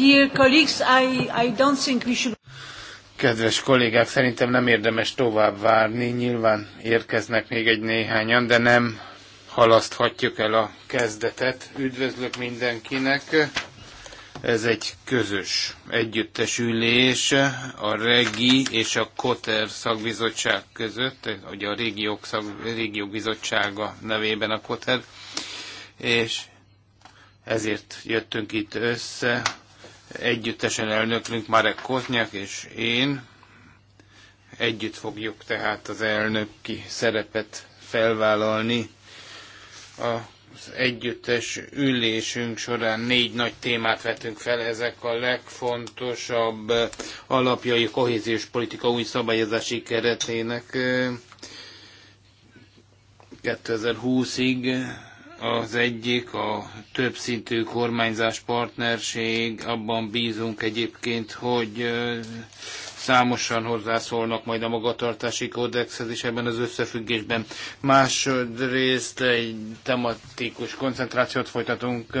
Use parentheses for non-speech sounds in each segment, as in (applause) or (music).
Dear colleagues, I, I don't think we should... Kedves kollégák, szerintem nem érdemes tovább várni, nyilván érkeznek még egy néhányan, de nem halaszthatjuk el a kezdetet. Üdvözlök mindenkinek! Ez egy közös együttes ülés a REGI és a KOTER szakbizottság között, ugye a régiók, szak, régiók bizottsága nevében a KOTER, és ezért jöttünk itt össze Együttesen elnöklünk Marek Koznyak és én. Együtt fogjuk tehát az elnöki szerepet felvállalni. Az együttes ülésünk során négy nagy témát vetünk fel, ezek a legfontosabb alapjai a kohéziós politika új szabályozási keretének 2020-ig az egyik a többszintű kormányzás partnerség, abban bízunk egyébként, hogy számosan hozzászólnak majd a magatartási kódexhez is ebben az összefüggésben. Másrészt egy tematikus koncentrációt folytatunk,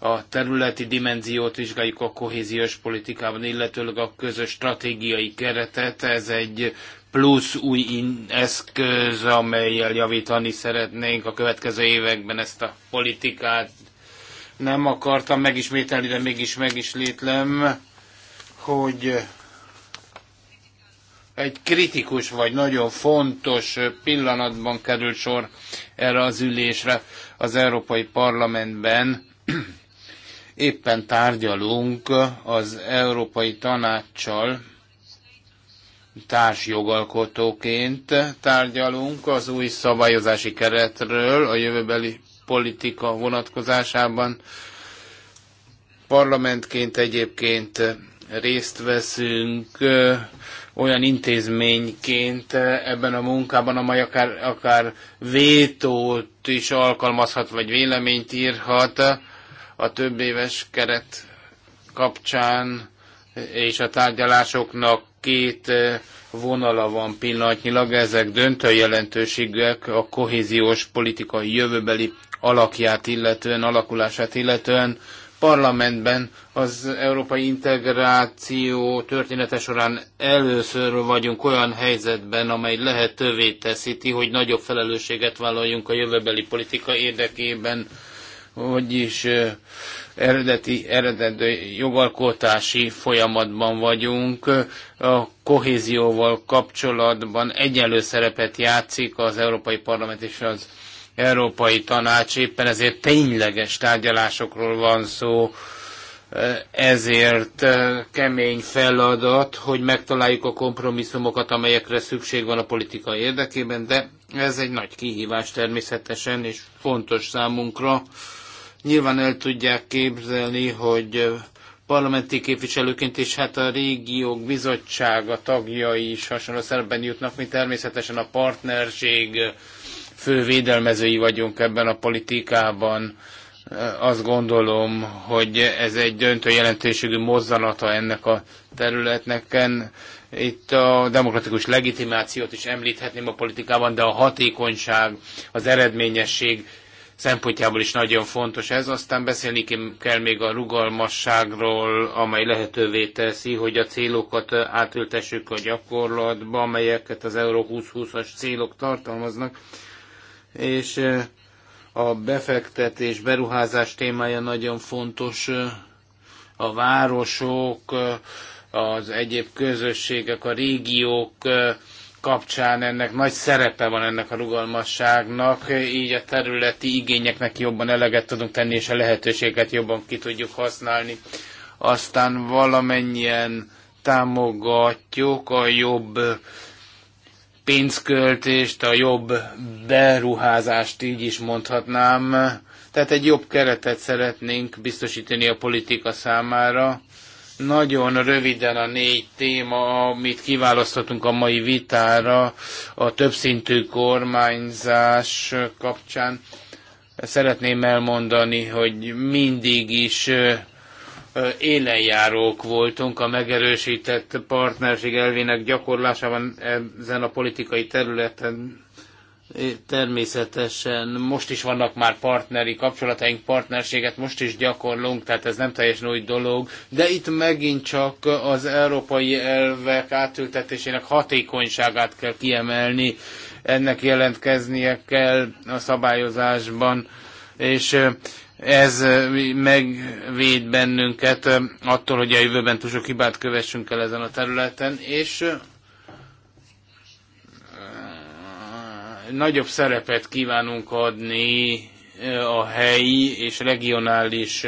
a területi dimenziót vizsgáljuk a kohéziós politikában, illetőleg a közös stratégiai keretet. Ez egy plusz új eszköz, amelyel javítani szeretnénk a következő években ezt a politikát. Nem akartam megismételni, de mégis megismétlem, hogy egy kritikus vagy nagyon fontos pillanatban került sor erre az ülésre az Európai Parlamentben. Éppen tárgyalunk az Európai Tanácssal, társjogalkotóként tárgyalunk az új szabályozási keretről a jövőbeli politika vonatkozásában. Parlamentként egyébként részt veszünk olyan intézményként ebben a munkában, amely akár, akár vétót is alkalmazhat, vagy véleményt írhat a több éves keret kapcsán, és a tárgyalásoknak két vonala van pillanatnyilag, ezek döntő jelentőségűek a kohéziós politikai jövőbeli alakját illetően, alakulását illetően. Parlamentben az európai integráció története során először vagyunk olyan helyzetben, amely lehetővé teszíti, hogy nagyobb felelősséget vállaljunk a jövőbeli politika érdekében, vagyis eredeti, eredeti jogalkotási folyamatban vagyunk. A kohézióval kapcsolatban egyenlő szerepet játszik az Európai Parlament és az Európai Tanács, éppen ezért tényleges tárgyalásokról van szó, ezért eh, kemény feladat, hogy megtaláljuk a kompromisszumokat, amelyekre szükség van a politika érdekében, de ez egy nagy kihívás természetesen, és fontos számunkra. Nyilván el tudják képzelni, hogy eh, parlamenti képviselőként, és hát a régiók bizottsága tagjai is hasonló szerepben jutnak, mi természetesen a partnerség fő védelmezői vagyunk ebben a politikában. Azt gondolom, hogy ez egy döntő jelentőségű mozzanata ennek a területnek. Itt a demokratikus legitimációt is említhetném a politikában, de a hatékonyság, az eredményesség szempontjából is nagyon fontos ez. Aztán beszélni kell még a rugalmasságról, amely lehetővé teszi, hogy a célokat átültessük a gyakorlatba, amelyeket az Euró 2020-as célok tartalmaznak. És eh, a befektetés, beruházás témája nagyon fontos. Eh, a városok, eh, az egyéb közösségek, a régiók kapcsán ennek nagy szerepe van ennek a rugalmasságnak, így a területi igényeknek jobban eleget tudunk tenni, és a lehetőséget jobban ki tudjuk használni. Aztán valamennyien támogatjuk a jobb pénzköltést, a jobb beruházást, így is mondhatnám. Tehát egy jobb keretet szeretnénk biztosítani a politika számára, nagyon röviden a négy téma, amit kiválasztottunk a mai vitára a többszintű kormányzás kapcsán. Szeretném elmondani, hogy mindig is élenjárók voltunk a megerősített partnerség elvének gyakorlásában ezen a politikai területen Természetesen most is vannak már partneri kapcsolataink, partnerséget most is gyakorlunk, tehát ez nem teljesen új dolog, de itt megint csak az európai elvek átültetésének hatékonyságát kell kiemelni, ennek jelentkeznie kell a szabályozásban, és ez megvéd bennünket attól, hogy a jövőben túl sok hibát kövessünk el ezen a területen, és nagyobb szerepet kívánunk adni a helyi és regionális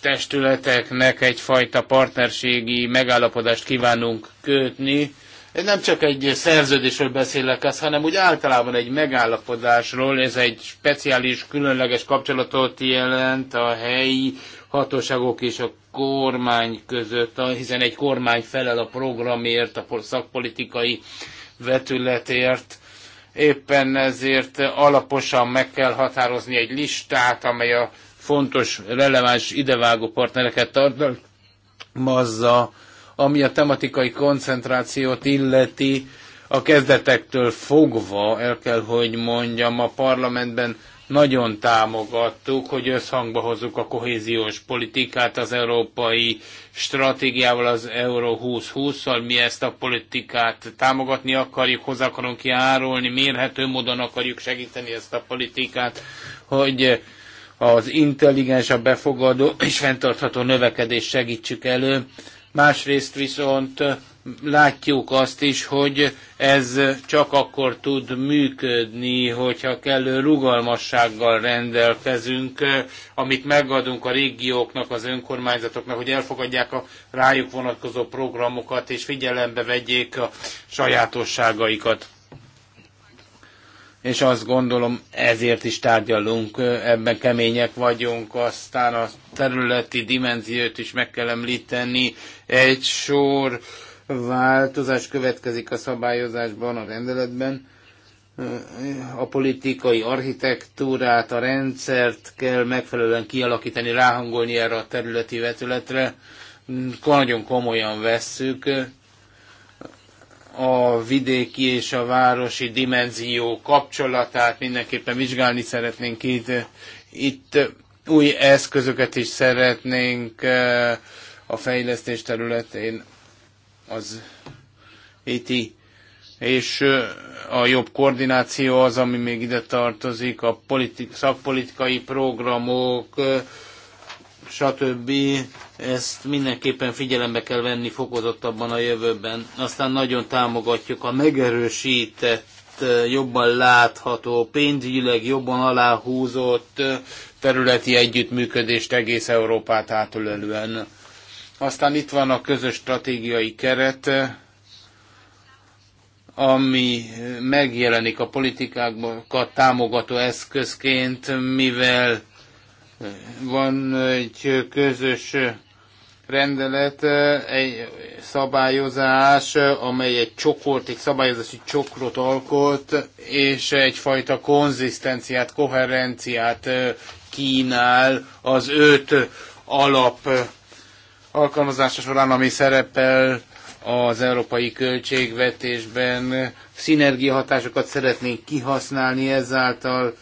testületeknek egyfajta partnerségi megállapodást kívánunk kötni. Nem csak egy szerződésről beszélek az, hanem úgy általában egy megállapodásról. Ez egy speciális, különleges kapcsolatot jelent a helyi hatóságok és a kormány között, hiszen egy kormány felel a programért, a szakpolitikai vetületért. Éppen ezért alaposan meg kell határozni egy listát, amely a fontos, releváns idevágó partnereket tartalmazza, ami a tematikai koncentrációt illeti, a kezdetektől fogva, el kell, hogy mondjam, a parlamentben nagyon támogattuk, hogy összhangba hozzuk a kohéziós politikát az európai stratégiával, az Euro 2020-szal. Mi ezt a politikát támogatni akarjuk, hozzá akarunk járulni, mérhető módon akarjuk segíteni ezt a politikát, hogy az intelligens, a befogadó és fenntartható növekedést segítsük elő. Másrészt viszont látjuk azt is, hogy ez csak akkor tud működni, hogyha kellő rugalmassággal rendelkezünk, eh, amit megadunk a régióknak, az önkormányzatoknak, hogy elfogadják a rájuk vonatkozó programokat, és figyelembe vegyék a sajátosságaikat. És azt gondolom, ezért is tárgyalunk, eh, ebben kemények vagyunk, aztán a területi dimenziót is meg kell említeni, egy sor változás következik a szabályozásban, a rendeletben. A politikai architektúrát, a rendszert kell megfelelően kialakítani, ráhangolni erre a területi vetületre. Nagyon komolyan vesszük a vidéki és a városi dimenzió kapcsolatát mindenképpen vizsgálni szeretnénk itt. Itt új eszközöket is szeretnénk eh, a fejlesztés területén az IT, és a jobb koordináció az, ami még ide tartozik, a politik, szakpolitikai programok, stb. Ezt mindenképpen figyelembe kell venni fokozottabban a jövőben. Aztán nagyon támogatjuk a megerősített, jobban látható, pénzügyileg jobban aláhúzott területi együttműködést egész Európát átölelően aztán itt van a közös stratégiai keret, ami megjelenik a politikákat támogató eszközként, mivel van egy közös rendelet, egy szabályozás, amely egy csokort, egy szabályozási csokrot alkot, és egyfajta konzisztenciát, koherenciát kínál az öt alap alkalmazása során, ami szerepel az európai költségvetésben, szinergiahatásokat szeretnénk kihasználni ezáltal,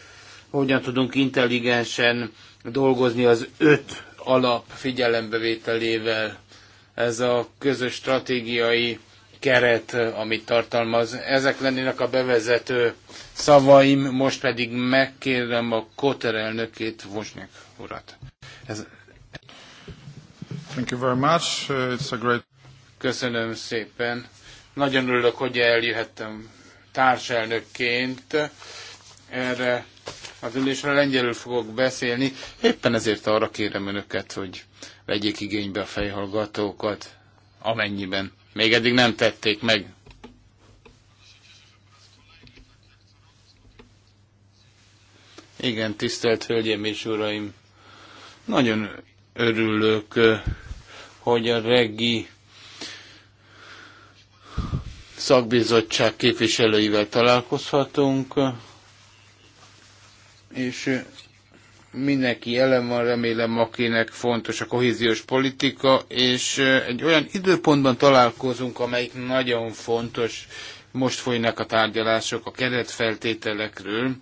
hogyan tudunk intelligensen dolgozni az öt alap figyelembevételével. Ez a közös stratégiai keret, amit tartalmaz. Ezek lennének a bevezető szavaim, most pedig megkérem a Koter elnökét, Vosnyek urat. Ez, Thank you very much. Uh, it's a great... Köszönöm szépen. Nagyon örülök, hogy eljöhettem társelnökként erre az ülésre lengyelül fogok beszélni. Éppen ezért arra kérem önöket, hogy vegyék igénybe a fejhallgatókat, amennyiben. Még eddig nem tették meg. Igen, tisztelt Hölgyeim és Uraim! Nagyon Örülök, hogy a regi szakbizottság képviselőivel találkozhatunk, és mindenki jelen van, remélem, akinek fontos a kohéziós politika, és egy olyan időpontban találkozunk, amelyik nagyon fontos. Most folynak a tárgyalások a keretfeltételekről,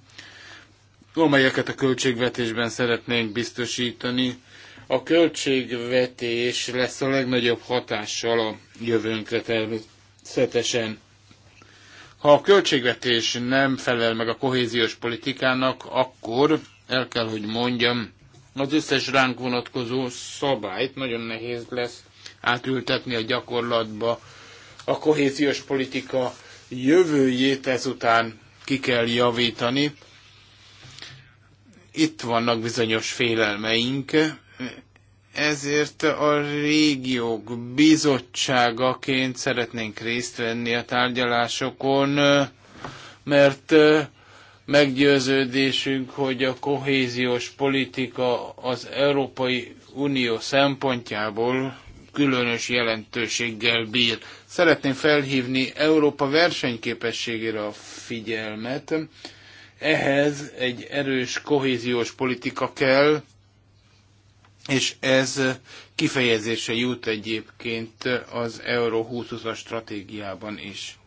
amelyeket a költségvetésben szeretnénk biztosítani. A költségvetés lesz a legnagyobb hatással a jövőnkre természetesen. Ha a költségvetés nem felel meg a kohéziós politikának, akkor el kell, hogy mondjam, az összes ránk vonatkozó szabályt nagyon nehéz lesz átültetni a gyakorlatba. A kohéziós politika jövőjét ezután ki kell javítani. Itt vannak bizonyos félelmeink, ezért a régiók bizottságaként szeretnénk részt venni a tárgyalásokon, mert meggyőződésünk, hogy a kohéziós politika az Európai Unió szempontjából különös jelentőséggel bír. Szeretném felhívni Európa versenyképességére a figyelmet. Ehhez egy erős kohéziós politika kell, és ez kifejezése jut egyébként az Euró 2020-as stratégiában is.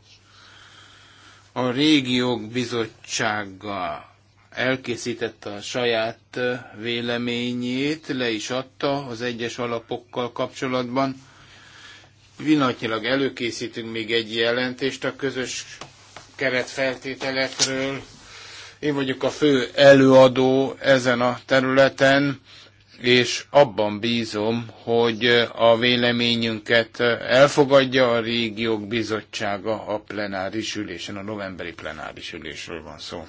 A régiók bizottsága elkészítette a saját véleményét, le is adta az egyes alapokkal kapcsolatban. Vinatnyilag előkészítünk még egy jelentést a közös keretfeltételekről. Én vagyok a fő előadó ezen a területen és abban bízom, hogy a véleményünket elfogadja a régiók bizottsága a plenáris ülésen, a novemberi plenáris ülésről van szó.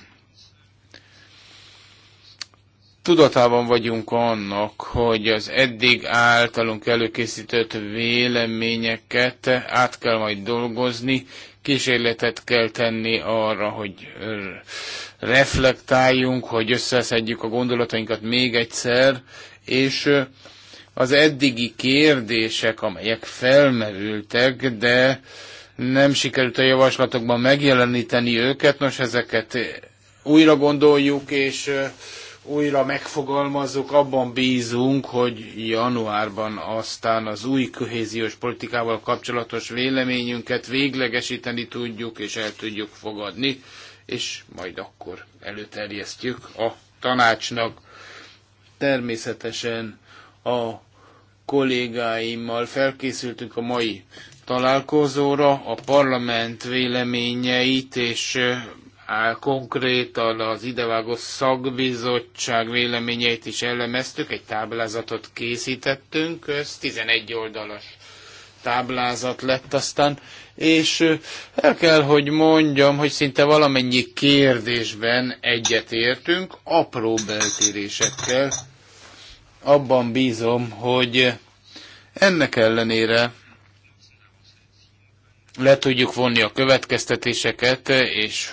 Tudatában vagyunk annak, hogy az eddig általunk előkészített véleményeket át kell majd dolgozni, kísérletet kell tenni arra, hogy reflektáljunk, hogy összeszedjük a gondolatainkat még egyszer, és az eddigi kérdések, amelyek felmerültek, de nem sikerült a javaslatokban megjeleníteni őket, nos ezeket újra gondoljuk, és újra megfogalmazzuk, abban bízunk, hogy januárban aztán az új kohéziós politikával kapcsolatos véleményünket véglegesíteni tudjuk, és el tudjuk fogadni, és majd akkor előterjesztjük a tanácsnak. Természetesen a kollégáimmal felkészültünk a mai találkozóra, a parlament véleményeit és konkrétan az idevágó szakbizottság véleményeit is elemeztük, egy táblázatot készítettünk, ez 11 oldalas táblázat lett aztán, és el kell, hogy mondjam, hogy szinte valamennyi kérdésben egyetértünk, apró beltérésekkel, abban bízom, hogy ennek ellenére le tudjuk vonni a következtetéseket, és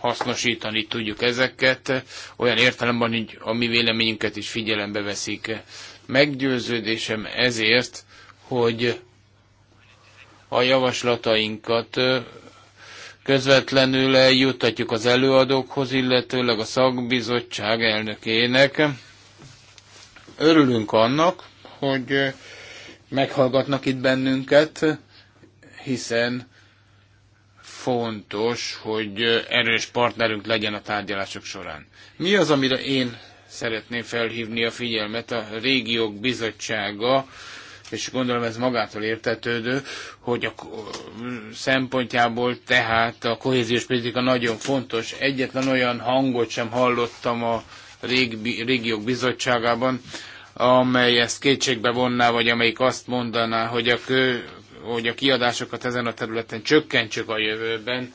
hasznosítani tudjuk ezeket, olyan értelemben, hogy a mi véleményünket is figyelembe veszik. Meggyőződésem ezért, hogy a javaslatainkat közvetlenül eljuttatjuk az előadókhoz, illetőleg a szakbizottság elnökének, Örülünk annak, hogy eh, meghallgatnak itt bennünket, hiszen fontos, hogy eh, erős partnerünk legyen a tárgyalások során. Mi az, amire én szeretném felhívni a figyelmet? A régiók bizottsága, és gondolom ez magától értetődő, hogy a szempontjából tehát a kohéziós politika nagyon fontos. Egyetlen olyan hangot sem hallottam a régiók bizottságában, amely ezt kétségbe vonná, vagy amelyik azt mondaná, hogy a, kő, hogy a kiadásokat ezen a területen csökkentsük a jövőben.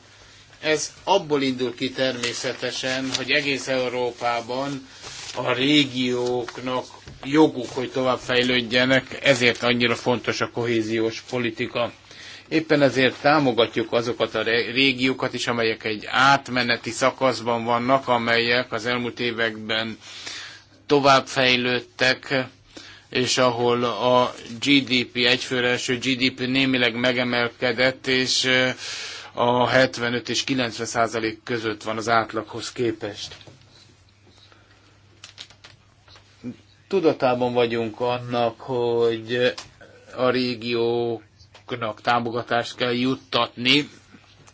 Ez abból indul ki természetesen, hogy egész Európában a régióknak joguk, hogy továbbfejlődjenek, ezért annyira fontos a kohéziós politika. Éppen ezért támogatjuk azokat a régiókat is, amelyek egy átmeneti szakaszban vannak, amelyek az elmúlt években továbbfejlődtek, és ahol a GDP, egyfőre első GDP némileg megemelkedett, és eh, a 75 és 90 százalék között van az átlaghoz képest. Tudatában vagyunk annak, hogy a régiók országoknak támogatást kell juttatni,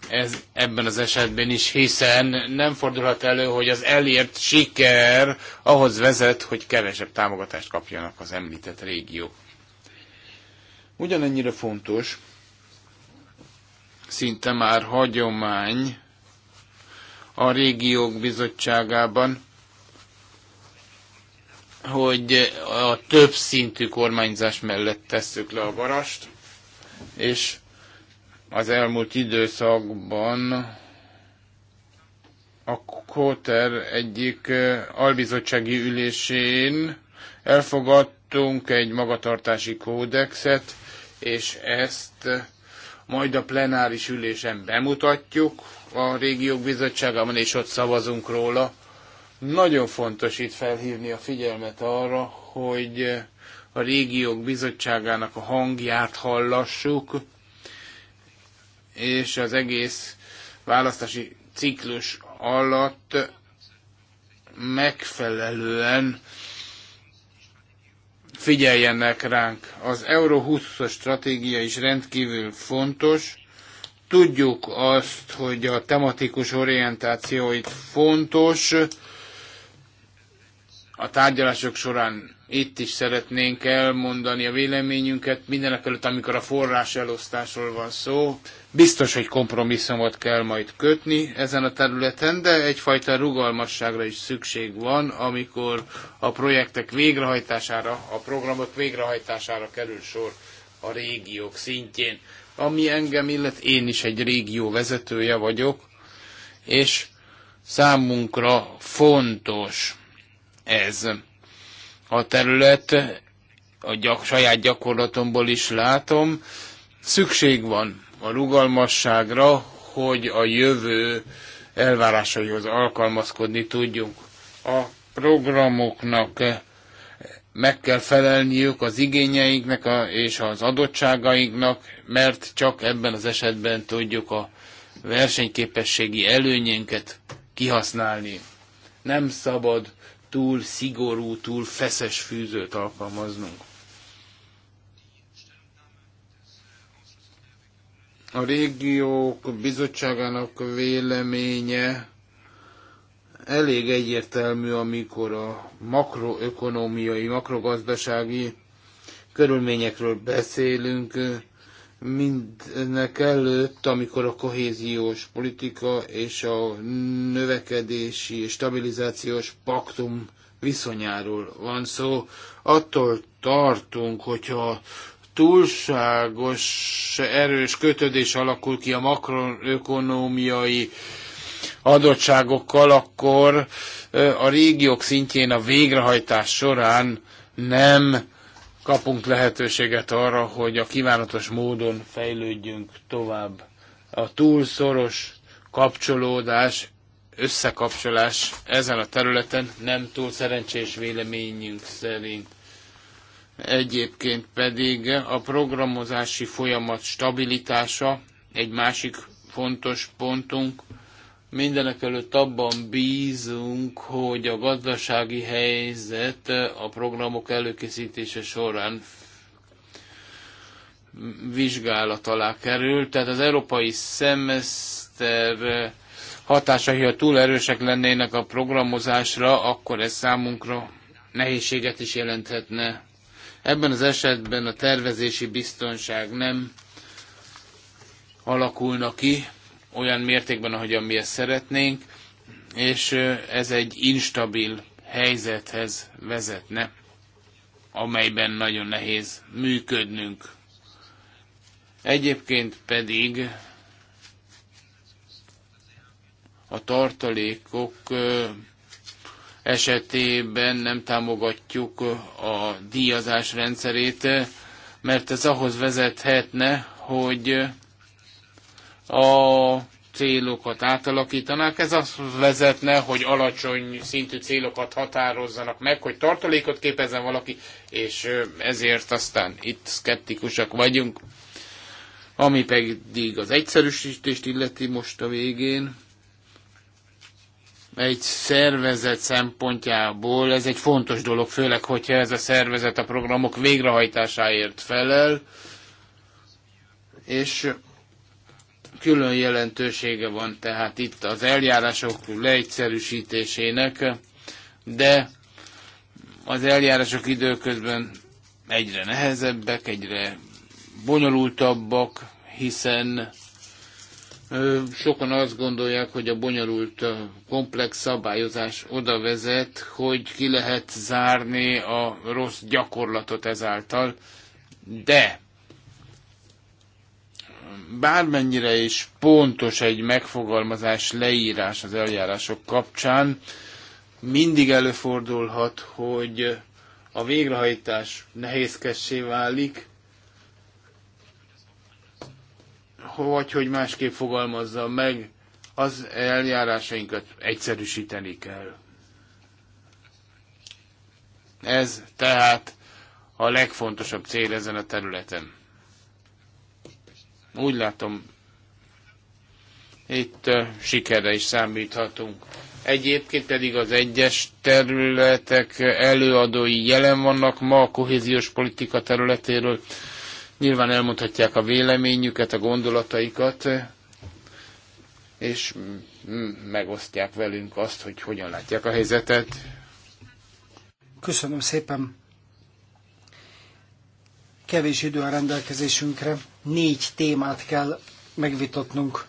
ez ebben az esetben is, hiszen nem fordulhat elő, hogy az elért siker ahhoz vezet, hogy kevesebb támogatást kapjanak az említett régiók. Ugyanennyire fontos, szinte már hagyomány a régiók bizottságában, hogy a több szintű kormányzás mellett tesszük le a varast, és az elmúlt időszakban a Kóter egyik albizottsági ülésén elfogadtunk egy magatartási kódexet, és ezt majd a plenáris ülésen bemutatjuk a régiók bizottságában, és ott szavazunk róla. Nagyon fontos itt felhívni a figyelmet arra, hogy a régiók bizottságának a hangját hallassuk, és az egész választási ciklus alatt megfelelően figyeljenek ránk. Az Euro 20 stratégia is rendkívül fontos. Tudjuk azt, hogy a tematikus orientáció itt fontos. A tárgyalások során itt is szeretnénk elmondani a véleményünket, mindenek előtt, amikor a forrás elosztásról van szó. Biztos, hogy kompromisszumot kell majd kötni ezen a területen, de egyfajta rugalmasságra is szükség van, amikor a projektek végrehajtására, a programok végrehajtására kerül sor a régiók szintjén. Ami engem illet, én is egy régió vezetője vagyok, és számunkra fontos ez a terület, a gyak, saját gyakorlatomból is látom, szükség van a rugalmasságra, hogy a jövő elvárásaihoz alkalmazkodni tudjunk. A programoknak meg kell felelniük az igényeinknek és az adottságainknak, mert csak ebben az esetben tudjuk a versenyképességi előnyénket kihasználni. Nem szabad túl szigorú, túl feszes fűzőt alkalmaznunk. A régiók bizottságának véleménye elég egyértelmű, amikor a makroökonomiai, makrogazdasági körülményekről beszélünk, mindnek előtt, amikor a kohéziós politika és a növekedési és stabilizációs paktum viszonyáról van szó, attól tartunk, hogyha túlságos erős kötődés alakul ki a makroökonómiai adottságokkal, akkor a régiók szintjén a végrehajtás során nem kapunk lehetőséget arra, hogy a kívánatos módon fejlődjünk tovább. A túlszoros kapcsolódás, összekapcsolás ezen a területen nem túl szerencsés véleményünk szerint. Egyébként pedig a programozási folyamat stabilitása egy másik fontos pontunk, Mindenek előtt abban bízunk, hogy a gazdasági helyzet a programok előkészítése során vizsgálat alá kerül. Tehát az európai szemeszter hatásai, ha túl erősek lennének a programozásra, akkor ez számunkra nehézséget is jelenthetne. Ebben az esetben a tervezési biztonság nem alakulna ki, olyan mértékben, ahogyan mi ezt szeretnénk, és ez egy instabil helyzethez vezetne, amelyben nagyon nehéz működnünk. Egyébként pedig a tartalékok esetében nem támogatjuk a díjazás rendszerét, mert ez ahhoz vezethetne, hogy a célokat átalakítanák, ez azt vezetne, hogy alacsony szintű célokat határozzanak meg, hogy tartalékot képezzen valaki, és ezért aztán itt szkeptikusak vagyunk. Ami pedig az egyszerűsítést illeti most a végén, egy szervezet szempontjából ez egy fontos dolog, főleg, hogyha ez a szervezet a programok végrehajtásáért felel, és külön jelentősége van tehát itt az eljárások leegyszerűsítésének, de az eljárások időközben egyre nehezebbek, egyre bonyolultabbak, hiszen sokan azt gondolják, hogy a bonyolult, komplex szabályozás oda vezet, hogy ki lehet zárni a rossz gyakorlatot ezáltal, de bármennyire is pontos egy megfogalmazás, leírás az eljárások kapcsán, mindig előfordulhat, hogy a végrehajtás nehézkessé válik, vagy hogy másképp fogalmazza meg, az eljárásainkat egyszerűsíteni kell. Ez tehát a legfontosabb cél ezen a területen. Úgy látom, itt sikere is számíthatunk. Egyébként pedig az egyes területek előadói jelen vannak ma a kohéziós politika területéről. Nyilván elmondhatják a véleményüket, a gondolataikat, és megosztják velünk azt, hogy hogyan látják a helyzetet. Köszönöm szépen. Kevés idő a rendelkezésünkre négy témát kell megvitatnunk.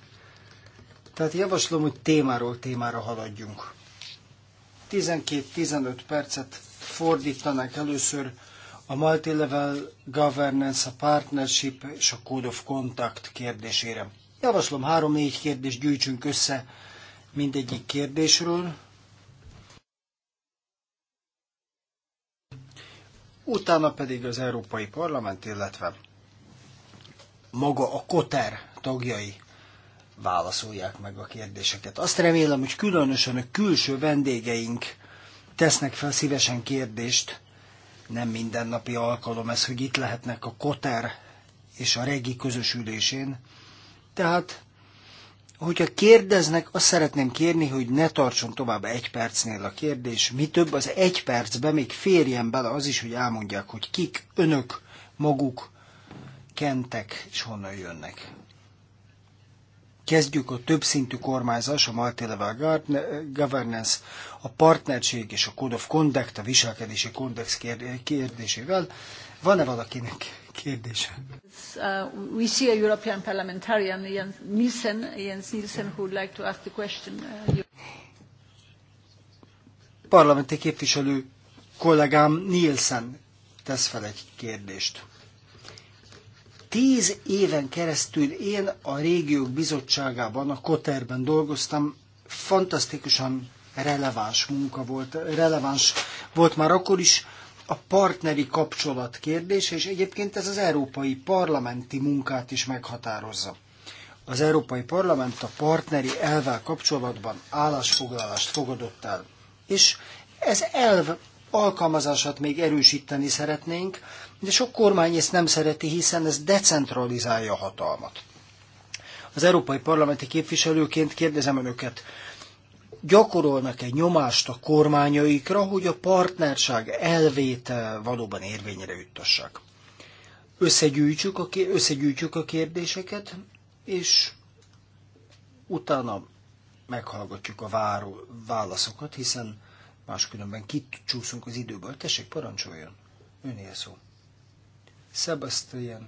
Tehát javaslom, hogy témáról témára haladjunk. 12-15 percet fordítanak először a multilevel governance, a partnership és a code of contact kérdésére. Javaslom, három-négy kérdést gyűjtsünk össze mindegyik kérdésről. Utána pedig az Európai Parlament, illetve maga a Koter tagjai válaszolják meg a kérdéseket. Azt remélem, hogy különösen a külső vendégeink tesznek fel szívesen kérdést. Nem mindennapi alkalom ez, hogy itt lehetnek a Koter és a Regi közösülésén. Tehát, hogyha kérdeznek, azt szeretném kérni, hogy ne tartson tovább egy percnél a kérdés. Mi több, az egy percbe még férjen bele az is, hogy elmondják, hogy kik önök maguk, kentek és honnan jönnek. Kezdjük a többszintű kormányzás, a multilevel governance, a partnerség és a code of conduct, a viselkedési kondex kérdésével. Van-e valakinek kérdése? Uh, we see a European parliamentarian, Jens Nielsen, Jens Nielsen, who would like to ask the question. Uh, Parlamenti képviselő kollégám Nielsen tesz fel egy kérdést. Tíz éven keresztül én a régiók bizottságában, a Koterben dolgoztam, fantasztikusan releváns munka volt, releváns volt már akkor is a partneri kapcsolat kérdése, és egyébként ez az európai parlamenti munkát is meghatározza. Az Európai Parlament a partneri elvvel kapcsolatban állásfoglalást fogadott el. És ez elv alkalmazását még erősíteni szeretnénk, de sok kormány ezt nem szereti, hiszen ez decentralizálja a hatalmat. Az európai parlamenti képviselőként kérdezem önöket, gyakorolnak-e nyomást a kormányaikra, hogy a partnerság elvét eh, valóban érvényre juttassák? Összegyűjtjük a, összegyűjtjük a kérdéseket, és utána meghallgatjuk a váró válaszokat, hiszen máskülönben kicsúszunk az időből. Tessék, parancsoljon! Önél szó. Sebastian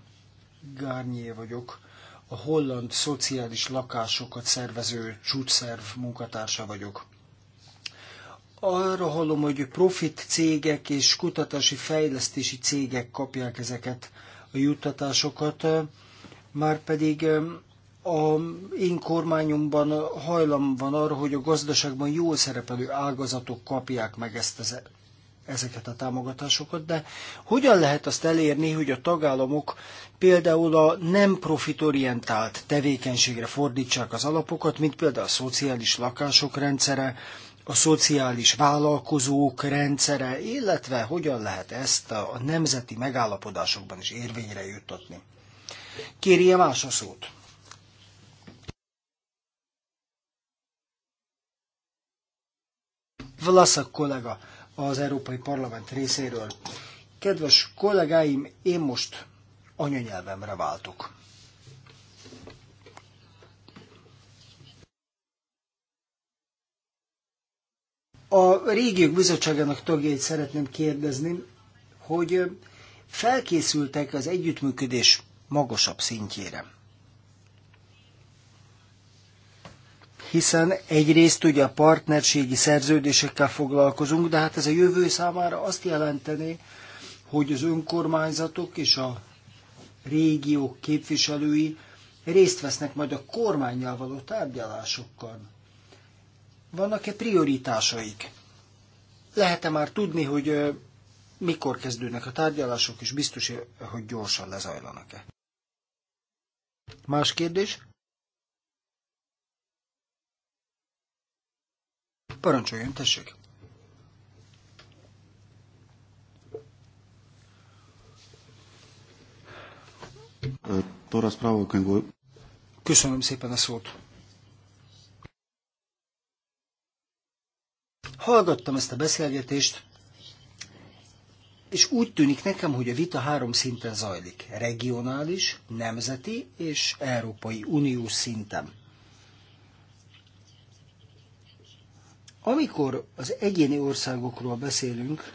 Garnier vagyok, a holland szociális lakásokat szervező csúcsszerv munkatársa vagyok. Arra hallom, hogy profit cégek és kutatási fejlesztési cégek kapják ezeket a juttatásokat, már pedig a én kormányomban hajlam van arra, hogy a gazdaságban jól szerepelő ágazatok kapják meg ezt az ezeket a támogatásokat, de hogyan lehet azt elérni, hogy a tagállamok például a nem profitorientált tevékenységre fordítsák az alapokat, mint például a szociális lakások rendszere, a szociális vállalkozók rendszere, illetve hogyan lehet ezt a nemzeti megállapodásokban is érvényre juttatni. Kérje más a szót. Vlaszak kollega, az Európai Parlament részéről. Kedves kollégáim, én most anyanyelvemre váltok. A régiók bizottságának tagjait szeretném kérdezni, hogy felkészültek az együttműködés magasabb szintjére. hiszen egyrészt ugye a partnerségi szerződésekkel foglalkozunk, de hát ez a jövő számára azt jelenteni, hogy az önkormányzatok és a régiók képviselői részt vesznek majd a kormányjal való tárgyalásokkal. Vannak-e prioritásaik? Lehet-e már tudni, hogy mikor kezdődnek a tárgyalások, és biztos, hogy gyorsan lezajlanak-e? Más kérdés? Parancsoljon, tessék! Köszönöm szépen a szót. Hallgattam ezt a beszélgetést, és úgy tűnik nekem, hogy a vita három szinten zajlik. Regionális, nemzeti és Európai Unió szinten. Amikor az egyéni országokról beszélünk,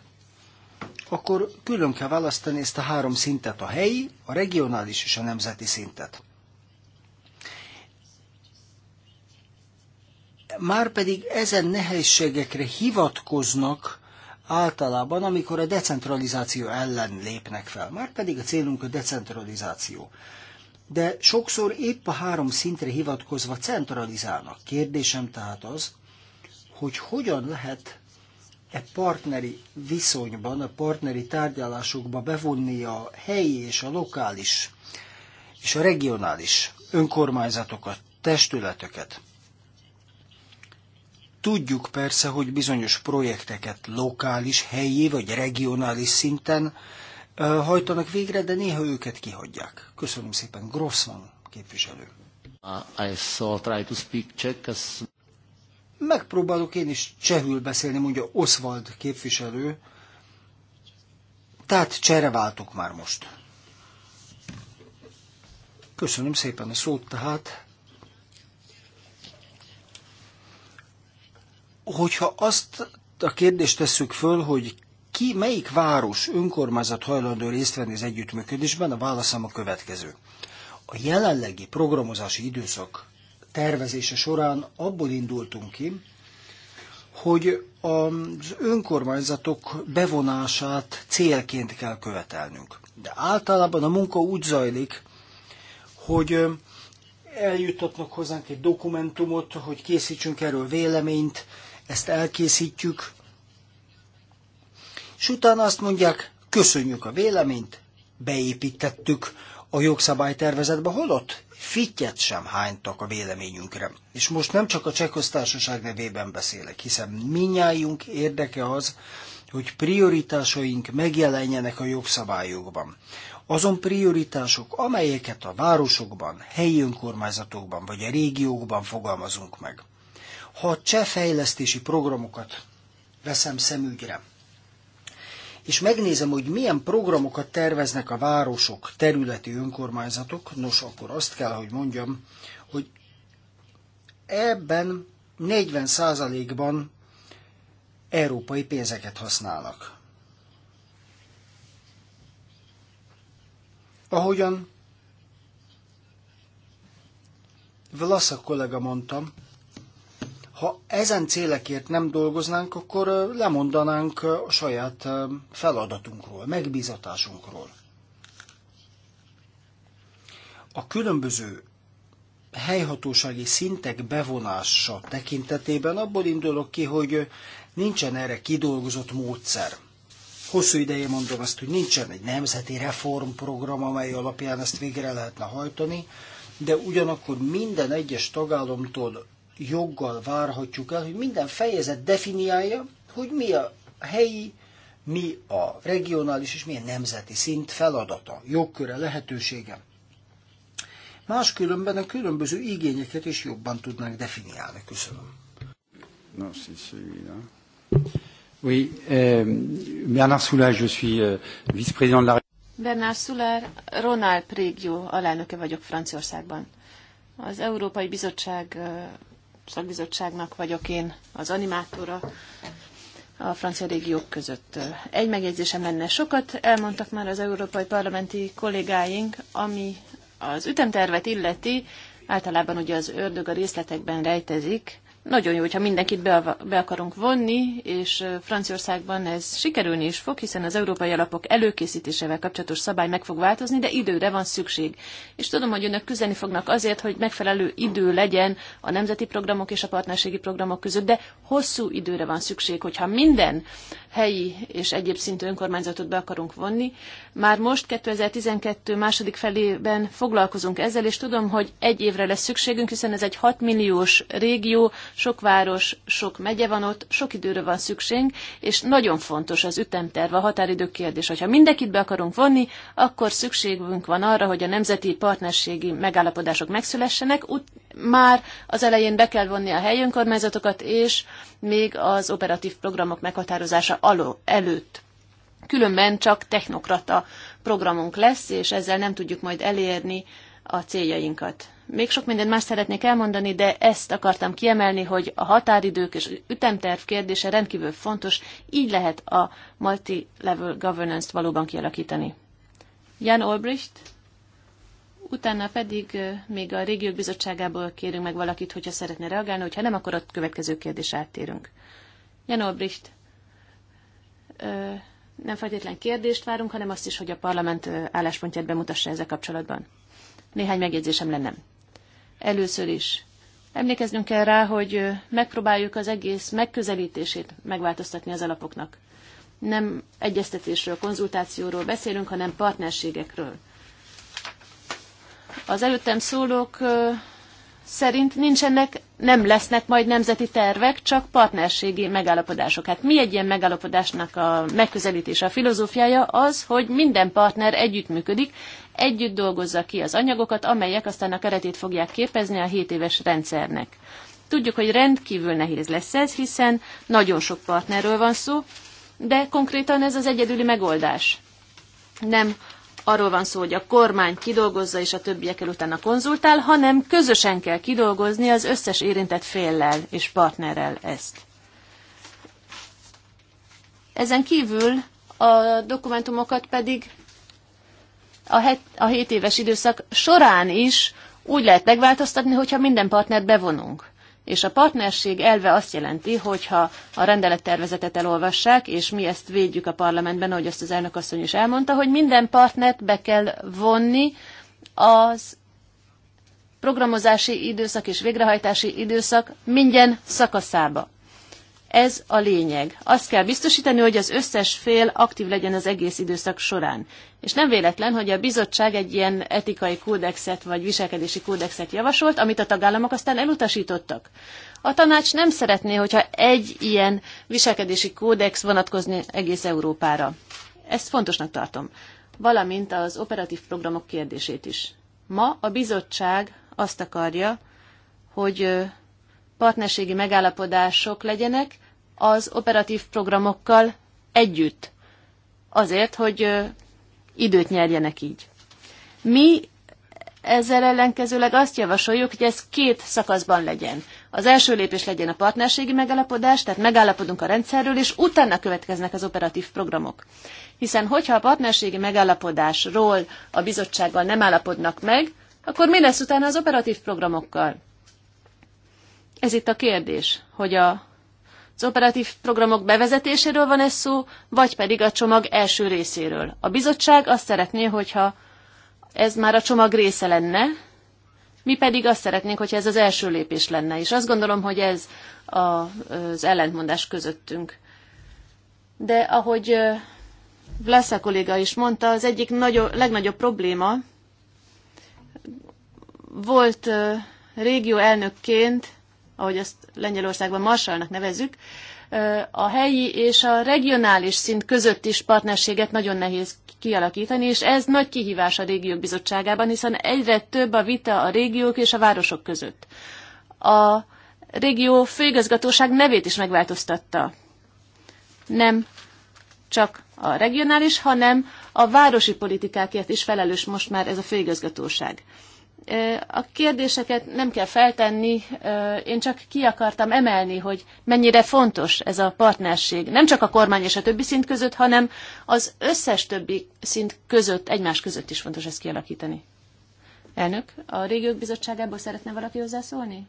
akkor külön kell választani ezt a három szintet, a helyi, a regionális és a nemzeti szintet. Márpedig ezen nehézségekre hivatkoznak általában, amikor a decentralizáció ellen lépnek fel. Márpedig a célunk a decentralizáció. De sokszor épp a három szintre hivatkozva centralizálnak. Kérdésem tehát az, hogy hogyan lehet e partneri viszonyban, a partneri tárgyalásokba bevonni a helyi és a lokális és a regionális önkormányzatokat, testületeket. Tudjuk persze, hogy bizonyos projekteket lokális, helyi vagy regionális szinten hajtanak végre, de néha őket kihagyják. Köszönöm szépen, Grossman képviselő. Uh, I saw try to speak Czech as... Megpróbálok én is csehül beszélni, mondja Oswald képviselő. Tehát csere váltok már most. Köszönöm szépen a szót, tehát. Hogyha azt a kérdést tesszük föl, hogy ki, melyik város önkormányzat hajlandó részt venni az együttműködésben, a válaszom a következő. A jelenlegi programozási időszak tervezése során abból indultunk ki, hogy az önkormányzatok bevonását célként kell követelnünk. De általában a munka úgy zajlik, hogy eljutatnak hozzánk egy dokumentumot, hogy készítsünk erről véleményt, ezt elkészítjük, és utána azt mondják, köszönjük a véleményt, beépítettük a jogszabálytervezetbe, holott fittyet sem hánytak a véleményünkre. És most nem csak a Csehköztársaság nevében beszélek, hiszen minnyájunk érdeke az, hogy prioritásaink megjelenjenek a jogszabályokban. Azon prioritások, amelyeket a városokban, helyi önkormányzatokban vagy a régiókban fogalmazunk meg. Ha a cseh fejlesztési programokat veszem szemügyre, és megnézem, hogy milyen programokat terveznek a városok, területi önkormányzatok, nos, akkor azt kell, hogy mondjam, hogy ebben 40%-ban európai pénzeket használnak. Ahogyan Vlasza kollega mondtam, ha ezen célekért nem dolgoznánk, akkor lemondanánk a saját feladatunkról, megbízatásunkról. A különböző helyhatósági szintek bevonása tekintetében abból indulok ki, hogy nincsen erre kidolgozott módszer. Hosszú ideje mondom azt, hogy nincsen egy nemzeti reformprogram, amely alapján ezt végre lehetne hajtani, de ugyanakkor minden egyes tagállamtól joggal várhatjuk el, hogy minden fejezet definiálja, hogy mi a helyi, mi a regionális és milyen nemzeti szint feladata, jogköre, lehetősége. Máskülönben a különböző igényeket is jobban tudnánk definiálni. Köszönöm. Non, c'est celui-là. Oui, euh, Bernard Soulard, je suis euh, vice-président de la Bernard Soulard, Ronald Prégio, alelnöke vagyok Franciaországban. Az Európai Bizottság euh, szakbizottságnak vagyok én az animátora a francia régiók között. Egy megjegyzésem lenne, sokat elmondtak már az európai parlamenti kollégáink, ami az ütemtervet illeti, általában ugye az ördög a részletekben rejtezik, nagyon jó, hogyha mindenkit be, be akarunk vonni, és Franciaországban ez sikerülni is fog, hiszen az európai alapok előkészítésével kapcsolatos szabály meg fog változni, de időre van szükség. És tudom, hogy önök küzdeni fognak azért, hogy megfelelő idő legyen a nemzeti programok és a partnerségi programok között, de hosszú időre van szükség, hogyha minden helyi és egyéb szintű önkormányzatot be akarunk vonni. Már most 2012 második felében foglalkozunk ezzel, és tudom, hogy egy évre lesz szükségünk, hiszen ez egy 6 milliós régió, sok város, sok megye van ott, sok időre van szükség, és nagyon fontos az ütemterv, a határidők kérdés. Ha mindenkit be akarunk vonni, akkor szükségünk van arra, hogy a nemzeti partnerségi megállapodások megszülessenek. Ut- már az elején be kell vonni a helyi önkormányzatokat, és még az operatív programok meghatározása aló, előtt. Különben csak technokrata programunk lesz, és ezzel nem tudjuk majd elérni a céljainkat. Még sok mindent más szeretnék elmondani, de ezt akartam kiemelni, hogy a határidők és ütemterv kérdése rendkívül fontos, így lehet a multi-level governance-t valóban kialakítani. Jan Olbricht, utána pedig még a régiók bizottságából kérünk meg valakit, hogyha szeretne reagálni, hogyha nem, akkor a következő kérdésre áttérünk. Jan Olbricht, nem feltétlen kérdést várunk, hanem azt is, hogy a parlament álláspontját bemutassa ezzel kapcsolatban. Néhány megjegyzésem lenne. Először is emlékeznünk kell rá, hogy megpróbáljuk az egész megközelítését megváltoztatni az alapoknak. Nem egyeztetésről, konzultációról beszélünk, hanem partnerségekről. Az előttem szólók szerint nincsenek, nem lesznek majd nemzeti tervek, csak partnerségi megállapodások. Hát mi egy ilyen megállapodásnak a megközelítése, a filozófiája az, hogy minden partner együttműködik, együtt dolgozza ki az anyagokat, amelyek aztán a keretét fogják képezni a 7 éves rendszernek. Tudjuk, hogy rendkívül nehéz lesz ez, hiszen nagyon sok partnerről van szó, de konkrétan ez az egyedüli megoldás. Nem arról van szó, hogy a kormány kidolgozza és a többiekkel utána konzultál, hanem közösen kell kidolgozni az összes érintett féllel és partnerrel ezt. Ezen kívül a dokumentumokat pedig a, het, a 7 éves időszak során is úgy lehet megváltoztatni, hogyha minden partnert bevonunk. És a partnerség elve azt jelenti, hogyha a rendelettervezetet elolvassák, és mi ezt védjük a parlamentben, ahogy azt az elnök is elmondta, hogy minden partnert be kell vonni az programozási időszak és végrehajtási időszak minden szakaszába. Ez a lényeg. Azt kell biztosítani, hogy az összes fél aktív legyen az egész időszak során. És nem véletlen, hogy a bizottság egy ilyen etikai kódexet vagy viselkedési kódexet javasolt, amit a tagállamok aztán elutasítottak. A tanács nem szeretné, hogyha egy ilyen viselkedési kódex vonatkozni egész Európára. Ezt fontosnak tartom. Valamint az operatív programok kérdését is. Ma a bizottság azt akarja, hogy partnerségi megállapodások legyenek, az operatív programokkal együtt, azért, hogy időt nyerjenek így. Mi ezzel ellenkezőleg azt javasoljuk, hogy ez két szakaszban legyen. Az első lépés legyen a partnerségi megállapodás, tehát megállapodunk a rendszerről, és utána következnek az operatív programok. Hiszen hogyha a partnerségi megállapodásról a bizottsággal nem állapodnak meg, akkor mi lesz utána az operatív programokkal? Ez itt a kérdés, hogy a az operatív programok bevezetéséről van ez szó, vagy pedig a csomag első részéről. A bizottság azt szeretné, hogyha ez már a csomag része lenne, mi pedig azt szeretnénk, hogyha ez az első lépés lenne, és azt gondolom, hogy ez a, az ellentmondás közöttünk. De ahogy Vlasza kolléga is mondta, az egyik nagyobb, legnagyobb probléma volt régió elnökként ahogy azt Lengyelországban Marsalnak nevezzük, a helyi és a regionális szint között is partnerséget nagyon nehéz kialakítani, és ez nagy kihívás a régiók bizottságában, hiszen egyre több a vita a régiók és a városok között. A régió főigazgatóság nevét is megváltoztatta. Nem csak a regionális, hanem a városi politikákért is felelős most már ez a főigazgatóság. A kérdéseket nem kell feltenni, én csak ki akartam emelni, hogy mennyire fontos ez a partnerség. Nem csak a kormány és a többi szint között, hanem az összes többi szint között, egymás között is fontos ezt kialakítani. Elnök, a régiók bizottságából szeretne valaki hozzászólni?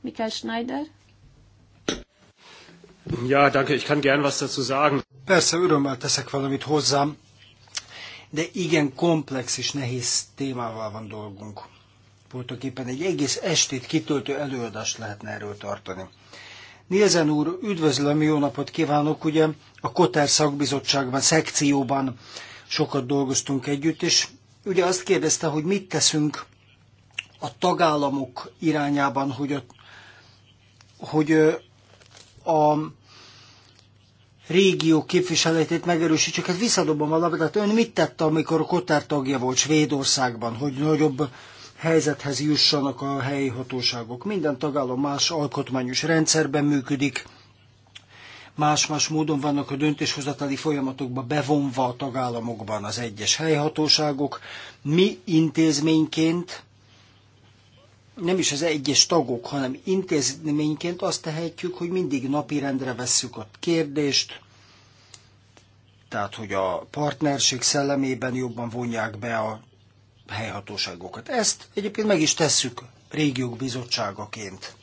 Mikkel Schneider? Ja, danke, ich kann gern was dazu sagen. Persze, örömmel teszek valamit hozzám, de igen komplex és nehéz témával van dolgunk voltak éppen egy egész estét kitöltő előadást lehetne erről tartani. Nielsen úr, üdvözlöm, jó napot kívánok! Ugye a Kotár szakbizottságban, szekcióban sokat dolgoztunk együtt, és ugye azt kérdezte, hogy mit teszünk a tagállamok irányában, hogy a, hogy a régió képviseletét megerősítsük. Hát visszadobom a labdát. Ön mit tette, amikor a Kotár tagja volt Svédországban, hogy nagyobb helyzethez jussanak a helyi hatóságok. Minden tagállam más alkotmányos rendszerben működik, más-más módon vannak a döntéshozatali folyamatokba bevonva a tagállamokban az egyes helyhatóságok. Mi intézményként, nem is az egyes tagok, hanem intézményként azt tehetjük, hogy mindig napirendre vesszük a kérdést, tehát hogy a partnerség szellemében jobban vonják be a helyhatóságokat. Ezt egyébként meg is tesszük régiók bizottságaként.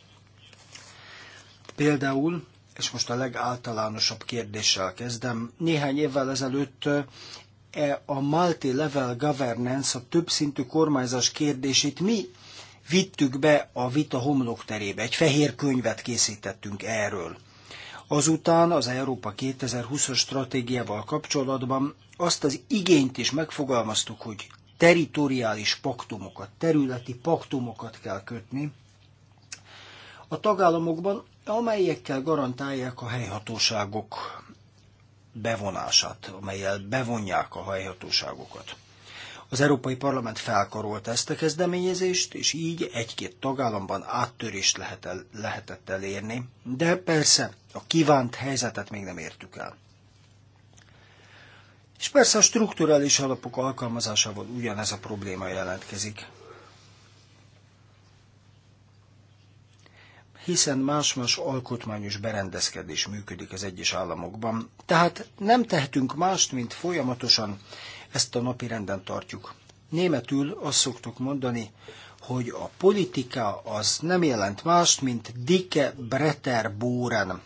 Például, és most a legáltalánosabb kérdéssel kezdem, néhány évvel ezelőtt e, a multi-level governance, a többszintű kormányzás kérdését mi vittük be a vita homlokterébe. Egy fehér könyvet készítettünk erről. Azután az Európa 2020-as stratégiával kapcsolatban azt az igényt is megfogalmaztuk, hogy teritoriális paktumokat, területi paktumokat kell kötni a tagállamokban, amelyekkel garantálják a helyhatóságok bevonását, amelyel bevonják a helyhatóságokat. Az Európai Parlament felkarolt ezt a kezdeményezést, és így egy-két tagállamban áttörést lehet el, lehetett elérni, de persze a kívánt helyzetet még nem értük el. És persze a strukturális alapok alkalmazásával ugyanez a probléma jelentkezik. hiszen más-más alkotmányos berendezkedés működik az egyes államokban, tehát nem tehetünk mást, mint folyamatosan ezt a napi renden tartjuk. Németül azt szoktuk mondani, hogy a politika az nem jelent mást, mint dike breter bóren.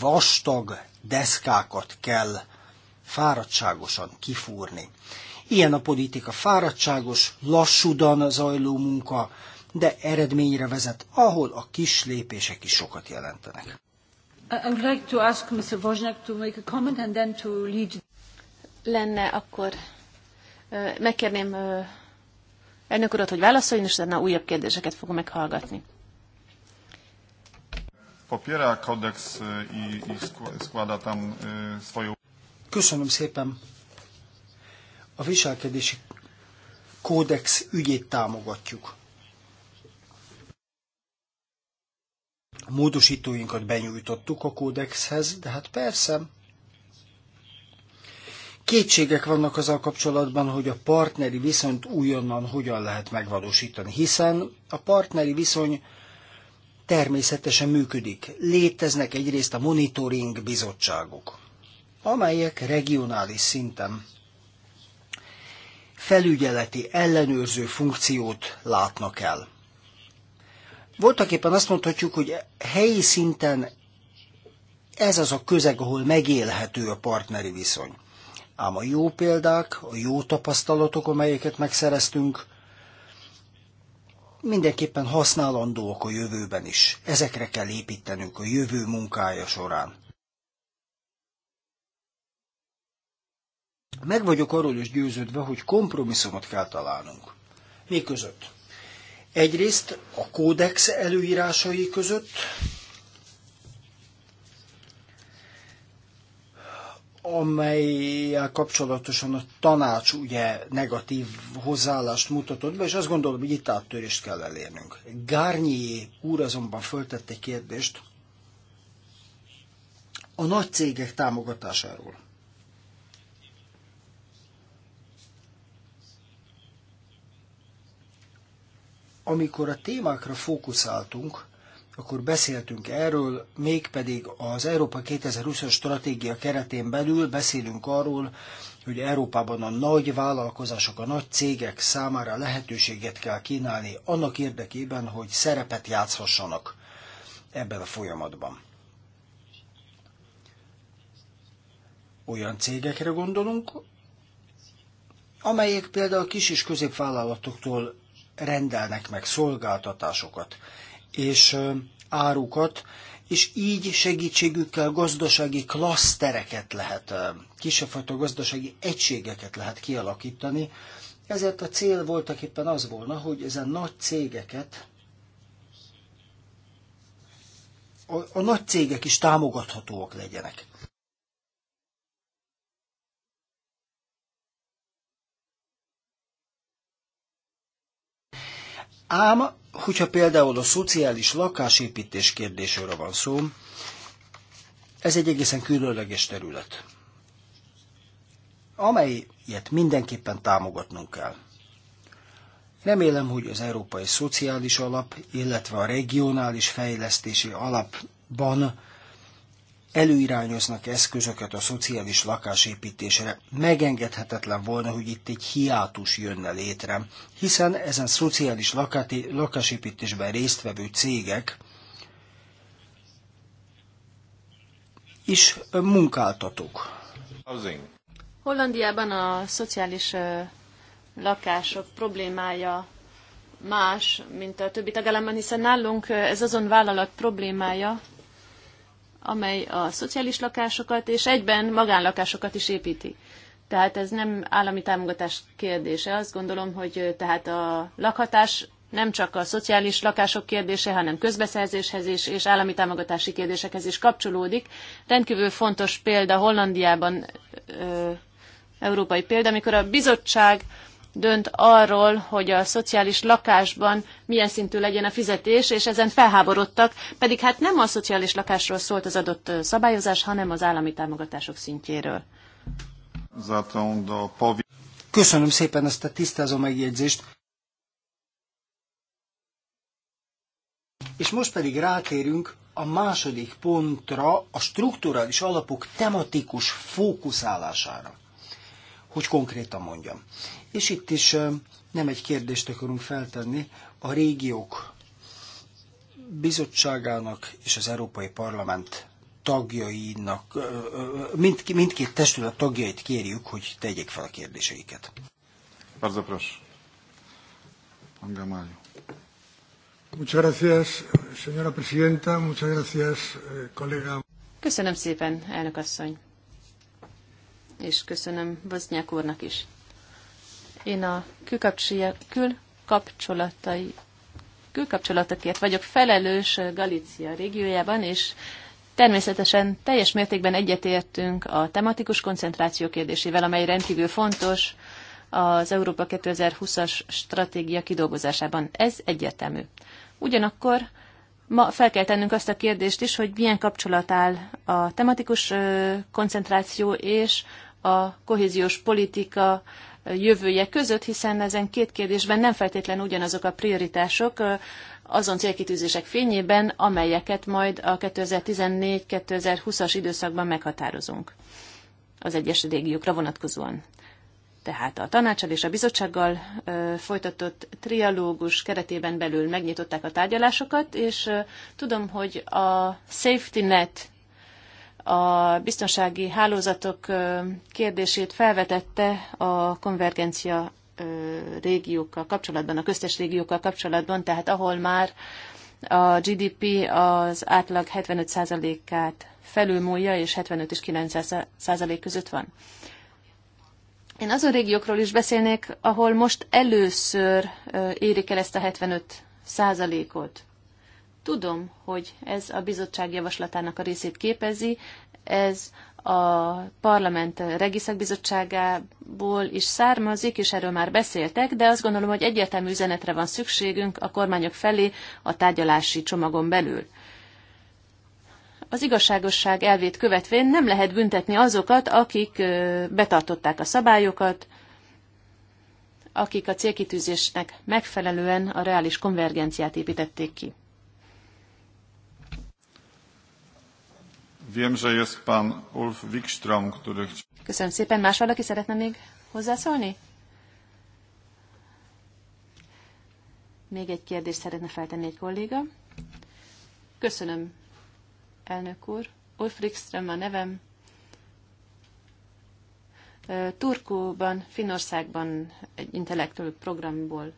Vastag deszkákat kell fáradtságosan kifúrni. Ilyen a politika fáradtságos, lassúdan zajló munka, de eredményre vezet, ahol a kis lépések is sokat jelentenek. I would like to ask Mr. Wozniak to make a comment and then to lead. Lenne akkor megkérném elnök urat, hogy válaszoljon, és utána újabb kérdéseket fogom meghallgatni. Popiera kodeks i, i składa tam swoją... Köszönöm szépen. A viselkedési kódex ügyét támogatjuk. A módosítóinkat benyújtottuk a kódexhez, de hát persze, kétségek vannak azzal kapcsolatban, hogy a partneri viszonyt újonnan hogyan lehet megvalósítani, hiszen a partneri viszony természetesen működik. Léteznek egyrészt a monitoring bizottságok amelyek regionális szinten felügyeleti, ellenőrző funkciót látnak el. Voltak éppen azt mondhatjuk, hogy helyi szinten ez az a közeg, ahol megélhető a partneri viszony. Ám a jó példák, a jó tapasztalatok, amelyeket megszereztünk, mindenképpen használandóak a jövőben is. Ezekre kell építenünk a jövő munkája során. Meg vagyok arról is győződve, hogy kompromisszumot kell találnunk. Mi között? Egyrészt a kódex előírásai között, amelyel kapcsolatosan a tanács ugye negatív hozzáállást mutatott be, és azt gondolom, hogy itt áttörést kell elérnünk. Gárnyi úr azonban föltette kérdést a nagy cégek támogatásáról. amikor a témákra fókuszáltunk, akkor beszéltünk erről, mégpedig az Európa 2020-as stratégia keretén belül beszélünk arról, hogy Európában a nagy vállalkozások, a nagy cégek számára lehetőséget kell kínálni annak érdekében, hogy szerepet játszhassanak ebben a folyamatban. Olyan cégekre gondolunk, amelyek például kis és középvállalatoktól rendelnek meg szolgáltatásokat és árukat, és így segítségükkel gazdasági klasztereket lehet, kisebb fajta gazdasági egységeket lehet kialakítani. Ezért a cél voltak éppen az volna, hogy ezen nagy cégeket, a, a nagy cégek is támogathatóak legyenek. Ám, hogyha például a szociális lakásépítés kérdésére van szó, ez egy egészen különleges terület, amelyet mindenképpen támogatnunk kell. Remélem, hogy az Európai Szociális Alap, illetve a Regionális Fejlesztési Alapban előirányoznak eszközöket a szociális lakásépítésre. Megengedhetetlen volna, hogy itt egy hiátus jönne létre, hiszen ezen szociális lakásépítésben résztvevő cégek is munkáltatók. Hollandiában a szociális lakások problémája más, mint a többi tagállamban, hiszen nálunk ez azon vállalat problémája, amely a szociális lakásokat és egyben magánlakásokat is építi. Tehát ez nem állami támogatás kérdése. Azt gondolom, hogy tehát a lakhatás nem csak a szociális lakások kérdése, hanem közbeszerzéshez is és állami támogatási kérdésekhez is kapcsolódik. Rendkívül fontos példa Hollandiában, ö, európai példa, amikor a bizottság dönt arról, hogy a szociális lakásban milyen szintű legyen a fizetés, és ezen felháborodtak, pedig hát nem a szociális lakásról szólt az adott szabályozás, hanem az állami támogatások szintjéről. Köszönöm szépen ezt a tisztázó megjegyzést. És most pedig rátérünk a második pontra, a strukturális alapok tematikus fókuszálására hogy konkrétan mondjam. És itt is nem egy kérdést akarunk feltenni, a régiók bizottságának és az Európai Parlament tagjainak, mind, mindkét testület tagjait kérjük, hogy tegyék fel a kérdéseiket. Bardzo proszę. Muchas gracias, señora presidenta. Muchas gracias, eh, colega. Köszönöm szépen, elnök asszony és köszönöm Vaznyák úrnak is. Én a külkapcsolatai, külkapcsolatokért vagyok felelős Galícia régiójában, és természetesen teljes mértékben egyetértünk a tematikus koncentráció kérdésével, amely rendkívül fontos az Európa 2020-as stratégia kidolgozásában. Ez egyértelmű. Ugyanakkor ma fel kell tennünk azt a kérdést is, hogy milyen kapcsolat áll a tematikus koncentráció és a kohéziós politika jövője között, hiszen ezen két kérdésben nem feltétlenül ugyanazok a prioritások azon célkitűzések fényében, amelyeket majd a 2014-2020-as időszakban meghatározunk az egyes régiókra vonatkozóan. Tehát a tanácsal és a bizottsággal folytatott trialógus keretében belül megnyitották a tárgyalásokat, és tudom, hogy a safety net a biztonsági hálózatok kérdését felvetette a konvergencia régiókkal kapcsolatban, a köztes régiókkal kapcsolatban, tehát ahol már a GDP az átlag 75%-át felülmúlja, és 75 és 90% között van. Én azon régiókról is beszélnék, ahol most először érik el ezt a 75 százalékot. Tudom, hogy ez a bizottság javaslatának a részét képezi, ez a parlament regiszak bizottságából is származik, és erről már beszéltek, de azt gondolom, hogy egyértelmű üzenetre van szükségünk a kormányok felé a tárgyalási csomagon belül. Az igazságosság elvét követvén nem lehet büntetni azokat, akik betartották a szabályokat, akik a célkitűzésnek megfelelően a reális konvergenciát építették ki. Wiem, że jest pan Ulf Wikström, który... Köszönöm szépen. Más valaki szeretne még hozzászólni? Még egy kérdést szeretne feltenni egy kolléga. Köszönöm, elnök úr. Ulf Wikström a nevem. Turkóban, Finországban egy intellektuális programból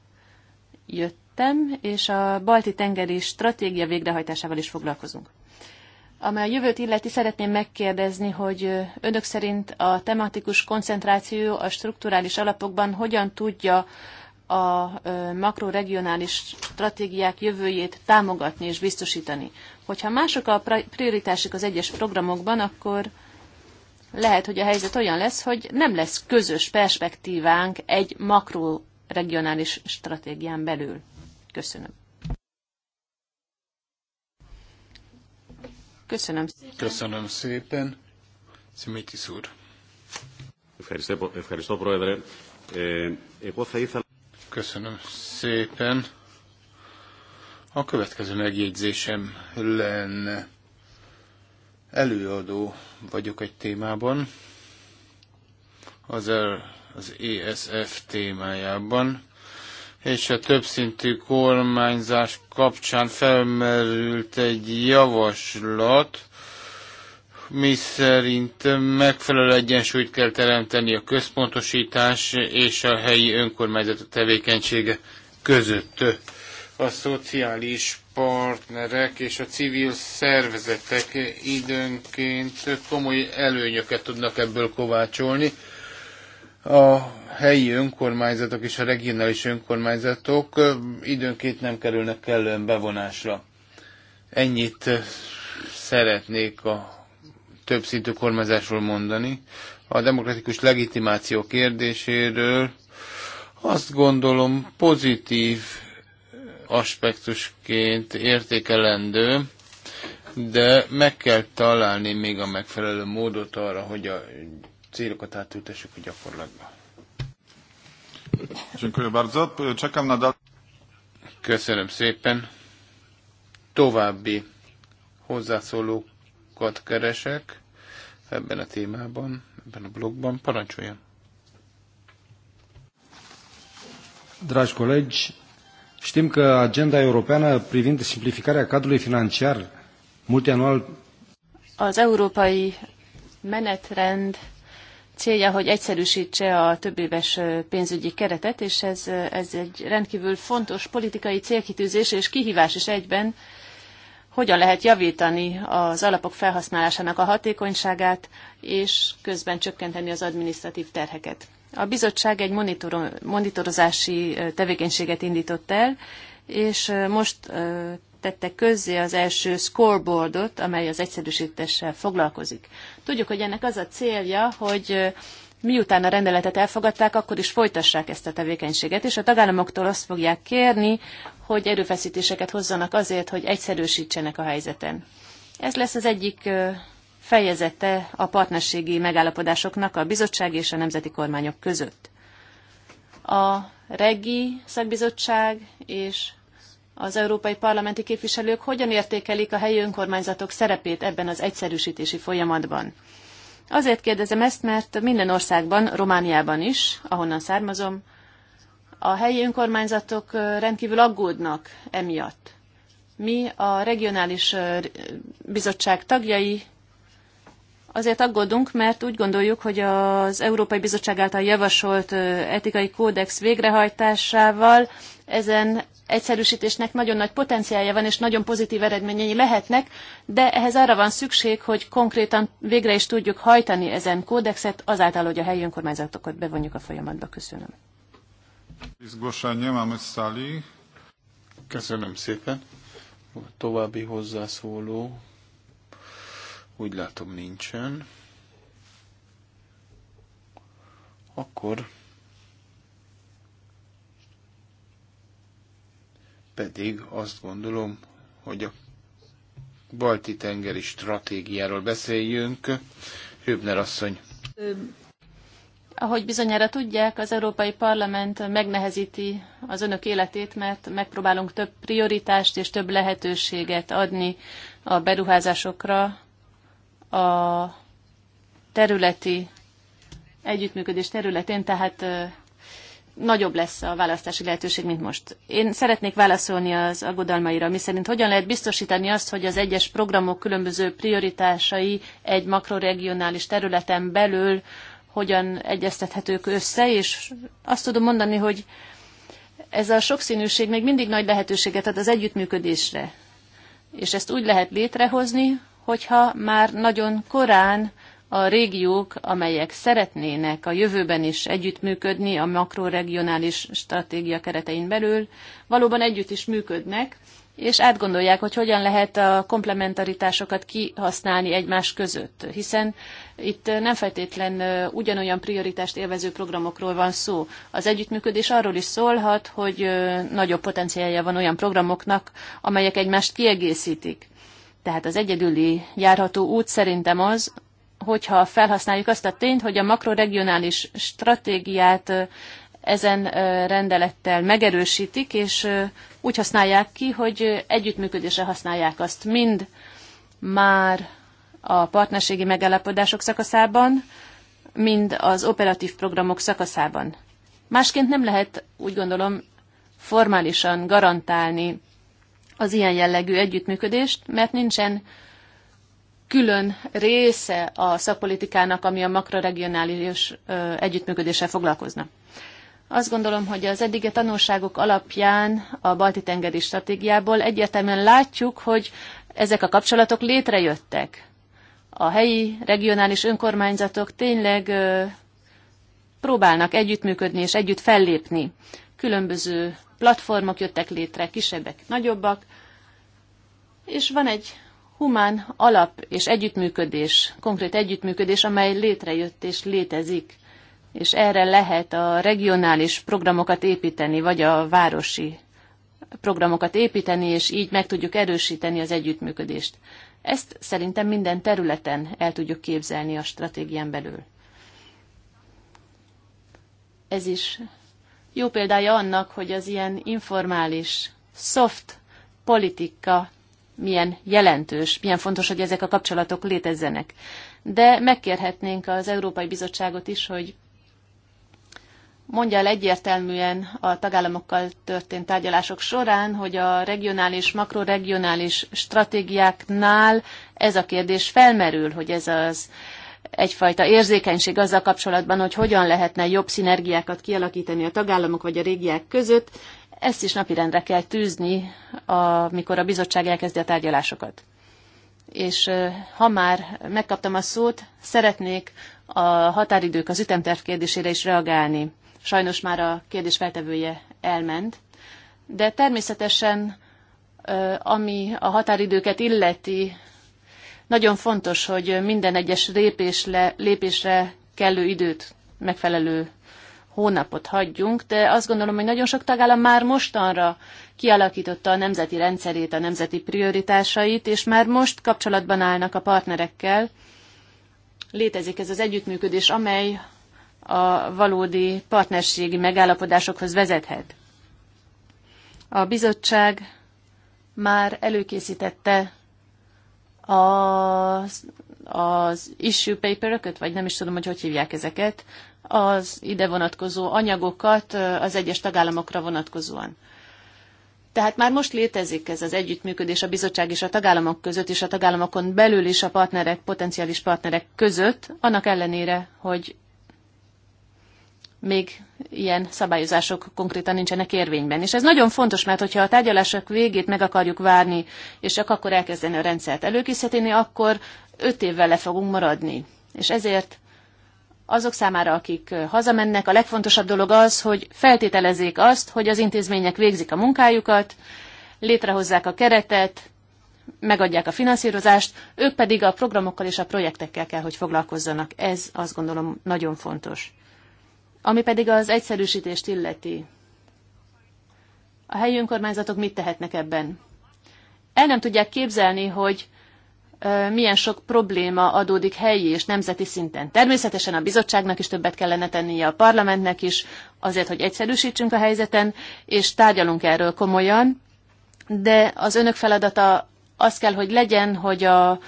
jöttem, és a balti tengeri stratégia végrehajtásával is foglalkozunk. Amely a jövőt illeti, szeretném megkérdezni, hogy önök szerint a tematikus koncentráció a strukturális alapokban hogyan tudja a makroregionális stratégiák jövőjét támogatni és biztosítani. Hogyha mások a prioritások az egyes programokban, akkor lehet, hogy a helyzet olyan lesz, hogy nem lesz közös perspektívánk egy makroregionális stratégián belül. Köszönöm. Köszönöm szépen. Köszönöm szépen. Szimitis úr. Köszönöm szépen. A következő megjegyzésem lenne előadó vagyok egy témában, az, er- az ESF témájában és a többszintű kormányzás kapcsán felmerült egy javaslat, mi szerint megfelelő egyensúlyt kell teremteni a központosítás és a helyi önkormányzat tevékenysége között. A szociális partnerek és a civil szervezetek időnként komoly előnyöket tudnak ebből kovácsolni a helyi önkormányzatok és a regionális önkormányzatok időnként nem kerülnek kellően bevonásra. Ennyit szeretnék a többszintű kormányzásról mondani. A demokratikus legitimáció kérdéséről azt gondolom pozitív aspektusként értékelendő, de meg kell találni még a megfelelő módot arra, hogy a célokat átültessük a gyakorlatba. Köszönöm szépen. További hozzászólókat keresek ebben a témában, ebben a blogban. Parancsoljon! Dragi colegi, știm că agenda europeană privind simplificarea cadrului financiar multianual az európai menetrend célja, hogy egyszerűsítse a éves pénzügyi keretet, és ez, ez egy rendkívül fontos politikai célkitűzés és kihívás is egyben, hogyan lehet javítani az alapok felhasználásának a hatékonyságát, és közben csökkenteni az adminisztratív terheket. A bizottság egy monitor, monitorozási tevékenységet indított el, és most tette közzé az első scoreboardot, amely az egyszerűsítéssel foglalkozik. Tudjuk, hogy ennek az a célja, hogy miután a rendeletet elfogadták, akkor is folytassák ezt a tevékenységet, és a tagállamoktól azt fogják kérni, hogy erőfeszítéseket hozzanak azért, hogy egyszerűsítsenek a helyzeten. Ez lesz az egyik fejezete a partnerségi megállapodásoknak a bizottság és a nemzeti kormányok között. A REGI szakbizottság és az európai parlamenti képviselők hogyan értékelik a helyi önkormányzatok szerepét ebben az egyszerűsítési folyamatban. Azért kérdezem ezt, mert minden országban, Romániában is, ahonnan származom, a helyi önkormányzatok rendkívül aggódnak emiatt. Mi a regionális bizottság tagjai azért aggódunk, mert úgy gondoljuk, hogy az Európai Bizottság által javasolt etikai kódex végrehajtásával ezen egyszerűsítésnek nagyon nagy potenciálja van, és nagyon pozitív eredményei lehetnek, de ehhez arra van szükség, hogy konkrétan végre is tudjuk hajtani ezen kódexet, azáltal, hogy a helyi önkormányzatokat bevonjuk a folyamatba. Köszönöm. Köszönöm szépen. További hozzászóló úgy látom nincsen. Akkor pedig azt gondolom, hogy a balti tengeri stratégiáról beszéljünk. Hübner asszony. Ahogy bizonyára tudják, az Európai Parlament megnehezíti az önök életét, mert megpróbálunk több prioritást és több lehetőséget adni a beruházásokra a területi együttműködés területén, tehát nagyobb lesz a választási lehetőség, mint most. Én szeretnék válaszolni az aggodalmaira, miszerint hogyan lehet biztosítani azt, hogy az egyes programok különböző prioritásai egy makroregionális területen belül hogyan egyeztethetők össze, és azt tudom mondani, hogy ez a sokszínűség még mindig nagy lehetőséget ad az együttműködésre. És ezt úgy lehet létrehozni, hogyha már nagyon korán a régiók, amelyek szeretnének a jövőben is együttműködni a makroregionális stratégia keretein belül, valóban együtt is működnek, és átgondolják, hogy hogyan lehet a komplementaritásokat kihasználni egymás között, hiszen itt nem feltétlen ugyanolyan prioritást élvező programokról van szó. Az együttműködés arról is szólhat, hogy nagyobb potenciálja van olyan programoknak, amelyek egymást kiegészítik. Tehát az egyedüli járható út szerintem az, hogyha felhasználjuk azt a tényt, hogy a makroregionális stratégiát ezen rendelettel megerősítik, és úgy használják ki, hogy együttműködésre használják azt mind már a partnerségi megállapodások szakaszában, mind az operatív programok szakaszában. Másként nem lehet, úgy gondolom, formálisan garantálni az ilyen jellegű együttműködést, mert nincsen külön része a szakpolitikának, ami a makroregionális együttműködéssel foglalkozna. Azt gondolom, hogy az eddigi tanulságok alapján a Balti-tengeri stratégiából egyértelműen látjuk, hogy ezek a kapcsolatok létrejöttek. A helyi regionális önkormányzatok tényleg próbálnak együttműködni és együtt fellépni. Különböző platformok jöttek létre, kisebbek, nagyobbak, és van egy humán alap és együttműködés, konkrét együttműködés, amely létrejött és létezik, és erre lehet a regionális programokat építeni, vagy a városi programokat építeni, és így meg tudjuk erősíteni az együttműködést. Ezt szerintem minden területen el tudjuk képzelni a stratégián belül. Ez is jó példája annak, hogy az ilyen informális, soft politika milyen jelentős, milyen fontos, hogy ezek a kapcsolatok létezzenek. De megkérhetnénk az Európai Bizottságot is, hogy mondja el egyértelműen a tagállamokkal történt tárgyalások során, hogy a regionális, makroregionális stratégiáknál ez a kérdés felmerül, hogy ez az egyfajta érzékenység azzal kapcsolatban, hogy hogyan lehetne jobb szinergiákat kialakítani a tagállamok vagy a régiák között, ezt is napirendre kell tűzni, amikor a bizottság elkezdi a tárgyalásokat. És ha már megkaptam a szót, szeretnék a határidők az ütemterv kérdésére is reagálni. Sajnos már a kérdés feltevője elment, de természetesen ami a határidőket illeti, nagyon fontos, hogy minden egyes lépésre, kellő időt, megfelelő hónapot hagyjunk, de azt gondolom, hogy nagyon sok tagállam már mostanra kialakította a nemzeti rendszerét, a nemzeti prioritásait, és már most kapcsolatban állnak a partnerekkel. Létezik ez az együttműködés, amely a valódi partnerségi megállapodásokhoz vezethet. A bizottság már előkészítette az, az issue paper vagy nem is tudom, hogy hogy hívják ezeket, az ide vonatkozó anyagokat az egyes tagállamokra vonatkozóan. Tehát már most létezik ez az együttműködés a bizottság és a tagállamok között, és a tagállamokon belül is a partnerek, potenciális partnerek között, annak ellenére, hogy még ilyen szabályozások konkrétan nincsenek érvényben. És ez nagyon fontos, mert hogyha a tárgyalások végét meg akarjuk várni, és csak akkor elkezdeni a rendszert előkészíteni, akkor öt évvel le fogunk maradni. És ezért azok számára, akik hazamennek, a legfontosabb dolog az, hogy feltételezzék azt, hogy az intézmények végzik a munkájukat, létrehozzák a keretet, megadják a finanszírozást, ők pedig a programokkal és a projektekkel kell, hogy foglalkozzanak. Ez azt gondolom nagyon fontos. Ami pedig az egyszerűsítést illeti. A helyi önkormányzatok mit tehetnek ebben? El nem tudják képzelni, hogy milyen sok probléma adódik helyi és nemzeti szinten. Természetesen a bizottságnak is többet kellene tennie, a parlamentnek is, azért, hogy egyszerűsítsünk a helyzeten, és tárgyalunk erről komolyan, de az önök feladata az kell, hogy legyen, hogy a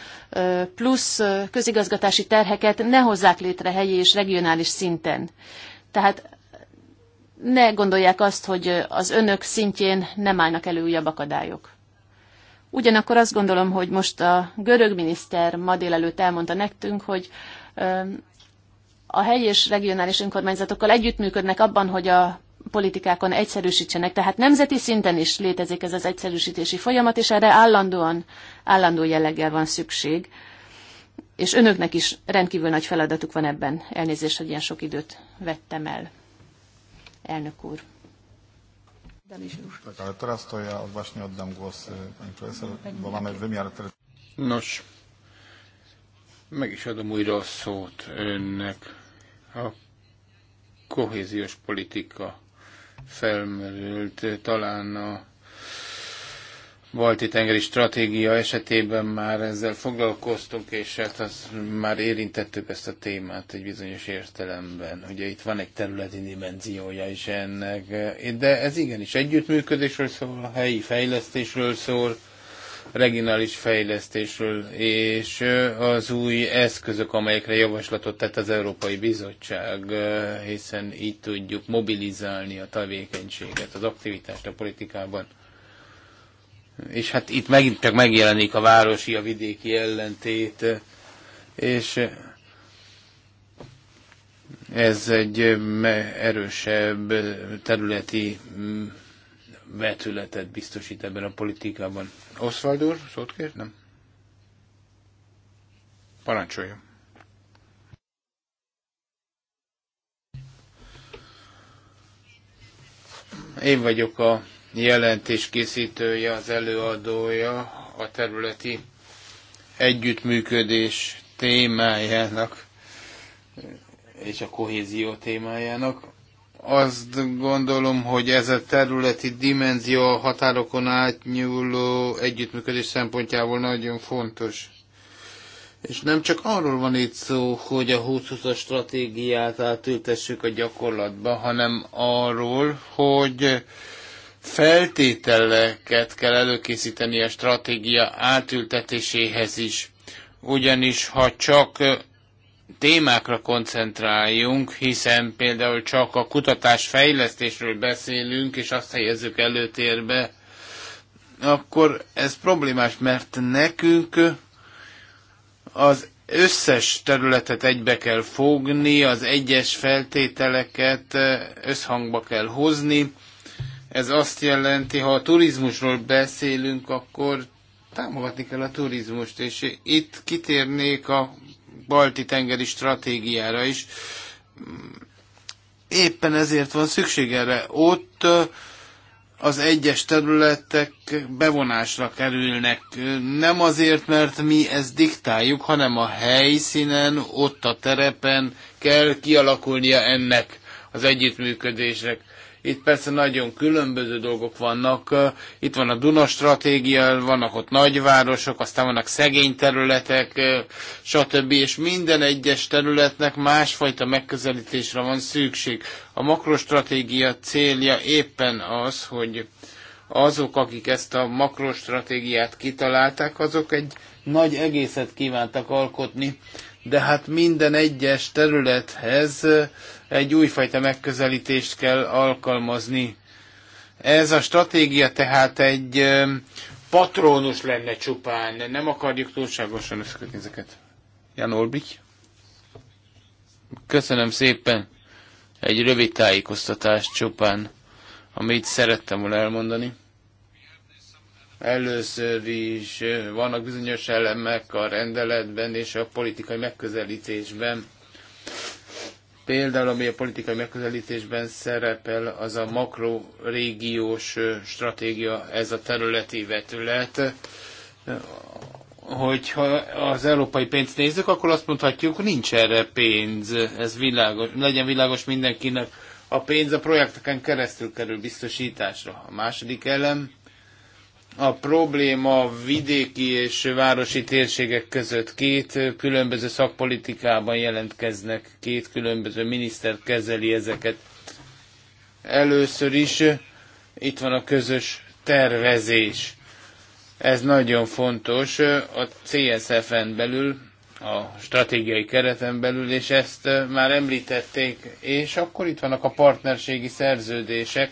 plusz közigazgatási terheket ne hozzák létre helyi és regionális szinten. Tehát ne gondolják azt, hogy az önök szintjén nem állnak elő újabb akadályok. Ugyanakkor azt gondolom, hogy most a görög miniszter ma délelőtt elmondta nektünk, hogy a helyi és regionális önkormányzatokkal együttműködnek abban, hogy a politikákon egyszerűsítsenek. Tehát nemzeti szinten is létezik ez az egyszerűsítési folyamat, és erre állandóan, állandó jelleggel van szükség. És önöknek is rendkívül nagy feladatuk van ebben. Elnézést, hogy ilyen sok időt vettem el. Elnök úr. Nos, meg is adom újra a szót önnek. A kohéziós politika felmerült talán a balti tengeri stratégia esetében már ezzel foglalkoztunk, és hát az már érintettük ezt a témát egy bizonyos értelemben. Ugye itt van egy területi dimenziója is ennek, de ez igenis együttműködésről szól, helyi fejlesztésről szól, regionális fejlesztésről, és az új eszközök, amelyekre javaslatot tett az Európai Bizottság, hiszen így tudjuk mobilizálni a tevékenységet, az aktivitást a politikában és hát itt megint csak megjelenik a városi, a vidéki ellentét, és ez egy erősebb területi mm, vetületet biztosít ebben a politikában. Oswald úr, szót kér? Parancsoljon. Én vagyok a jelentés készítője, az előadója a területi együttműködés témájának és a kohézió témájának. Azt gondolom, hogy ez a területi dimenzió a határokon átnyúló együttműködés szempontjából nagyon fontos. És nem csak arról van itt szó, hogy a 20 as stratégiát átültessük a gyakorlatba, hanem arról, hogy feltételeket kell előkészíteni a stratégia átültetéséhez is. Ugyanis ha csak témákra koncentráljunk, hiszen például csak a kutatás fejlesztésről beszélünk, és azt helyezzük előtérbe, akkor ez problémás, mert nekünk az összes területet egybe kell fogni, az egyes feltételeket összhangba kell hozni, ez azt jelenti, ha a turizmusról beszélünk, akkor támogatni kell a turizmust, és itt kitérnék a balti tengeri stratégiára is. Éppen ezért van szükség erre. Ott az egyes területek bevonásra kerülnek. Nem azért, mert mi ezt diktáljuk, hanem a helyszínen, ott a terepen kell kialakulnia ennek az együttműködésnek. Itt persze nagyon különböző dolgok vannak. Itt van a Duna stratégia, vannak ott nagyvárosok, aztán vannak szegény területek, stb. És minden egyes területnek másfajta megközelítésre van szükség. A makrostratégia célja éppen az, hogy azok, akik ezt a makrostratégiát kitalálták, azok egy nagy egészet kívántak alkotni, de hát minden egyes területhez egy újfajta megközelítést kell alkalmazni. Ez a stratégia tehát egy patronus lenne csupán, nem akarjuk túlságosan összekötni ezeket. Jan Olbics? Köszönöm szépen. Egy rövid tájékoztatás csupán, amit szerettem volna elmondani. Először is eh, vannak bizonyos elemek a rendeletben és a politikai megközelítésben, Például, ami a politikai megközelítésben szerepel, az a makrorégiós stratégia, ez a területi vetület. Hogyha az európai pénzt nézzük, akkor azt mondhatjuk, nincs erre pénz, ez világos, legyen világos mindenkinek. A pénz a projekteken keresztül kerül biztosításra. A második elem, a probléma vidéki és városi térségek között két különböző szakpolitikában jelentkeznek, két különböző miniszter kezeli ezeket. Először is itt van a közös tervezés. Ez nagyon fontos a CSF-en belül, a stratégiai kereten belül, és ezt már említették, és akkor itt vannak a partnerségi szerződések,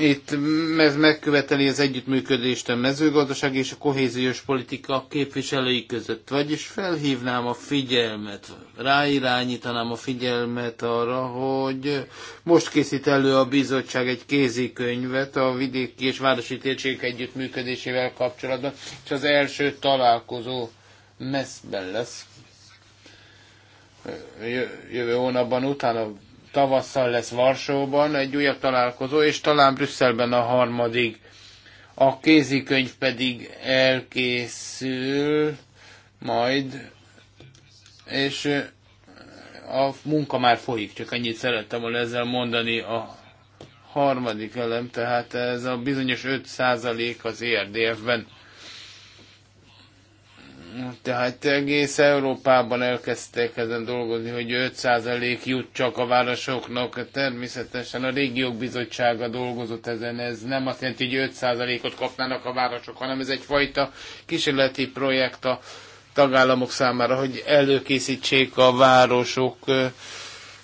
itt ez megköveteli az együttműködést a mezőgazdaság és a kohéziós politika képviselői között. Vagyis felhívnám a figyelmet, ráirányítanám a figyelmet arra, hogy most készít elő a bizottság egy kézikönyvet a vidéki és városi térségek együttműködésével kapcsolatban, és az első találkozó messzben lesz jövő hónapban utána tavasszal lesz Varsóban egy újabb találkozó, és talán Brüsszelben a harmadik. A kézikönyv pedig elkészül majd, és a munka már folyik, csak ennyit szerettem volna ezzel mondani a harmadik elem, tehát ez a bizonyos 5% az ERDF-ben tehát egész Európában elkezdték ezen dolgozni, hogy 5% jut csak a városoknak. Természetesen a régiók bizottsága dolgozott ezen. Ez nem azt jelenti, hogy 5%-ot kapnának a városok, hanem ez egyfajta kísérleti projekt a tagállamok számára, hogy előkészítsék a városok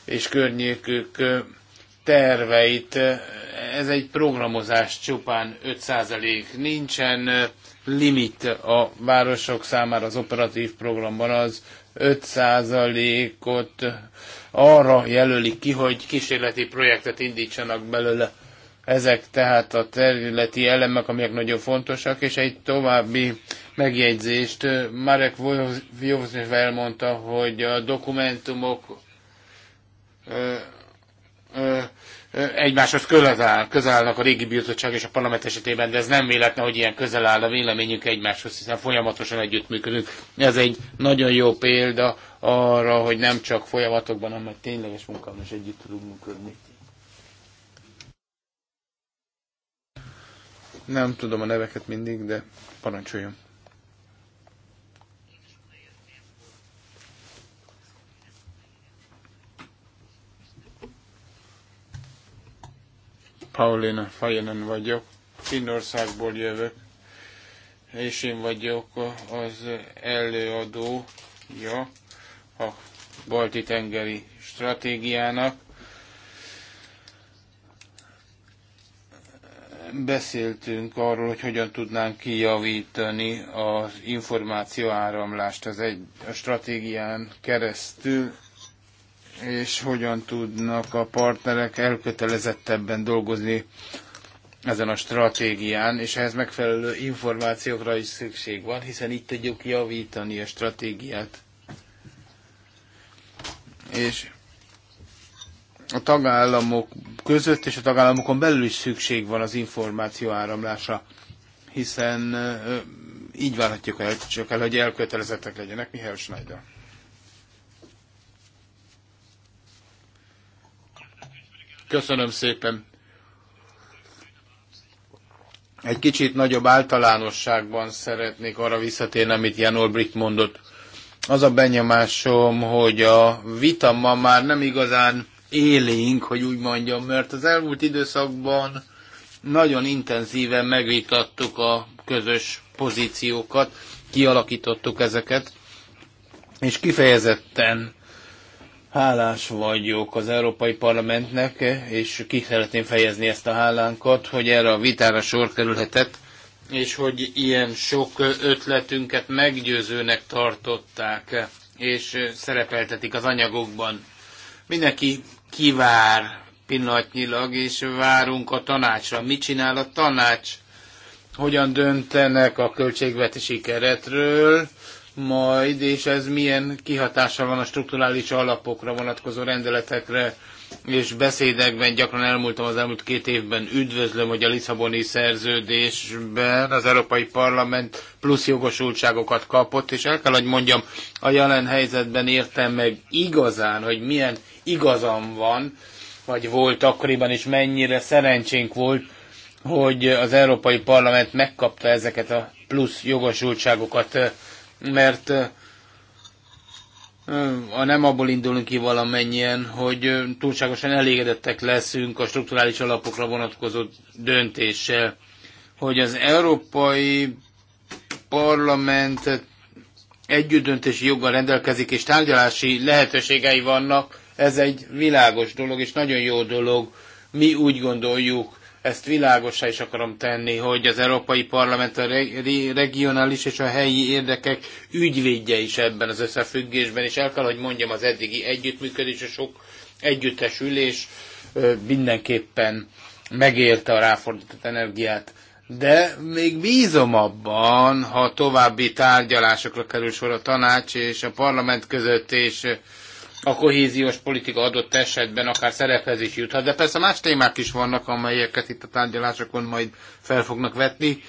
és környékük terveit. Ez egy programozás csupán 5% nincsen limit a városok számára az operatív programban az 5%-ot arra jelölik ki, hogy kísérleti projektet indítsanak belőle. Ezek tehát a területi elemek, amelyek nagyon fontosak, és egy további megjegyzést. Marek Vjovzsnyev elmondta, hogy a dokumentumok ö, ö, egymáshoz közel, közel állnak a régi bizottság és a parlament esetében, de ez nem véletlen, hogy ilyen közel áll a véleményünk egymáshoz, hiszen folyamatosan együttműködünk. Ez egy nagyon jó példa arra, hogy nem csak folyamatokban, hanem tényleges munkában is együtt tudunk működni. Nem tudom a neveket mindig, de parancsoljon. Paulina Fajenen vagyok, Finnországból jövök, és én vagyok az előadója a balti tengeri stratégiának. Beszéltünk arról, hogy hogyan tudnánk kijavítani az információ áramlást az egy, a stratégián keresztül, és hogyan tudnak a partnerek elkötelezettebben dolgozni ezen a stratégián, és ehhez megfelelő információkra is szükség van, hiszen itt tudjuk javítani a stratégiát. És a tagállamok között és a tagállamokon belül is szükség van az információ áramlása, hiszen így várhatjuk el, csak el, hogy elkötelezettek legyenek. Mihály Schneider. Köszönöm szépen. Egy kicsit nagyobb általánosságban szeretnék arra visszatérni, amit Jan Olbricht mondott. Az a benyomásom, hogy a vita ma már nem igazán élénk, hogy úgy mondjam, mert az elmúlt időszakban nagyon intenzíven megvitattuk a közös pozíciókat, kialakítottuk ezeket, és kifejezetten Hálás vagyok az Európai Parlamentnek, és ki szeretném fejezni ezt a hálánkat, hogy erre a vitára sor kerülhetett, és hogy ilyen sok ötletünket meggyőzőnek tartották, és szerepeltetik az anyagokban. Mindenki kivár pillanatnyilag, és várunk a tanácsra. Mit csinál a tanács? Hogyan döntenek a költségvetési keretről? majd, és ez milyen kihatása van a strukturális alapokra vonatkozó rendeletekre, és beszédekben gyakran elmúltam az elmúlt két évben, üdvözlöm, hogy a Lisszaboni szerződésben az Európai Parlament plusz jogosultságokat kapott, és el kell, hogy mondjam, a jelen helyzetben értem meg igazán, hogy milyen igazam van, vagy volt akkoriban és mennyire szerencsénk volt, hogy az Európai Parlament megkapta ezeket a plusz jogosultságokat mert a nem abból indulunk ki valamennyien, hogy túlságosan elégedettek leszünk a strukturális alapokra vonatkozó döntéssel, hogy az Európai Parlament együttdöntési joggal rendelkezik, és tárgyalási lehetőségei vannak, ez egy világos dolog, és nagyon jó dolog. Mi úgy gondoljuk, ezt világosá is akarom tenni, hogy az Európai Parlament a regionális és a helyi érdekek ügyvédje is ebben az összefüggésben, és el kell, hogy mondjam, az eddigi együttműködés, a sok együttes ülés mindenképpen megérte a ráfordított energiát. De még bízom abban, ha további tárgyalásokra kerül sor a tanács és a parlament között, és a kohéziós politika adott esetben akár szerephez is juthat, de persze más témák is vannak, amelyeket itt a tárgyalásokon majd fel fognak vetni,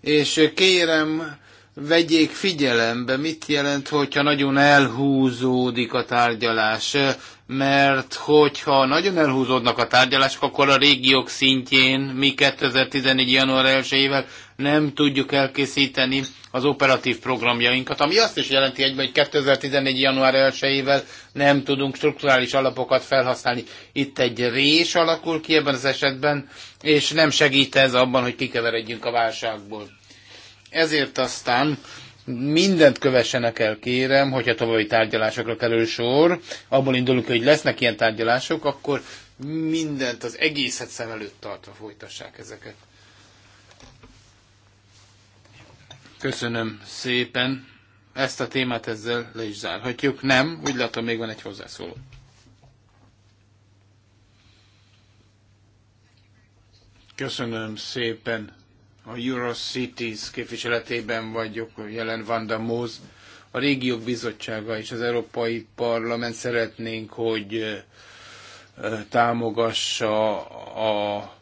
és kérem, vegyék figyelembe, mit jelent, hogyha nagyon elhúzódik a tárgyalás mert hogyha nagyon elhúzódnak a tárgyalások, akkor a régiók szintjén mi 2014. január 1 nem tudjuk elkészíteni az operatív programjainkat, ami azt is jelenti egyben, hogy 2014. január 1 nem tudunk strukturális alapokat felhasználni. Itt egy rés alakul ki ebben az esetben, és nem segít ez abban, hogy kikeveredjünk a válságból. Ezért aztán mindent kövessenek el, kérem, hogyha további tárgyalásokra kerül sor, abból indulunk, hogy lesznek ilyen tárgyalások, akkor mindent, az egészet szem előtt tartva folytassák ezeket. Köszönöm szépen. Ezt a témát ezzel le is zárhatjuk. Nem, úgy látom, még van egy hozzászóló. Köszönöm szépen a Eurocities képviseletében vagyok, jelen Vanda Móz. A Régiók Bizottsága és az Európai Parlament szeretnénk, hogy támogassa a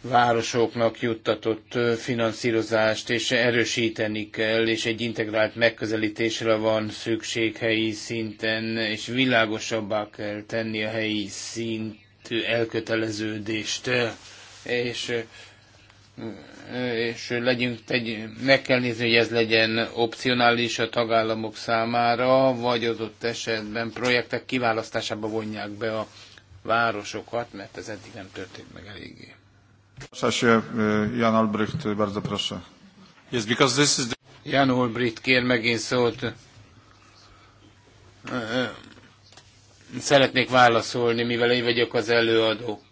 városoknak juttatott finanszírozást, és erősíteni kell, és egy integrált megközelítésre van szükség helyi szinten, és világosabbá kell tenni a helyi szintű elköteleződést, és és legyünk, tegy, meg kell nézni, hogy ez legyen opcionális a tagállamok számára, vagy adott esetben projektek kiválasztásába vonják be a városokat, mert ez eddig nem történt meg eléggé. E, Jan Albrecht, bardzo proszę. Yes, because this is the... Jan Albrecht kér megint szót. Szeretnék válaszolni, mivel én vagyok az előadó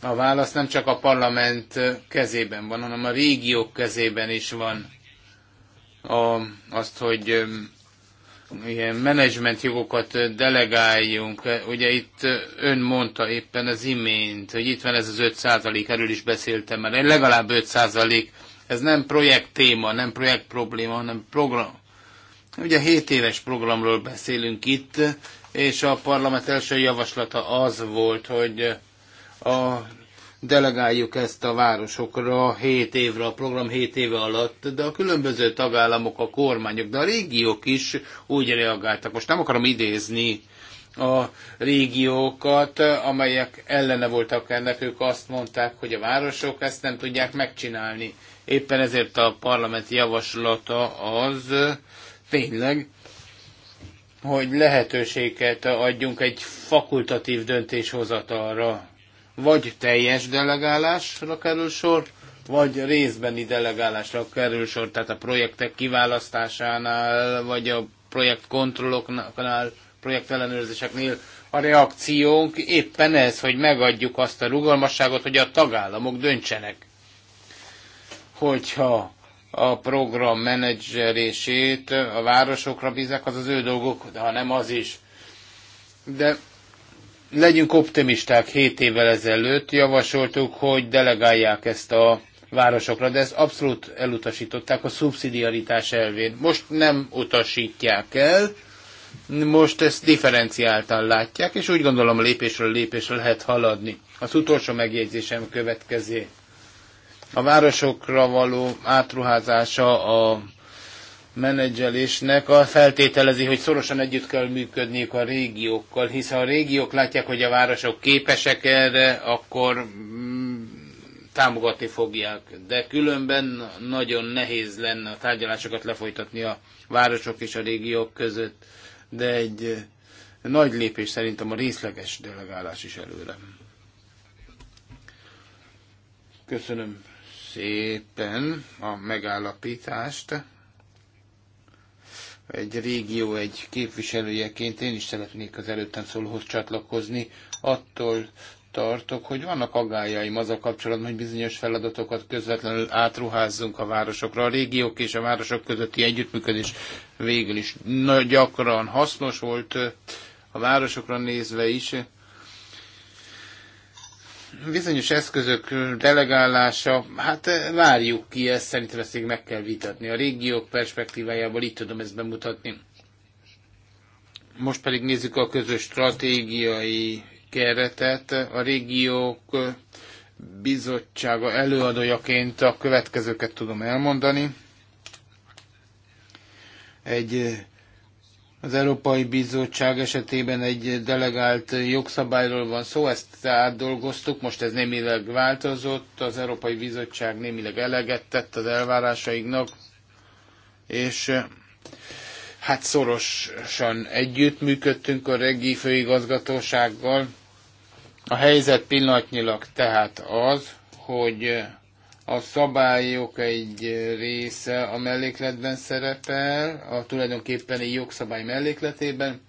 a válasz nem csak a parlament kezében van, hanem a régiók kezében is van. A, azt, hogy ilyen menedzsment jogokat delegáljunk. Ugye itt ön mondta éppen az imént, hogy itt van ez az 5 százalék, erről is beszéltem már, legalább 5 százalék. Ez nem projekt téma, nem projekt probléma, hanem program. Ugye 7 éves programról beszélünk itt, és a parlament első javaslata az volt, hogy a delegáljuk ezt a városokra 7 évre, a program 7 éve alatt, de a különböző tagállamok, a kormányok, de a régiók is úgy reagáltak. Most nem akarom idézni a régiókat, amelyek ellene voltak ennek, ők azt mondták, hogy a városok ezt nem tudják megcsinálni. Éppen ezért a parlament javaslata az tényleg, hogy lehetőséget adjunk egy fakultatív döntéshozatalra vagy teljes delegálásra kerül sor, vagy részbeni delegálásra kerül sor, tehát a projektek kiválasztásánál, vagy a projektkontrolloknál, projektellenőrzéseknél a reakciónk éppen ez, hogy megadjuk azt a rugalmasságot, hogy a tagállamok döntsenek. Hogyha a program menedzserését a városokra bízek, az az ő dolgok, de ha nem az is. De legyünk optimisták, 7 évvel ezelőtt javasoltuk, hogy delegálják ezt a városokra, de ezt abszolút elutasították a szubszidiaritás elvét. Most nem utasítják el, most ezt differenciáltan látják, és úgy gondolom lépésről lépésre lehet haladni. Az utolsó megjegyzésem következő. A városokra való átruházása a menedzselésnek a feltételezi, hogy szorosan együtt kell működniük a régiókkal, hiszen a régiók látják, hogy a városok képesek erre, akkor mm, támogatni fogják. De különben nagyon nehéz lenne a tárgyalásokat lefolytatni a városok és a régiók között. De egy eh, nagy lépés szerintem a részleges delegálás is előre. Köszönöm szépen a megállapítást egy régió egy képviselőjeként én is szeretnék az előttem szólóhoz csatlakozni. Attól tartok, hogy vannak aggájaim a kapcsolatban, hogy bizonyos feladatokat közvetlenül átruházzunk a városokra. A régiók és a városok közötti együttműködés végül is nagyon gyakran hasznos volt a városokra nézve is, bizonyos eszközök delegálása, hát eh, várjuk ki ezt, szerintem ezt még meg kell vitatni. A régiók perspektívájából itt tudom ezt bemutatni. Most pedig nézzük a közös stratégiai keretet. A régiók eh, bizottsága előadójaként a következőket tudom elmondani. Egy eh, az Európai Bizottság esetében egy delegált jogszabályról van szó, ezt átdolgoztuk, most ez némileg változott, az Európai Bizottság némileg eleget tett az elvárásainknak, és eh, hát szorosan együttműködtünk a regi főigazgatósággal. A helyzet pillanatnyilag tehát az, hogy eh, a szabályok egy része a mellékletben szerepel, a tulajdonképpen egy jogszabály mellékletében,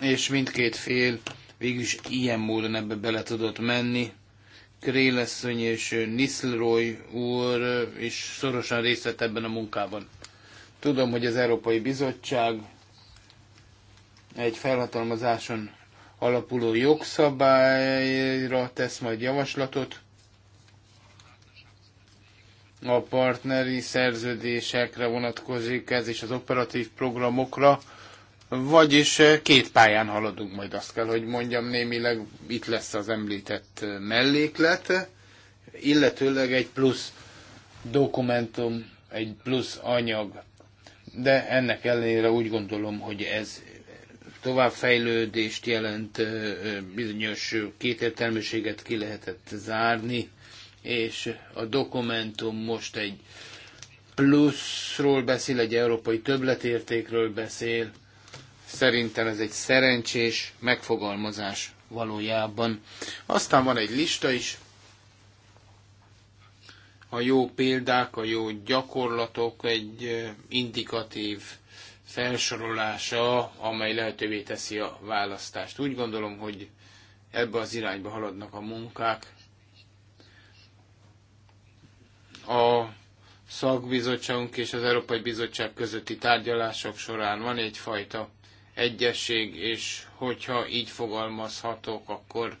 és mindkét fél végülis ilyen módon ebbe bele tudott menni. Kréleszony és Niszlroy úr is szorosan részt vett ebben a munkában. Tudom, hogy az Európai Bizottság egy felhatalmazáson alapuló jogszabályra tesz majd javaslatot, a partneri szerződésekre vonatkozik ez, és az operatív programokra, vagyis eh, két pályán haladunk, majd azt kell, hogy mondjam, némileg itt lesz az említett eh, melléklet, illetőleg egy plusz dokumentum, egy plusz anyag. De ennek ellenére úgy gondolom, hogy ez továbbfejlődést jelent, eh, bizonyos kétértelműséget ki lehetett zárni, és a dokumentum most egy pluszról beszél, egy európai többletértékről beszél. Szerintem ez egy szerencsés megfogalmazás valójában. Aztán van egy lista is, a jó példák, a jó gyakorlatok egy indikatív felsorolása, amely lehetővé teszi a választást. Úgy gondolom, hogy ebbe az irányba haladnak a munkák. a szakbizottságunk és az Európai Bizottság közötti tárgyalások során van egyfajta egyesség, és hogyha így fogalmazhatok, akkor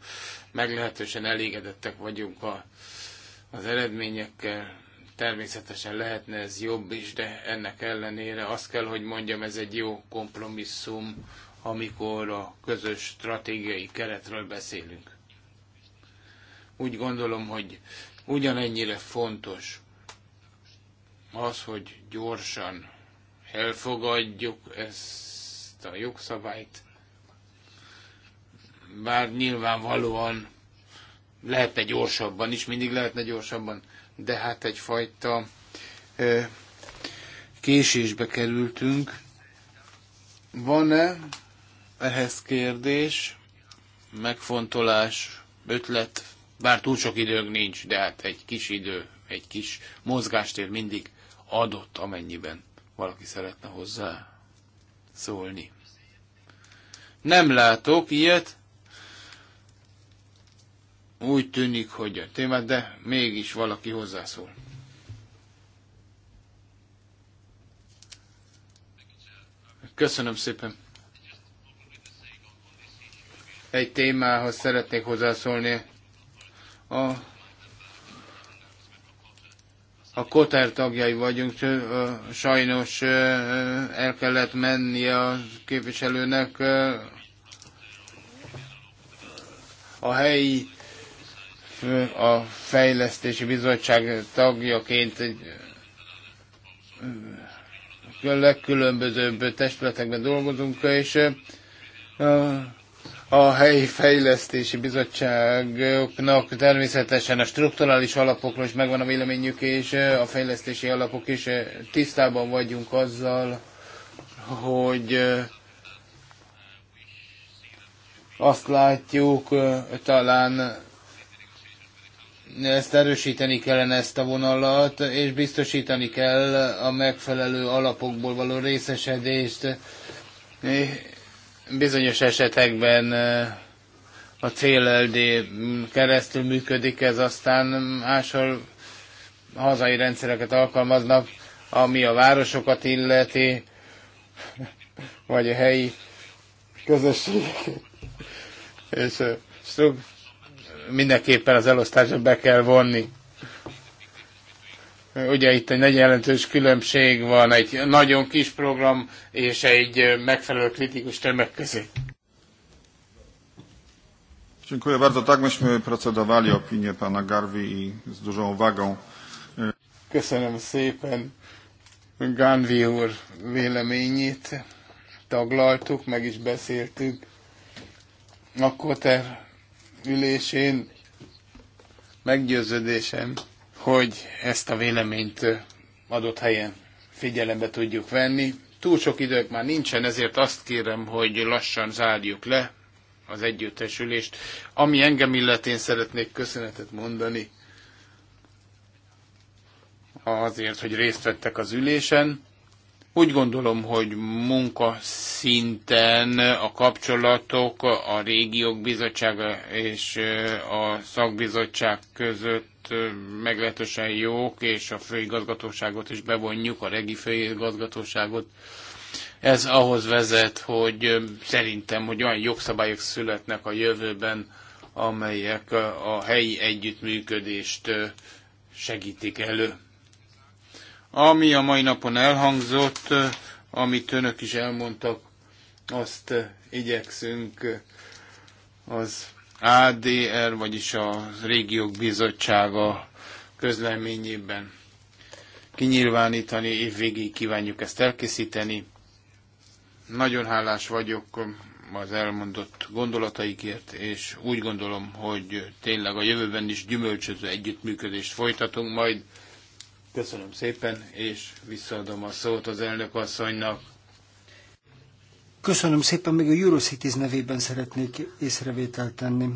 meglehetősen elégedettek vagyunk a, az eredményekkel. Természetesen lehetne ez jobb is, de ennek ellenére azt kell, hogy mondjam, ez egy jó kompromisszum, amikor a közös stratégiai keretről beszélünk. Úgy gondolom, hogy Ugyanennyire fontos az, hogy gyorsan elfogadjuk ezt a jogszabályt, bár nyilvánvalóan lehetne gyorsabban is, mindig lehetne gyorsabban, de hát egyfajta ö, késésbe kerültünk. Van-e ehhez kérdés, megfontolás, ötlet? Bár túl sok időnk nincs, de hát egy kis idő, egy kis mozgástér mindig adott, amennyiben valaki szeretne hozzá szólni. Nem látok ilyet. Úgy tűnik, hogy a témát, de mégis valaki hozzászól. Köszönöm szépen. Egy témához szeretnék hozzászólni a a koter tagjai vagyunk, sajnos el kellett menni a képviselőnek a helyi a fejlesztési bizottság tagjaként egy legkülönbözőbb testületekben dolgozunk, és a helyi fejlesztési bizottságoknak természetesen a strukturális alapokról is megvan a véleményük, és a fejlesztési alapok is tisztában vagyunk azzal, hogy azt látjuk, talán ezt erősíteni kellene ezt a vonalat, és biztosítani kell a megfelelő alapokból való részesedést Bizonyos esetekben a CLLD keresztül működik ez, aztán máshol hazai rendszereket alkalmaznak, ami a városokat illeti, (laughs) vagy a helyi közösség, És mindenképpen az elosztásra be kell vonni Ugye itt egy nagy jelentős különbség van egy nagyon kis program és egy megfelelő kritikus tömeg közé. Dziękuję bardzo. Tak myśmy procedowali opinię pana garvey i z dużą uwagą. Köszönöm szépen Garvey úr véleményét. Taglaltuk, meg is beszéltük. A Koter ülésén meggyőződésem, hogy ezt a véleményt adott helyen figyelembe tudjuk venni. Túl sok idők már nincsen, ezért azt kérem, hogy lassan zárjuk le az együttesülést. Ami engem illetén szeretnék köszönetet mondani azért, hogy részt vettek az ülésen. Úgy gondolom, hogy munka szinten a kapcsolatok a régiók bizottsága és a szakbizottság között meglehetősen jók, és a főigazgatóságot is bevonjuk, a regi főigazgatóságot. Ez ahhoz vezet, hogy szerintem, hogy olyan jogszabályok születnek a jövőben, amelyek a helyi együttműködést segítik elő. Ami a mai napon elhangzott, amit önök is elmondtak, azt igyekszünk az ADR, vagyis a Régiók Bizottsága közleményében kinyilvánítani, évvégig kívánjuk ezt elkészíteni. Nagyon hálás vagyok az elmondott gondolataikért, és úgy gondolom, hogy tényleg a jövőben is gyümölcsöző együttműködést folytatunk majd. Köszönöm szépen, és visszaadom a szót az elnök asszonynak. Köszönöm szépen, még a Eurocities nevében szeretnék észrevételt tenni.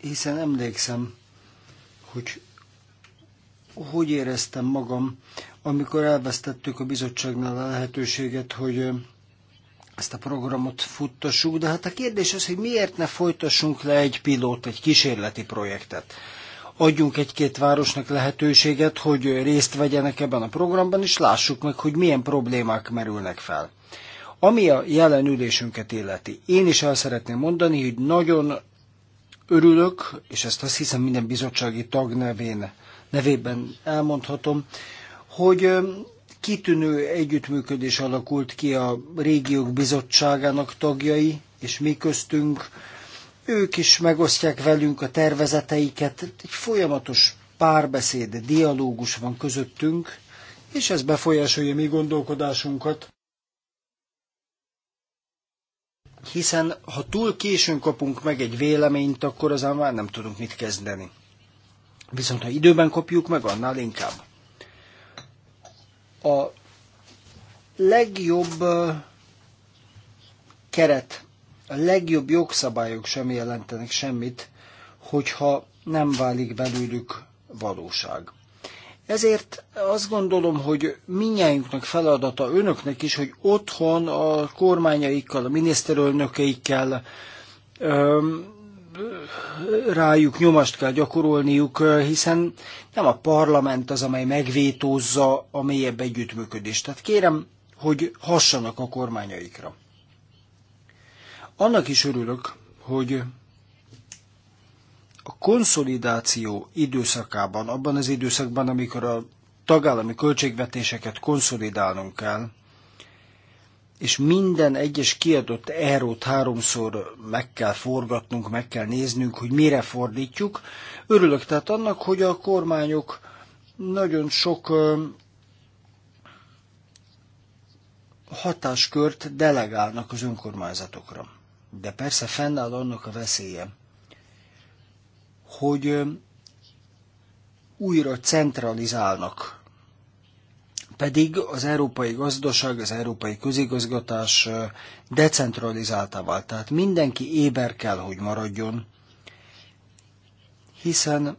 Hiszen emlékszem, hogy hogy éreztem magam, amikor elvesztettük a bizottságnál a lehetőséget, hogy ezt a programot futtassuk, de hát a kérdés az, hogy miért ne folytassunk le egy pilót, egy kísérleti projektet adjunk egy-két városnak lehetőséget, hogy részt vegyenek ebben a programban, és lássuk meg, hogy milyen problémák merülnek fel. Ami a jelen ülésünket illeti, én is el szeretném mondani, hogy nagyon örülök, és ezt azt hiszem minden bizottsági tag nevén, nevében elmondhatom, hogy kitűnő együttműködés alakult ki a régiók bizottságának tagjai, és mi köztünk, ők is megosztják velünk a tervezeteiket, egy folyamatos párbeszéd, dialógus van közöttünk, és ez befolyásolja mi gondolkodásunkat. Hiszen ha túl későn kapunk meg egy véleményt, akkor azán már nem tudunk mit kezdeni. Viszont ha időben kapjuk meg, annál inkább. A legjobb keret a legjobb jogszabályok sem jelentenek semmit, hogyha nem válik belőlük valóság. Ezért azt gondolom, hogy minnyájunknak feladata önöknek is, hogy otthon a kormányaikkal, a miniszterelnökeikkel rájuk nyomást kell gyakorolniuk, hiszen nem a parlament az, amely megvétózza a mélyebb együttműködést. Tehát kérem, hogy hassanak a kormányaikra. Annak is örülök, hogy a konszolidáció időszakában, abban az időszakban, amikor a tagállami költségvetéseket konszolidálnunk kell, és minden egyes kiadott erót háromszor meg kell forgatnunk, meg kell néznünk, hogy mire fordítjuk. Örülök tehát annak, hogy a kormányok nagyon sok hatáskört delegálnak az önkormányzatokra de persze fennáll annak a veszélye, hogy újra centralizálnak. Pedig az európai gazdaság, az európai közigazgatás decentralizáltá vált. Tehát mindenki éber kell, hogy maradjon, hiszen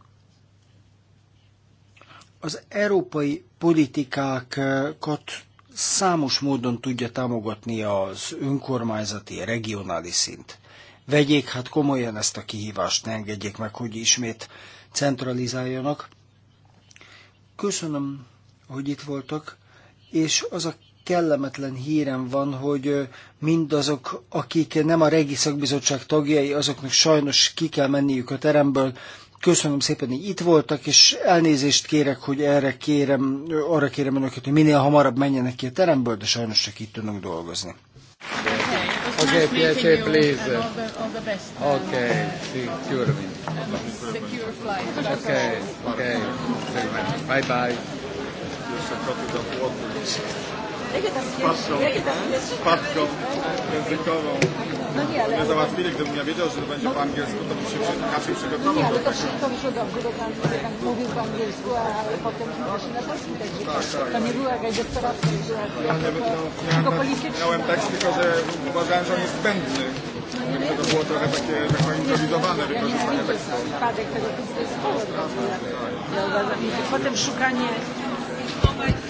az európai politikákat számos módon tudja támogatni az önkormányzati, regionális szint. Vegyék hát komolyan ezt a kihívást, ne engedjék meg, hogy ismét centralizáljanak. Köszönöm, hogy itt voltak, és az a kellemetlen hírem van, hogy mindazok, akik nem a Regi Szakbizottság tagjai, azoknak sajnos ki kell menniük a teremből, Köszönöm szépen, hogy itt voltak, és elnézést kérek, hogy erre kérem, arra kérem önöket, hogy minél hamarabb menjenek ki a teremből, de sajnos csak itt tudnak dolgozni. Okay, okay, okay please. All the, all the best. Okay, secure me. Okay, okay. Bye bye pasją, spadką językową. No nie, ale... Nie załatwili, gdybym ja wiedział, że to będzie no, po angielsku, to bym się inaczej przygotował. Nie, ale to wszystko wyszło dobrze, bo pan, pan mówił po angielsku, a potem też na polskim, także tak, tak. to nie była jakaś doktoracja, była ja, nie, no, tylko polityczna. Miałem tekst, tylko że uważałem, że on jest zbędny. No, nie, to było trochę takie, tak powiem, improwizowane wykorzystanie tekstu. Spadek tego zespołu. Ja uważam, że potem szukanie...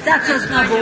Za co znowu?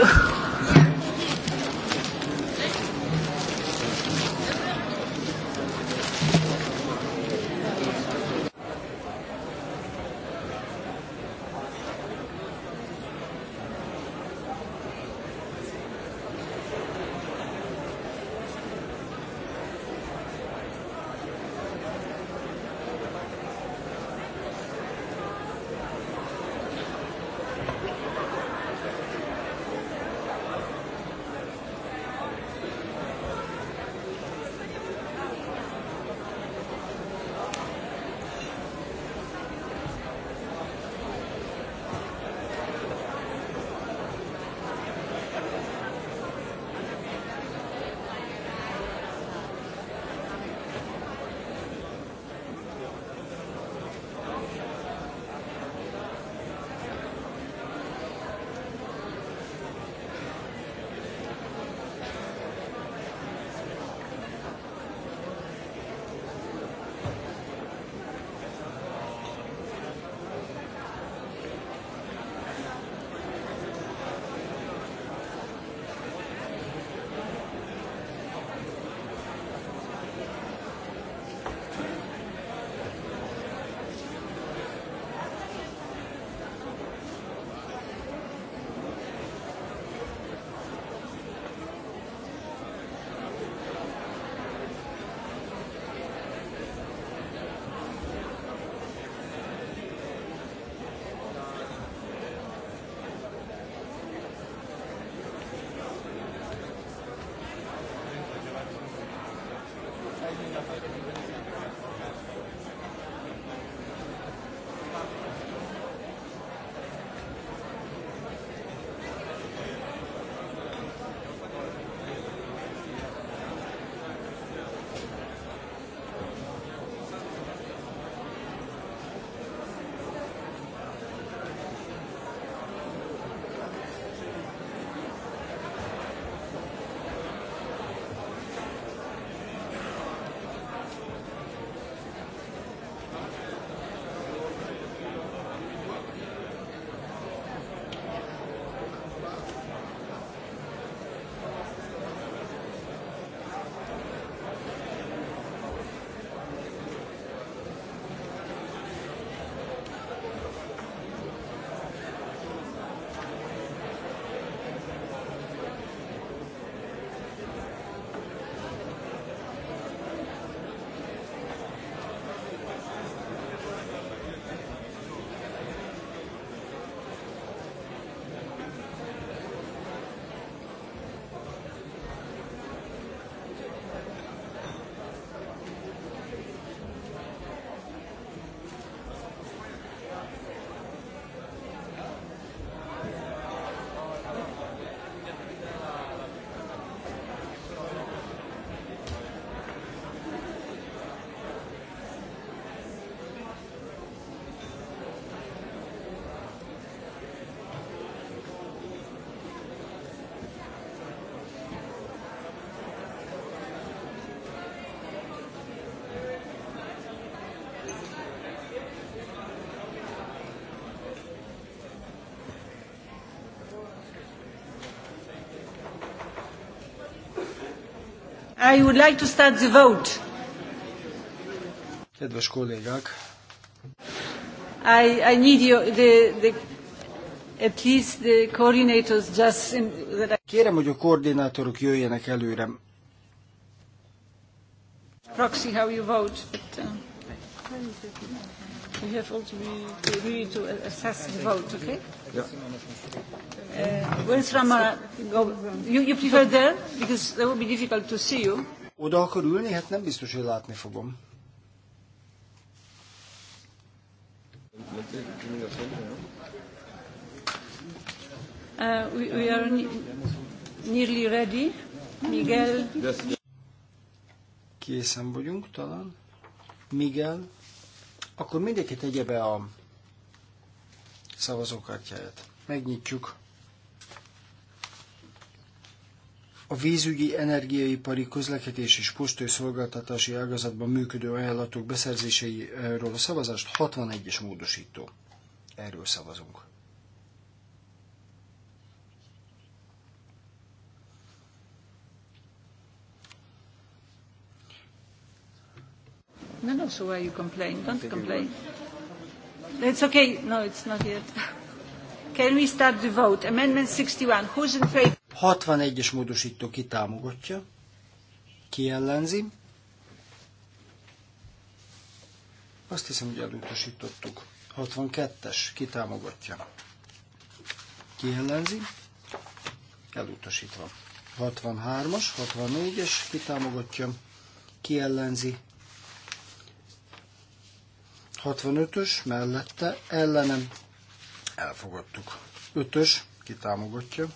I would like to start the vote. Kedves kollégák! I, I need you, the, the, at least the coordinators just in, that I... Kérem, hogy a koordinátorok jöjjenek előre. Proxy how you vote, but uh, we have also to, to, to assess the vote, okay? Yeah. Oda akar ülni? Hát nem biztos, hogy látni fogom. Uh, we, we are nearly ready. Miguel. Készen vagyunk talán. Miguel. Akkor mindenki tegye be a szavazókártyáját. Megnyitjuk. a vízügyi, energiaipari, közlekedés és postai szolgáltatási ágazatban működő ajánlatok beszerzéseiről a szavazást 61-es módosító. Erről szavazunk. No, no, so why you complain? Don't complain. It's okay. No, it's not yet. (laughs) Can we start the vote? Amendment 61. Who's in favor? 61-es módosító kitámogatja, kiellenzi. Azt hiszem, hogy elutasítottuk. 62-es kitámogatja, kiellenzi, elutasítva. 63-as, 64-es kitámogatja, kiellenzi, 65-ös mellette ellenem elfogadtuk. 5-ös kitámogatja,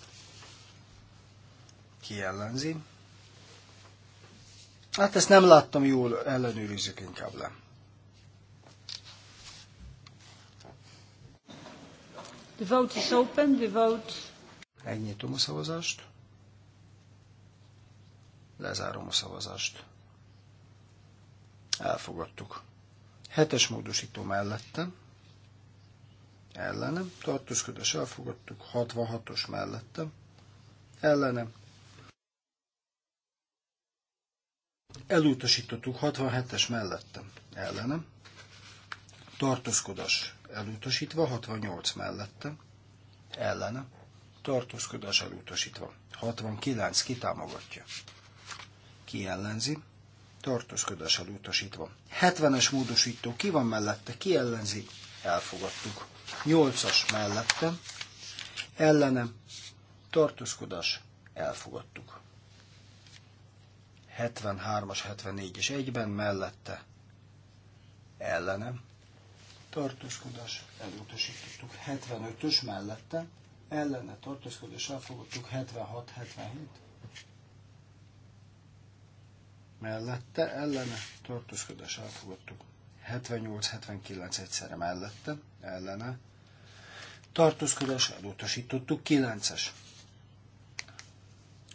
ki ellenzi. Hát ezt nem láttam jól, ellenőrizzük inkább le. The vote is open, the vote... Megnyitom a szavazást. Lezárom a szavazást. Elfogadtuk. Hetes módosító mellette. Ellenem. Tartózkodás elfogadtuk. 66-os mellette. Ellenem. Elutasítottuk 67-es mellettem. Ellenem. Tartózkodás elutasítva 68 mellettem. Ellenem. Tartózkodás elutasítva. 69 kitámogatja. Ki ellenzi? Tartózkodás elutasítva. 70-es módosító ki van mellette, ki ellenzi? Elfogadtuk. 8-as mellettem. Ellenem. Tartózkodás elfogadtuk. 73-as, 74-es egyben, mellette ellenem. Tartózkodás elutasítottuk. 75-ös mellette ellene tartózkodás elfogadtuk. 76-77 mellette ellene tartózkodás elfogadtuk. 78-79 egyszerre mellette ellene tartózkodás elutasítottuk. 9-es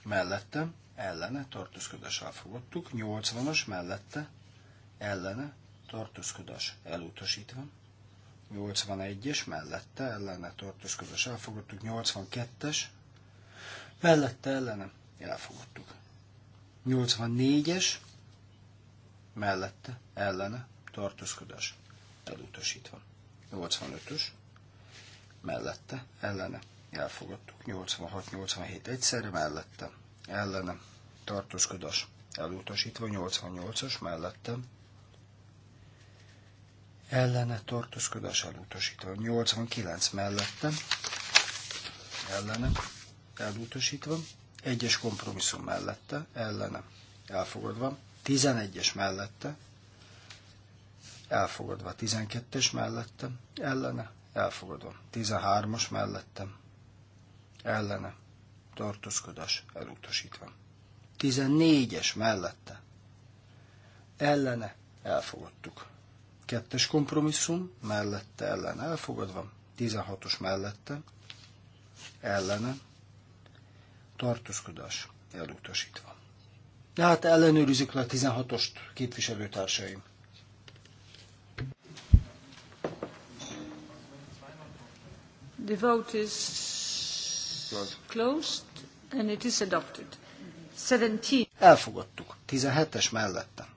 mellette ellene tartózkodás elfogadtuk, 80-as mellette ellene tartózkodás elutasítva, 81-es mellette ellene tartózkodás elfogadtuk, 82-es mellette ellene elfogadtuk, 84-es mellette ellene tartózkodás elutasítva, 85-ös mellette ellene elfogadtuk, 86-87 egyszerre mellette ellene tartózkodás elutasítva, 88-as mellettem ellene tartózkodás elutasítva, 89 mellettem ellene elutasítva, egyes kompromisszum mellette ellene elfogadva, 11-es mellette elfogadva, 12-es mellettem ellene elfogadva, 13-as mellettem ellene tartózkodás elutasítva. 14-es mellette ellene elfogadtuk. Kettes kompromisszum mellette ellen elfogadva, 16-os mellette ellene tartózkodás elutasítva. De hát ellenőrizzük le a 16-ost képviselőtársaim. The vote is Elfogadtuk. 17-es mellette.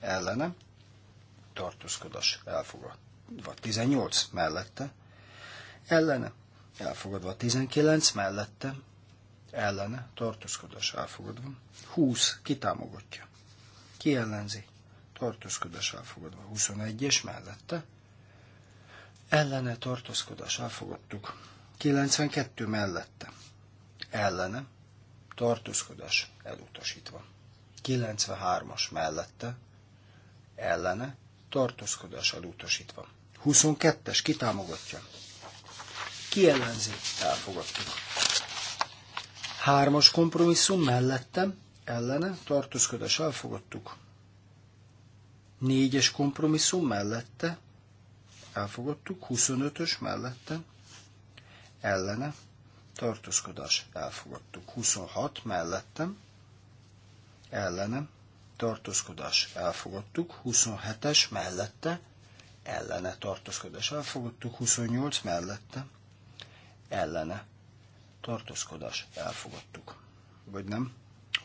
Ellene. Tartózkodás. Elfogadva. 18 mellette. Ellene. Elfogadva. 19 mellette. Ellene. Tartózkodás. Elfogadva. 20. Kitámogatja. Ki ellenzi? Tartózkodás. Elfogadva. 21-es mellette. Ellene. Tartózkodás. Elfogadtuk. 92 mellette. Ellene. Tartózkodás elutasítva. 93-as mellette. Ellene. Tartózkodás elutasítva. 22-es kitámogatja. Ki ellenzi? 3-as kompromisszum mellette. ellene, tartózkodás elfogadtuk. 4-es kompromisszum mellette, elfogadtuk. 25-ös mellette, ellene, tartózkodás elfogadtuk. 26 mellettem, Ellene. tartózkodás elfogadtuk. 27-es mellette, ellene tartózkodás elfogadtuk. 28 mellette, ellene tartózkodás elfogadtuk. Vagy nem?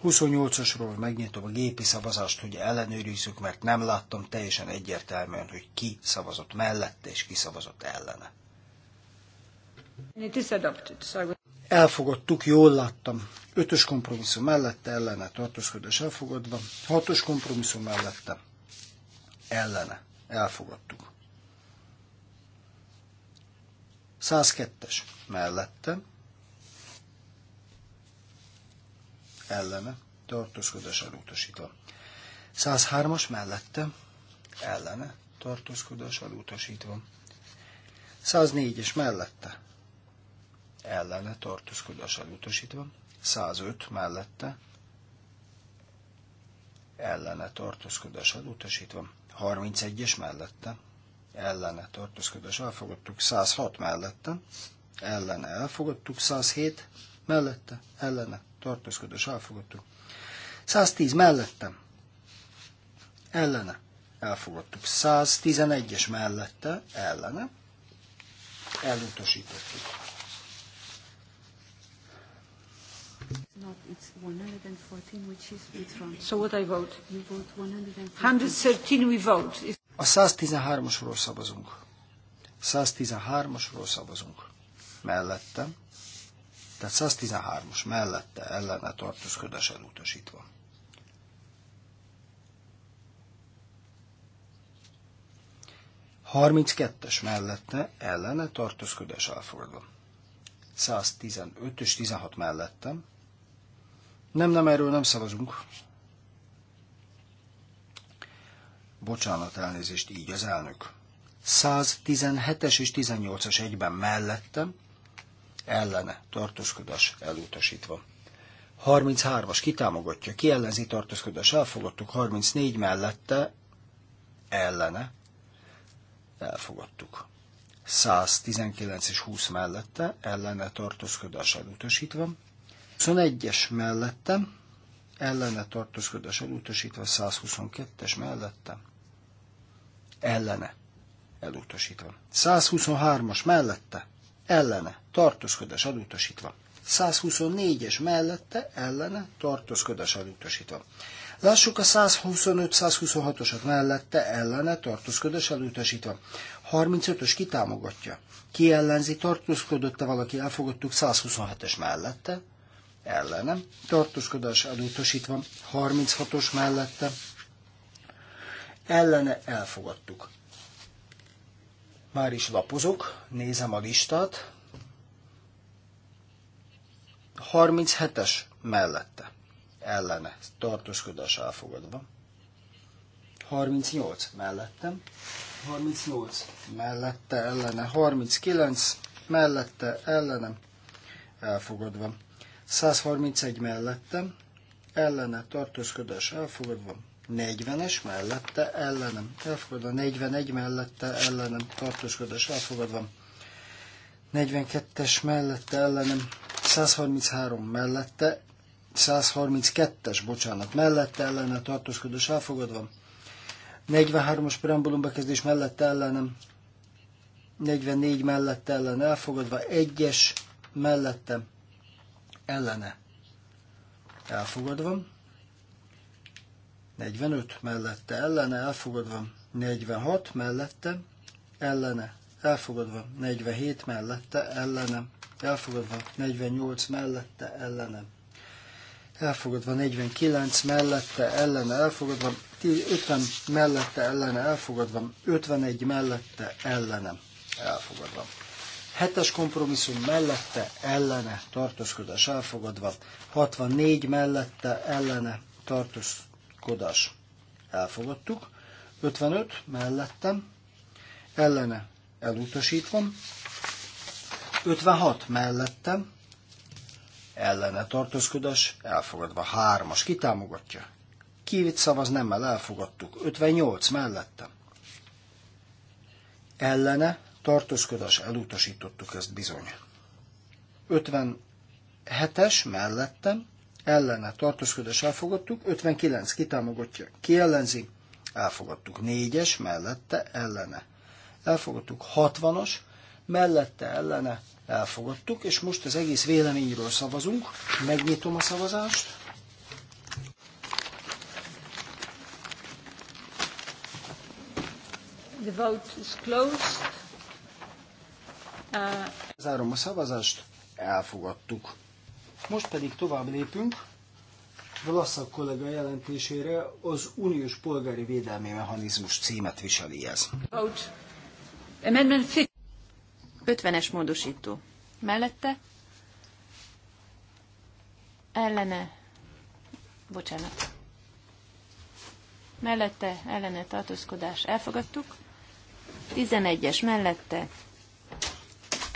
28 asról megnyitom a gépi szavazást, hogy ellenőrizzük, mert nem láttam teljesen egyértelműen, hogy ki szavazott mellette és ki szavazott ellene. Elfogadtuk, jól láttam. Ötös kompromisszum mellette, ellene, tartózkodás elfogadva. Hatos kompromisszum mellette, ellene, elfogadtuk. 102-es mellette, ellene, tartózkodás elutasítva. 103-as mellette, ellene, tartózkodás elutasítva. 104-es mellette, ellene tartózkodással utasítva 105 mellette ellene tartózkodással utasítva 31-es mellette ellene tartózkodással elfogadtuk, 106 mellette ellene elfogadtuk, 107 mellette ellene tartózkodással elfogadtuk, 110 mellette ellene elfogadtuk, 111-es mellette ellene elutasítottuk. Not, it's 114, which is withdrawn. So what I vote? You vote 113. 113 we vote. A 113-asról szavazunk. 113-asról szavazunk. Mellette. Tehát 113 as mellette ellene tartózkodás elutasítva. Harminckettes mellette ellene tartózkodás elfogadva. 115 és 16 mellettem nem, nem, erről nem szavazunk. Bocsánat, elnézést, így az elnök. 117-es és 18-as egyben mellettem, ellene tartózkodás elutasítva. 33-as kitámogatja, ki ellenzi tartózkodás elfogadtuk, 34 mellette ellene elfogadtuk. 119 és 20 mellette ellene tartózkodás elutasítva, 121-es mellettem, ellene tartózkodás elutasítva, 122-es mellettem, ellene elutasítva. 123-as mellette, ellene tartózkodás elutasítva. 124-es mellette, ellene tartózkodás elutasítva. Lássuk a 125-126-osat mellette, ellene tartózkodás elutasítva. 35-ös kitámogatja. Ki ellenzi tartózkodott-e valaki, elfogadtuk 127-es mellette, ellenem, tartózkodás elutasítva, 36-os mellette, ellene elfogadtuk. Már is lapozok, nézem a listát. 37-es mellette, ellene, tartózkodás elfogadva. 38 mellettem, 38 mellette, ellene, 39 mellette, ellenem, elfogadva. 131 mellettem, ellene tartózkodás elfogadva, 40-es mellette ellenem elfogadva, 41 mellette ellenem tartózkodás elfogadva, 42-es mellette ellenem, 133 mellette, 132-es, bocsánat, mellette ellene tartózkodás elfogadva, 43-as preambulum bekezdés mellette ellenem, 44 mellette ellen elfogadva, 1-es mellette ellene elfogadva, 45 mellette ellene elfogadva, 46 mellette ellene elfogadva, 47 mellette ellene elfogadva, 48 mellette ellene elfogadva, 49 mellette ellene elfogadva, 50 mellette ellene elfogadva, 51 mellette ellene elfogadva. Hetes kompromisszum mellette ellene tartózkodás elfogadva. 64 mellette ellene tartózkodás elfogadtuk. 55 mellettem ellene elutasítva. 56 mellettem ellene tartózkodás elfogadva. 3-as kitámogatja. Kivit szavaz nemmel elfogadtuk. 58 mellettem ellene tartózkodás elutasítottuk ezt bizony. 57-es mellettem, ellene tartózkodás elfogadtuk, 59 kitámogatja, kiellenzi, elfogadtuk. 4-es mellette, ellene. Elfogadtuk 60-as, mellette, ellene, elfogadtuk, és most az egész véleményről szavazunk. Megnyitom a szavazást. The vote is closed. Zárom a szavazást, elfogadtuk. Most pedig tovább lépünk Vlaszak kollega jelentésére az uniós polgári védelmi mechanizmus címet viseli ez. 50-es módosító. Mellette ellene, bocsánat, mellette ellene tartózkodás elfogadtuk, 11-es mellette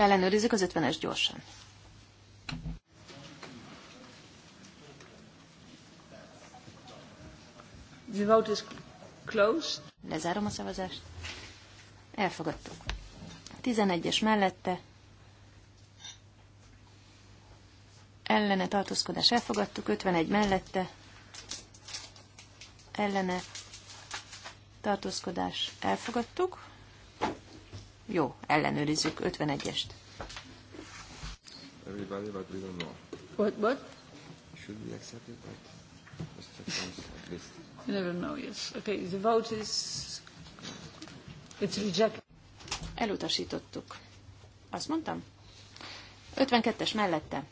ellenőrizzük az 50-es gyorsan. The vote is closed. Lezárom a szavazást. Elfogadtuk. 11-es mellette ellene tartózkodás elfogadtuk, 51 mellette ellene tartózkodás elfogadtuk, jó, ellenőrizzük. 51-est. Everybody, but we don't know. What, what? Should we accept it, but let's at least. You never know, yes. Okay, the vote is... It's rejected. Elutasítottuk. Azt mondtam? 52-es mellette.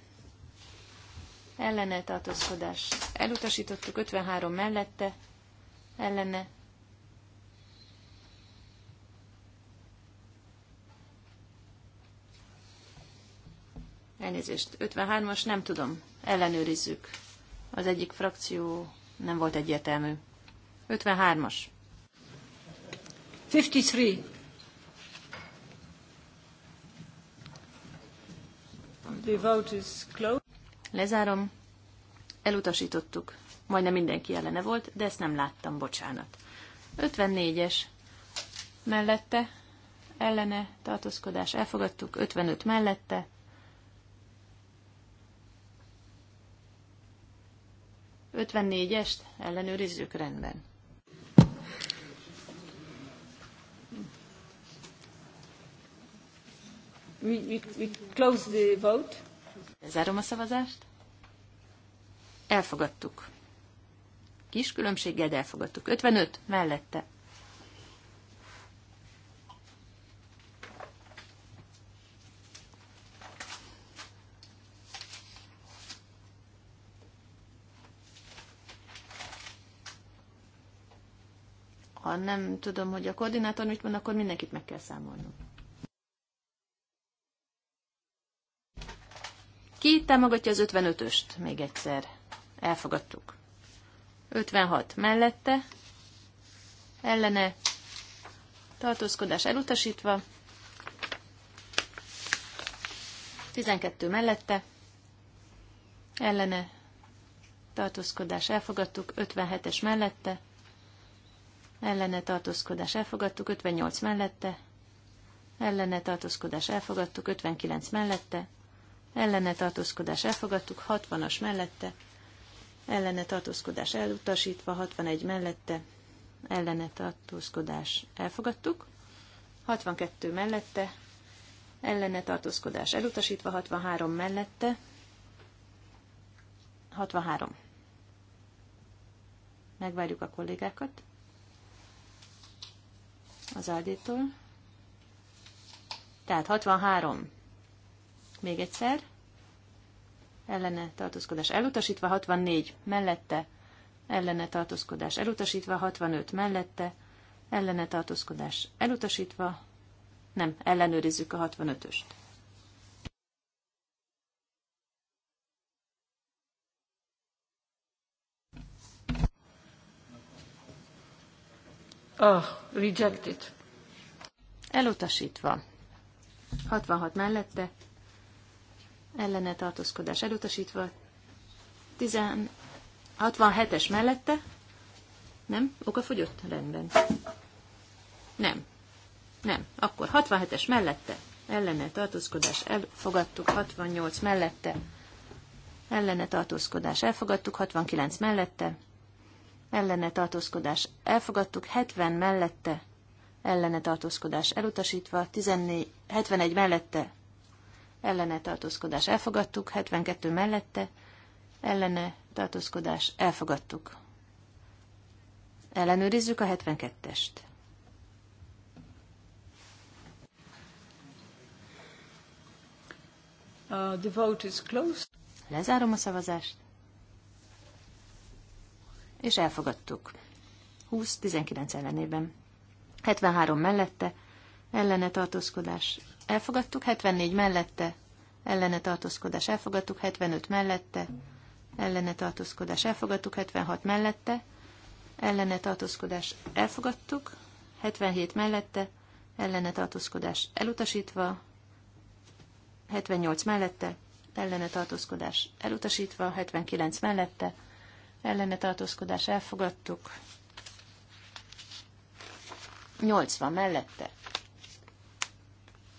Ellene tartózkodás. Elutasítottuk 53 mellette. Ellene Elnézést, 53-as, nem tudom. Ellenőrizzük. Az egyik frakció nem volt egyértelmű. 53-as. 53. The vote is closed. Lezárom. Elutasítottuk. Majdnem mindenki ellene volt, de ezt nem láttam, bocsánat. 54-es. Mellette, ellene, tartózkodás, elfogadtuk. 55 mellette, 54-est ellenőrizzük rendben. We, we, we close the vote. Zárom a szavazást. Elfogadtuk. Kis különbséggel, de elfogadtuk. 55 mellette ha nem tudom, hogy a koordinátor mit mond, akkor mindenkit meg kell számolnom. Ki támogatja az 55-öst? Még egyszer. Elfogadtuk. 56 mellette, ellene, tartózkodás elutasítva, 12 mellette, ellene, tartózkodás elfogadtuk, 57-es mellette, ellene tartózkodás elfogadtuk, 58 mellette, ellene tartózkodás elfogadtuk, 59 mellette, ellene tartózkodás elfogadtuk, 60-as mellette, ellene tartózkodás elutasítva, 61 mellette, ellene tartózkodás elfogadtuk, 62 mellette, ellene tartózkodás elutasítva, 63 mellette, 63. Megvárjuk a kollégákat az áldétól. Tehát 63. Még egyszer. Ellene tartózkodás elutasítva 64. Mellette. Ellene tartózkodás elutasítva 65. Mellette. Ellene tartózkodás elutasítva. Nem, ellenőrizzük a 65-öst. Oh, rejected. Elutasítva. 66 mellette. Ellene tartózkodás elutasítva. 67-es mellette. Nem? Oka fogyott? Rendben. Nem. Nem. Akkor 67-es mellette. Ellene tartózkodás elfogadtuk. 68 mellette. Ellene tartózkodás elfogadtuk. 69 mellette ellene tartózkodás elfogadtuk, 70 mellette ellene tartózkodás elutasítva, 14, 71 mellette ellene tartózkodás elfogadtuk, 72 mellette ellene tartózkodás elfogadtuk. Ellenőrizzük a 72-est. Uh, the vote is closed. Lezárom a szavazást és elfogadtuk. 20-19 ellenében. 73 mellette, ellene tartózkodás elfogadtuk, 74 mellette, ellene tartózkodás elfogadtuk, 75 mellette, ellene tartózkodás elfogadtuk, 76 mellette, ellene tartózkodás elfogadtuk, 77 mellette, ellene tartózkodás elutasítva, 78 mellette, ellene tartózkodás elutasítva, 79 mellette, ellene tartózkodás elfogadtuk. 80 mellette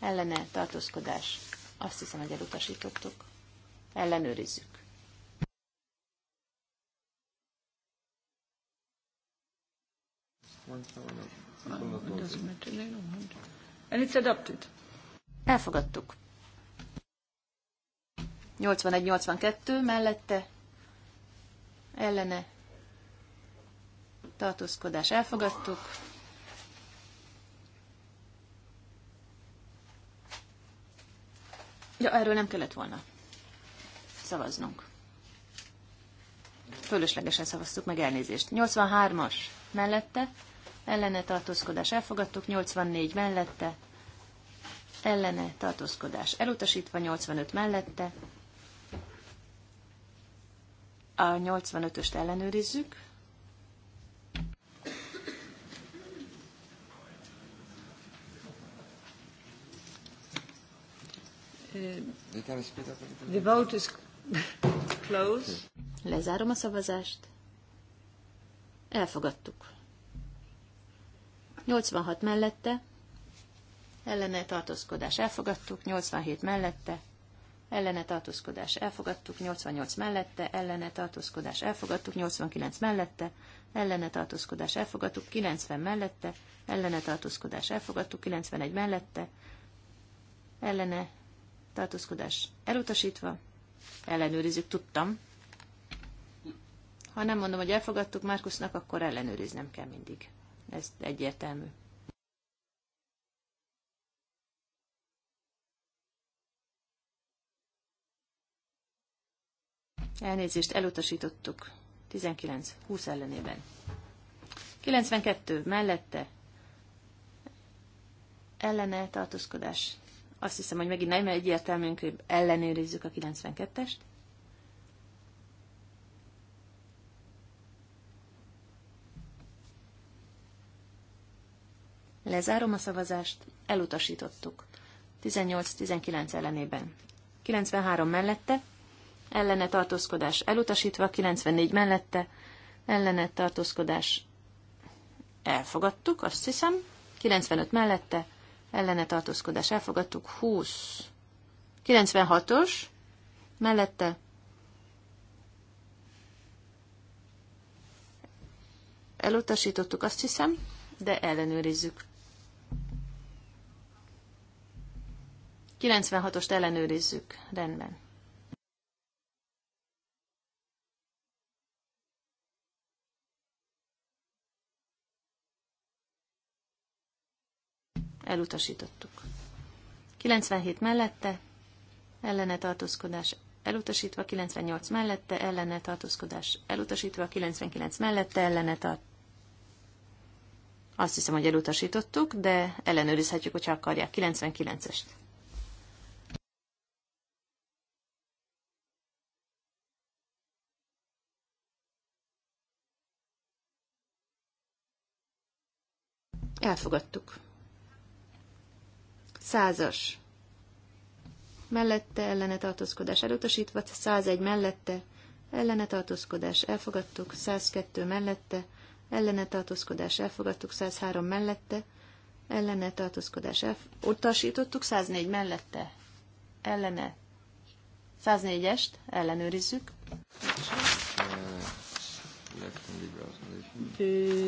ellene tartózkodás. Azt hiszem, hogy elutasítottuk. Ellenőrizzük. And it's adopted. Elfogadtuk. 81-82 mellette ellene tartózkodás elfogadtuk. Ja, erről nem kellett volna szavaznunk. Fölöslegesen szavaztuk meg elnézést. 83-as mellette, ellene tartózkodás elfogadtuk, 84 mellette, ellene tartózkodás elutasítva, 85 mellette, a 85-öst ellenőrizzük. The vote is closed. Lezárom a szavazást. Elfogadtuk. 86 mellette, ellene tartózkodás elfogadtuk, 87 mellette, ellene tartózkodás elfogadtuk, 88 mellette, ellene tartózkodás elfogadtuk, 89 mellette, ellene tartózkodás elfogadtuk, 90 mellette, ellene tartózkodás elfogadtuk, 91 mellette, ellene tartózkodás elutasítva, ellenőrizzük, tudtam. Ha nem mondom, hogy elfogadtuk Márkusznak, akkor ellenőriznem kell mindig. Ez egyértelmű. Elnézést, elutasítottuk. 19-20 ellenében. 92 mellette ellene tartózkodás. Azt hiszem, hogy megint nem egyértelműen ellenőrizzük a 92-est. Lezárom a szavazást, elutasítottuk. 18-19 ellenében. 93 mellette, ellene tartózkodás elutasítva, 94 mellette ellene tartózkodás elfogadtuk, azt hiszem, 95 mellette ellene tartózkodás elfogadtuk, 20, 96-os mellette elutasítottuk, azt hiszem, de ellenőrizzük. 96-ost ellenőrizzük. Rendben. Elutasítottuk. 97 mellette ellene tartózkodás elutasítva, 98 mellette ellene tartózkodás elutasítva, 99 mellette ellene tart. Azt hiszem, hogy elutasítottuk, de ellenőrizhetjük, hogyha akarják. 99-est. Elfogadtuk. Százas. Mellette ellene tartózkodás elutasítva, 101 mellette ellene tartózkodás elfogadtuk, 102 mellette ellene tartózkodás elfogadtuk, 103 mellette ellene tartózkodás elutasítottuk, 104 mellette ellene 104-est ellenőrizzük. The,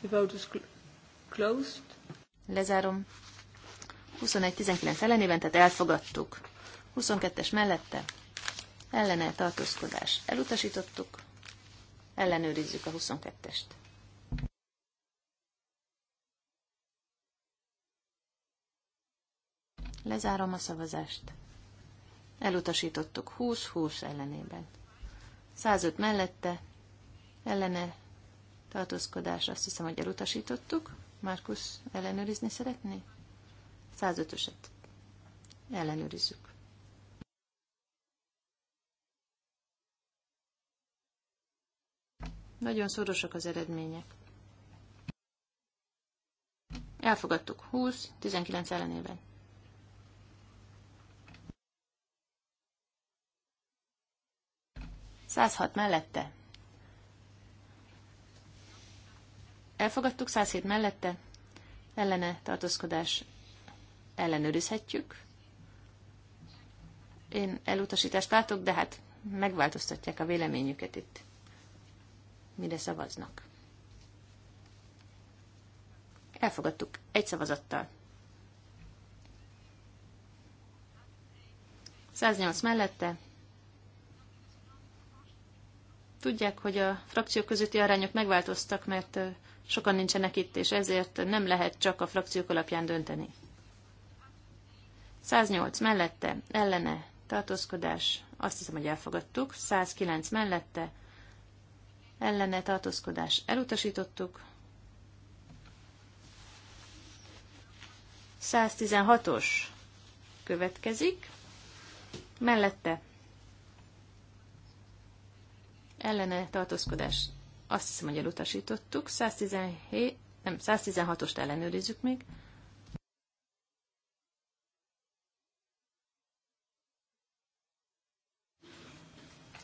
the vote is cl- closed. Lezárom. 21-19 ellenében, tehát elfogadtuk. 22-es mellette ellene tartózkodás elutasítottuk. Ellenőrizzük a 22-est. Lezárom a szavazást. Elutasítottuk 20-20 ellenében. 105 mellette, ellene tartózkodás, azt hiszem, hogy elutasítottuk. Markus ellenőrizni szeretné? 105-öset. Ellenőrizzük. Nagyon szorosak az eredmények. Elfogadtuk 20, 19 ellenében. Százhat mellette. Elfogadtuk 107 mellette, ellene tartózkodás ellenőrizhetjük. Én elutasítást látok, de hát megváltoztatják a véleményüket itt. Mire szavaznak? Elfogadtuk egy szavazattal. 108 mellette. Tudják, hogy a frakciók közötti arányok megváltoztak, mert Sokan nincsenek itt, és ezért nem lehet csak a frakciók alapján dönteni. 108 mellette, ellene, tartózkodás, azt hiszem, hogy elfogadtuk. 109 mellette, ellene, tartózkodás, elutasítottuk. 116-os következik, mellette ellene tartózkodás azt hiszem, hogy elutasítottuk. 117, nem, 116-ost ellenőrizzük még.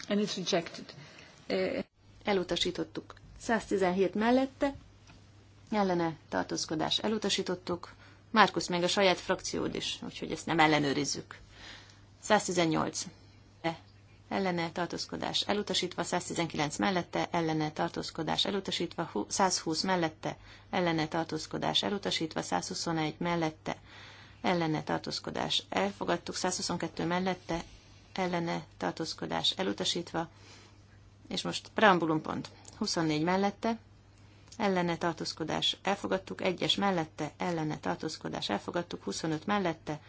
And it's rejected. Eh, elutasítottuk. 117 mellette, ellene tartózkodás elutasítottuk. Márkusz még a saját frakciód is, úgyhogy ezt nem ellenőrizzük. 118 ellene tartózkodás elutasítva, 119 mellette ellene tartózkodás elutasítva, 120 mellette ellene tartózkodás elutasítva, 121 mellette ellene tartózkodás elfogadtuk, 122 mellette ellene tartózkodás elutasítva, és most preambulum pont 24 mellette, ellene tartózkodás elfogadtuk, 1-es mellette, ellene tartózkodás elfogadtuk, 25 mellette,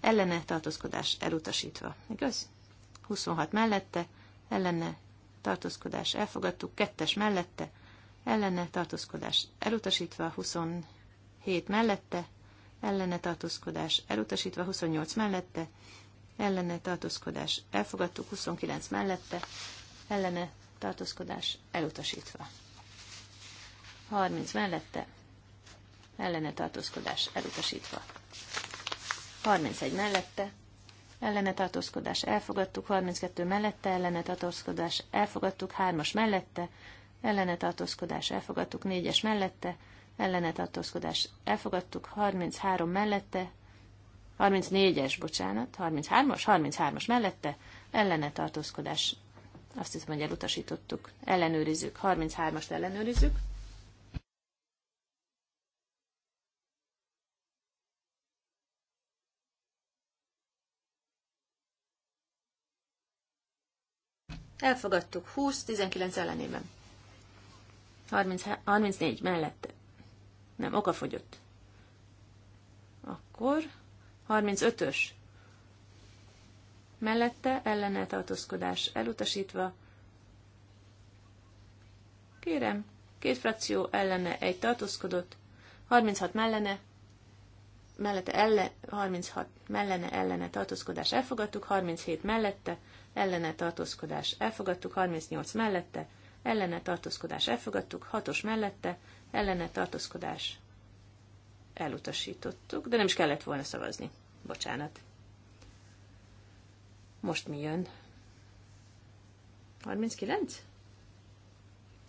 ellene tartózkodás elutasítva. Igaz? 26 mellette, ellene tartózkodás elfogadtuk, kettes mellette, ellene tartózkodás elutasítva, 27 mellette, ellene tartózkodás elutasítva, 28 mellette, ellene tartózkodás elfogadtuk, 29 mellette, ellene tartózkodás elutasítva. 30 mellette, ellene tartózkodás elutasítva. 31 mellette, ellene tartózkodás elfogadtuk, 32 mellette ellene tartózkodás elfogadtuk, 3-as mellette ellene tartózkodás elfogadtuk, 4-es mellette ellene tartózkodás elfogadtuk, 33 mellette 34-es, bocsánat, 33-as, 33-as mellette ellene tartózkodás. Azt hiszem, hogy elutasítottuk. Ellenőrizzük, 33-ast ellenőrizzük. Elfogadtuk 20-19 ellenében. 30, 34 mellette. Nem, okafogyott. Akkor 35-ös. Mellette ellene tartózkodás elutasítva. Kérem, két frakció ellene egy tartózkodott, 36 mellene, mellette ellen 36 mellene ellene tartózkodás elfogadtuk, 37 mellette, ellene tartózkodás elfogadtuk, 38 mellette, ellene tartózkodás elfogadtuk, 6-os mellette, ellene tartózkodás elutasítottuk, de nem is kellett volna szavazni. Bocsánat. Most mi jön? 39?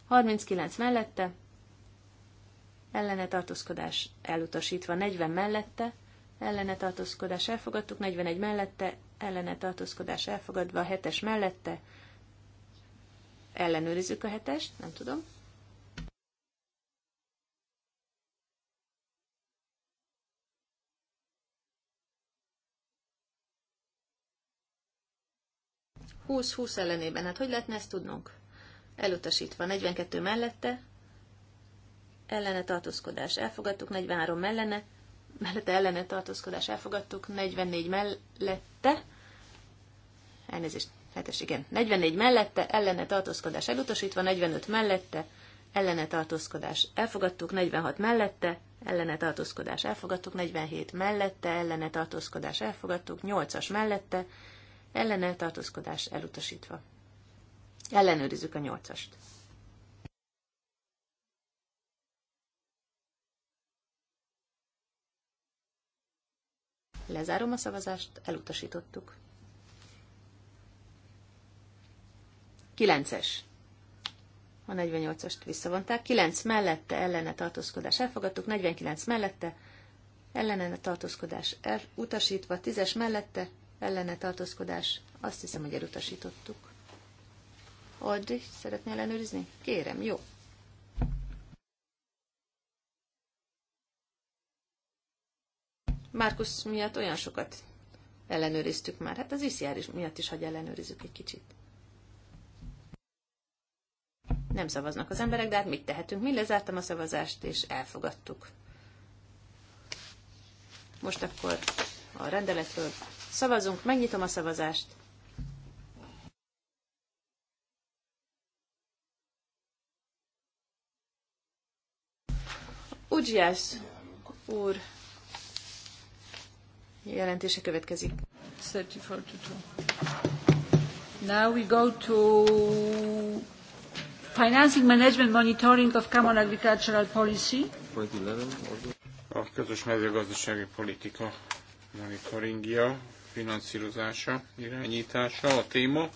39 mellette, ellene tartózkodás elutasítva, 40 mellette, ellene tartózkodás elfogadtuk, 41 mellette, ellene tartózkodás elfogadva, a hetes mellette ellenőrizzük a hetest, nem tudom. Húsz-húsz ellenében, hát hogy lehetne ezt tudnunk? Elutasítva, 42 mellette, ellene tartózkodás elfogadtuk, 43 mellene, mellette ellene tartózkodás elfogadtuk, 44 mellette, elnézést, hetes, igen, 44 mellette, ellene tartózkodás elutasítva, 45 mellette, ellene tartózkodás elfogadtuk, 46 mellette, ellene tartózkodás elfogadtuk, 47 mellette, ellene tartózkodás elfogadtuk, 8-as mellette, ellene tartózkodás elutasítva. Ellenőrizzük a 8-ast. Lezárom a szavazást, elutasítottuk. 9-es. A 48 ost visszavonták. 9 mellette ellene tartózkodás elfogadtuk, 49 mellette ellene tartózkodás elutasítva, 10-es mellette ellene tartózkodás, azt hiszem, hogy elutasítottuk. Addig szeretnél ellenőrizni? Kérem, jó. Márkusz miatt olyan sokat ellenőriztük már. Hát az ICR miatt is, hogy ellenőrizzük egy kicsit nem szavaznak az emberek, de hát mit tehetünk? Mi lezártam a szavazást, és elfogadtuk. Most akkor a rendeletről szavazunk, megnyitom a szavazást. Ugyász úr jelentése következik. 34 Now we go to Financing Management Monitoring of Common Agricultural Policy. A közös mezőgazdasági politika monitoringja, finanszírozása, irányítása a téma,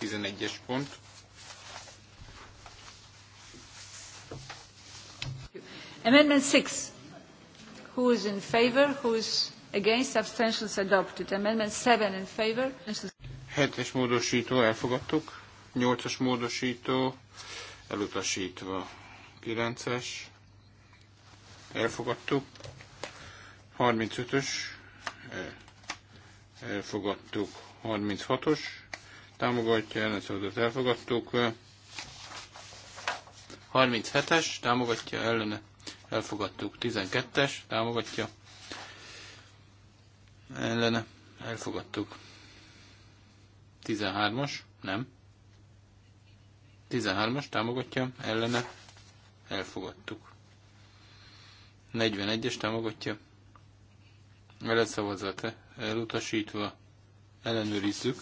11-es pont. Amendment 6. Who is in favor? Who is against? Abstentions adopted. Amendment 7 in favor. 7-es módosító elfogadtuk. 8-as módosító, elutasítva 9-es, elfogadtuk, 35-ös, e, elfogadtuk, 36-os, támogatja, ellenszavazat elfogadtuk, 37-es, támogatja, ellene, elfogadtuk, 12-es, támogatja, ellene, elfogadtuk, 13-as, nem, 13-as támogatja, ellene elfogadtuk. 41-es támogatja, elszavazat elutasítva, ellenőrizzük.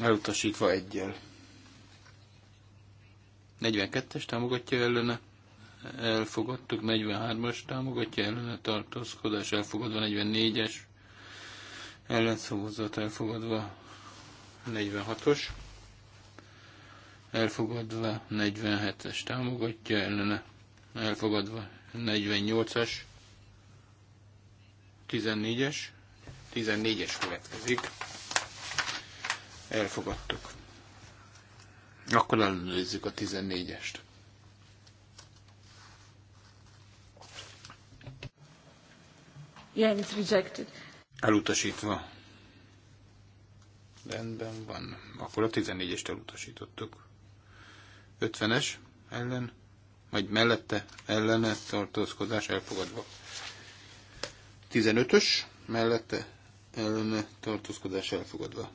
Elutasítva egyel. 42-es támogatja ellene, elfogadtuk, 43-as támogatja ellene tartózkodás, elfogadva 44-es, ellenszavazat elfogadva 46-os, elfogadva 47-es támogatja ellene, elfogadva 48-as, 14-es, 14-es következik, elfogadtuk. Akkor ellenőrizzük a 14-est. Yeah, it's rejected. Elutasítva. Rendben van. Akkor a 14-est elutasítottuk. 50-es ellen, majd mellette ellene tartózkodás elfogadva. 15-ös mellette ellene tartózkodás elfogadva.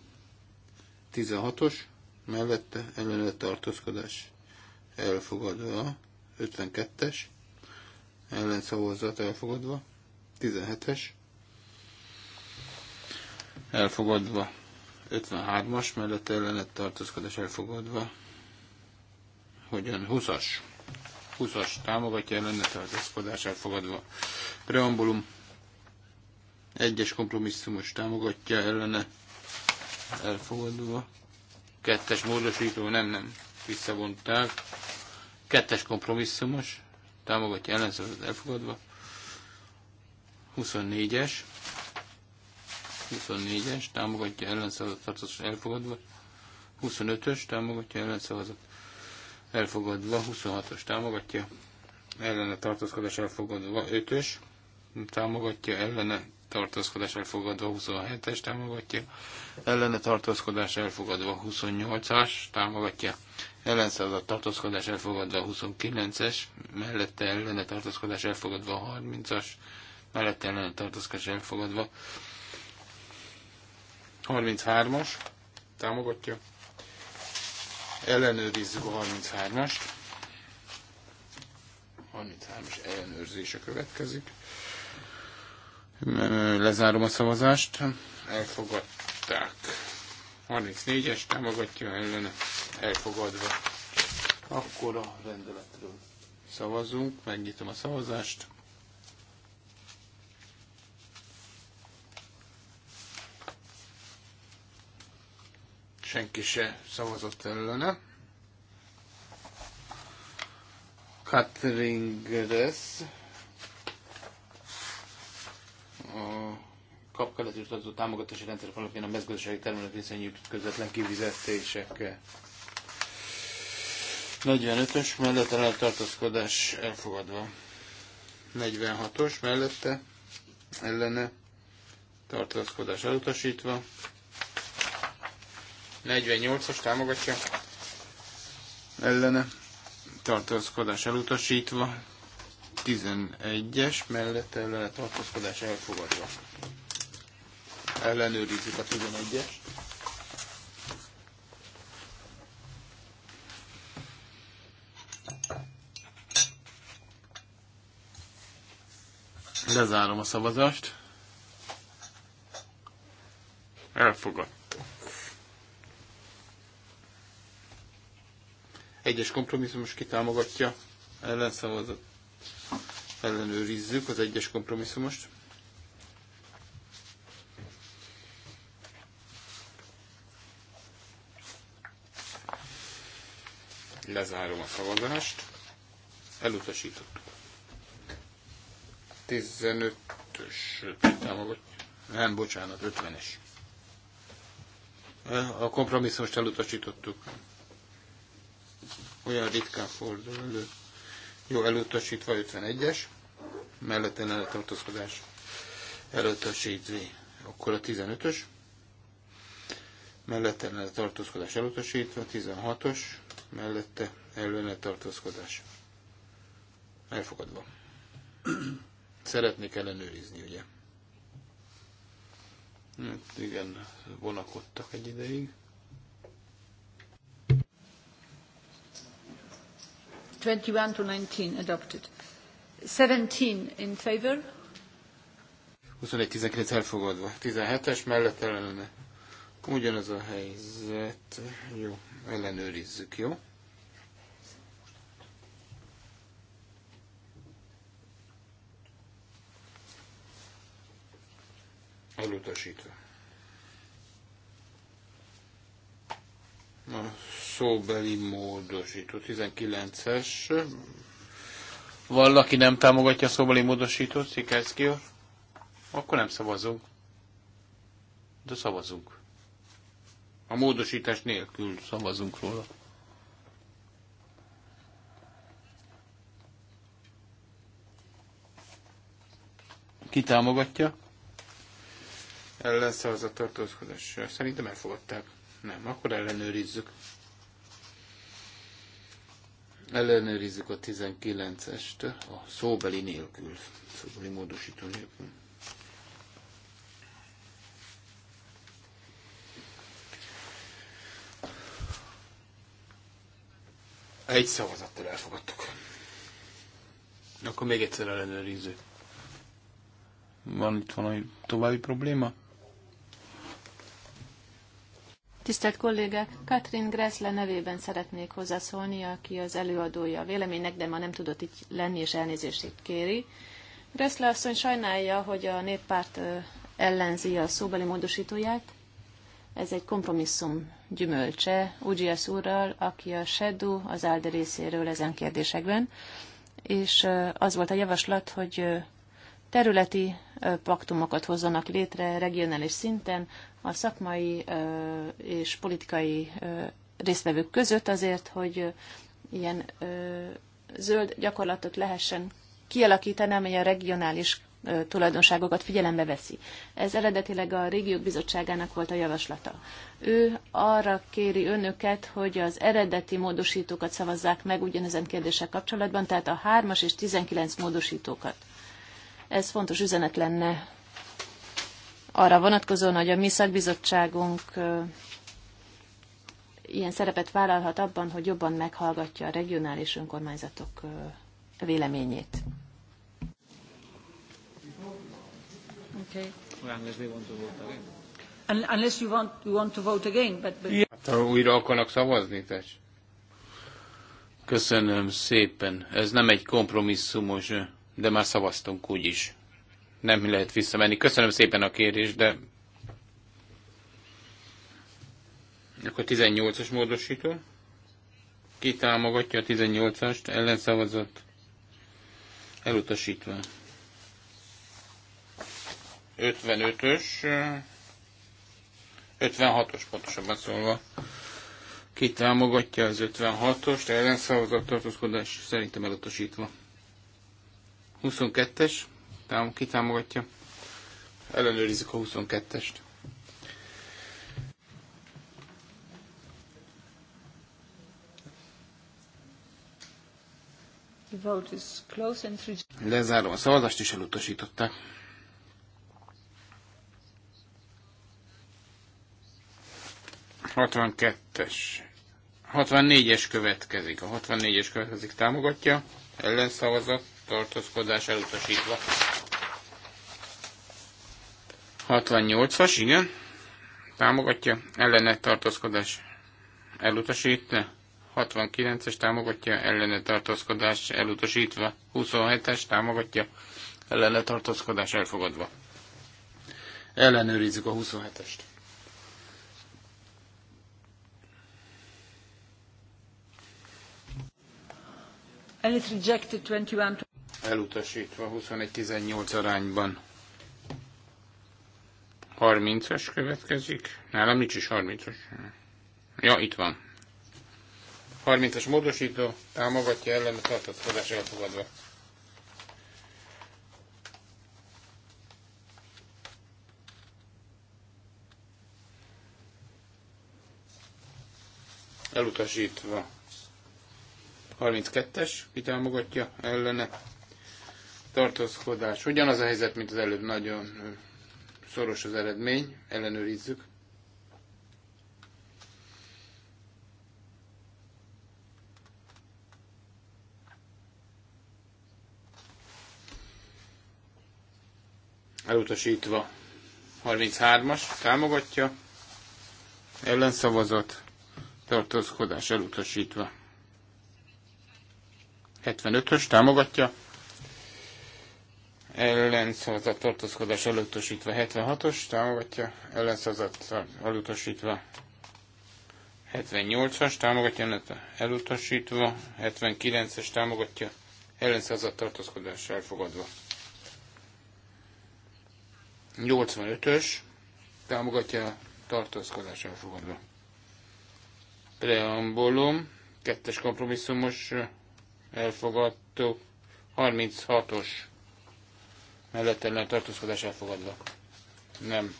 16-os mellette ellenőre tartózkodás elfogadva, 52-es ellenszavazat elfogadva, 17-es elfogadva, 53-as mellette ellenőre tartózkodás elfogadva, hogyan 20-as 20-as támogatja ellenőre tartózkodás elfogadva, preambulum egyes kompromisszumos támogatja ellene elfogadva, Kettes módosító, nem, nem, visszavonták. Kettes kompromisszumos, támogatja ellenszavazat elfogadva. 24-es, 24-es, támogatja ellenszavazat tartozás elfogadva. 25-ös, támogatja ellenszavazat elfogadva. 26-os, támogatja ellene tartózkodás elfogadva. 5-ös, támogatja ellene tartózkodás elfogadva 27-es támogatja, ellene tartózkodás elfogadva 28-as támogatja, ellenszázat tartózkodás elfogadva 29-es, mellette ellene tartózkodás elfogadva 30-as, mellette ellene tartózkodás elfogadva 33-as támogatja, ellenőrizzük a 33-ast, 33-as ellenőrzése következik. Lezárom a szavazást. Elfogadták. 34-es támogatja ellene. Elfogadva. Akkor a rendeletről szavazunk. Megnyitom a szavazást. Senki se szavazott ellene. Katrin Gress kap keletős adó támogatási rendszer alapján a mezgazdasági termelők viszonyük közvetlen kivizetések. 45-ös mellett tartózkodás elfogadva. 46-os mellette ellene tartózkodás elutasítva. 48-as támogatja ellene tartózkodás elutasítva. 11-es mellett ellene tartózkodás elfogadva. Ellenőrizzük a 11 es Lezárom a szavazást. Elfogad. Egyes kompromisszumos kitámogatja ellenszavazat ellenőrizzük az egyes kompromisszumost. Lezárom a szavazást. Elutasítottuk. 15-ös támogatja. Nem, bocsánat, 50-es. A kompromisszumost elutasítottuk. Olyan ritkán fordul elő. Jó, elutasítva 51-es. Mellette ellene tartozkodás, elutasítva. Akkor a 15-ös. Mellette ellene tartózkodás elutasítva. 16-os. Mellette ellene tartózkodás elfogadva. Szeretnék ellenőrizni, ugye? Hát igen, vonakodtak egy ideig. 21 to 19 adopted. 17 in favor. 21-19 elfogadva. 17-es mellett ellene. Ugyanaz a helyzet. Jó, ellenőrizzük, jó? Elutasítva. A szóbeli módosító 19-es. Valaki nem támogatja a szóbeli módosítót, Szikerszki Akkor nem szavazunk. De szavazunk. A módosítás nélkül szavazunk róla. Ki támogatja? Ellenszavazat tartózkodás. Szerintem elfogadták. Nem, akkor ellenőrizzük. Ellenőrizzük a 19-est a szóbeli nélkül, szóbeli módosító nélkül. Egy szavazattal elfogadtuk. Akkor még egyszer ellenőrizzük. Van itt valami további probléma? Tisztelt kollégák, Katrin Gressle nevében szeretnék hozzászólni, aki az előadója a véleménynek, de ma nem tudott itt lenni, és elnézését kéri. Gressle asszony sajnálja, hogy a néppárt ellenzi a szóbeli módosítóját. Ez egy kompromisszum gyümölcse Ugyias úrral, aki a SEDU az ALDE részéről ezen kérdésekben, és az volt a javaslat, hogy területi paktumokat hozzanak létre regionális szinten a szakmai és politikai résztvevők között azért, hogy ilyen zöld gyakorlatot lehessen kialakítani, amely a regionális tulajdonságokat figyelembe veszi. Ez eredetileg a régiók bizottságának volt a javaslata. Ő arra kéri önöket, hogy az eredeti módosítókat szavazzák meg ugyanezen kérdések kapcsolatban, tehát a 3-as és 19 módosítókat. Ez fontos üzenet lenne arra vonatkozóan, hogy a mi szakbizottságunk ilyen szerepet vállalhat abban, hogy jobban meghallgatja a regionális önkormányzatok véleményét. Okay. Unless you want, you want to vote again, but... but... Hát, újra akarnak szavazni, tess? Köszönöm szépen. Ez nem egy kompromisszumos de már szavaztunk úgyis. Nem lehet visszamenni. Köszönöm szépen a kérés, de akkor 18-as módosító. Ki támogatja a 18-ast? Ellenszavazott. Elutasítva. 55-ös. 56-os pontosabban szólva. Ki támogatja az 56-ost? Ellenszavazott tartózkodás szerintem elutasítva. 22-es, tám, ki támogatja? Ellenőrizzük a 22-est. Lezárom a szavazást, is elutasították. es 64-es következik. A 64-es következik támogatja. Ellenszavazat tartózkodás elutasítva. 68-as, igen. Támogatja, ellene tartózkodás elutasítva. 69-es támogatja, ellene tartózkodás elutasítva. 27-es támogatja, ellene tartózkodás elfogadva. Ellenőrizzük a 27-est. And it's rejected 21 elutasítva 21-18 arányban. 30-as következik. Nálam nincs is 30-as. Ja, itt van. 30-as módosító támogatja ellen a tartatkozás elfogadva. Elutasítva. 32-es, ki támogatja ellene tartózkodás. Ugyanaz a helyzet, mint az előbb, nagyon szoros az eredmény, ellenőrizzük. Elutasítva 33-as támogatja, ellenszavazat, tartózkodás elutasítva. 75-ös támogatja, ellenszerzett tartózkodás elutasítva 76-os támogatja, ellenszerzett elutasítva 78-as támogatja, elutasítva 79-es támogatja, ellenszerzett tartózkodás elfogadva. 85-ös támogatja, tartózkodás elfogadva. Preambulum, kettes kompromisszumos elfogadtuk, 36-os mellett ellen tartózkodás elfogadva. Nem.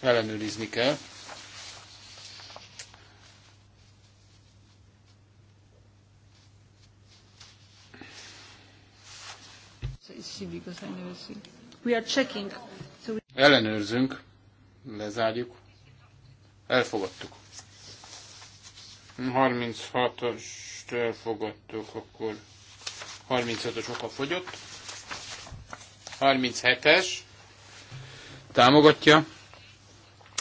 Ellenőrizni kell. Ellenőrzünk, lezárjuk, elfogadtuk. 36-ost elfogadtuk, akkor 35-ös oka fogyott. 37-es támogatja.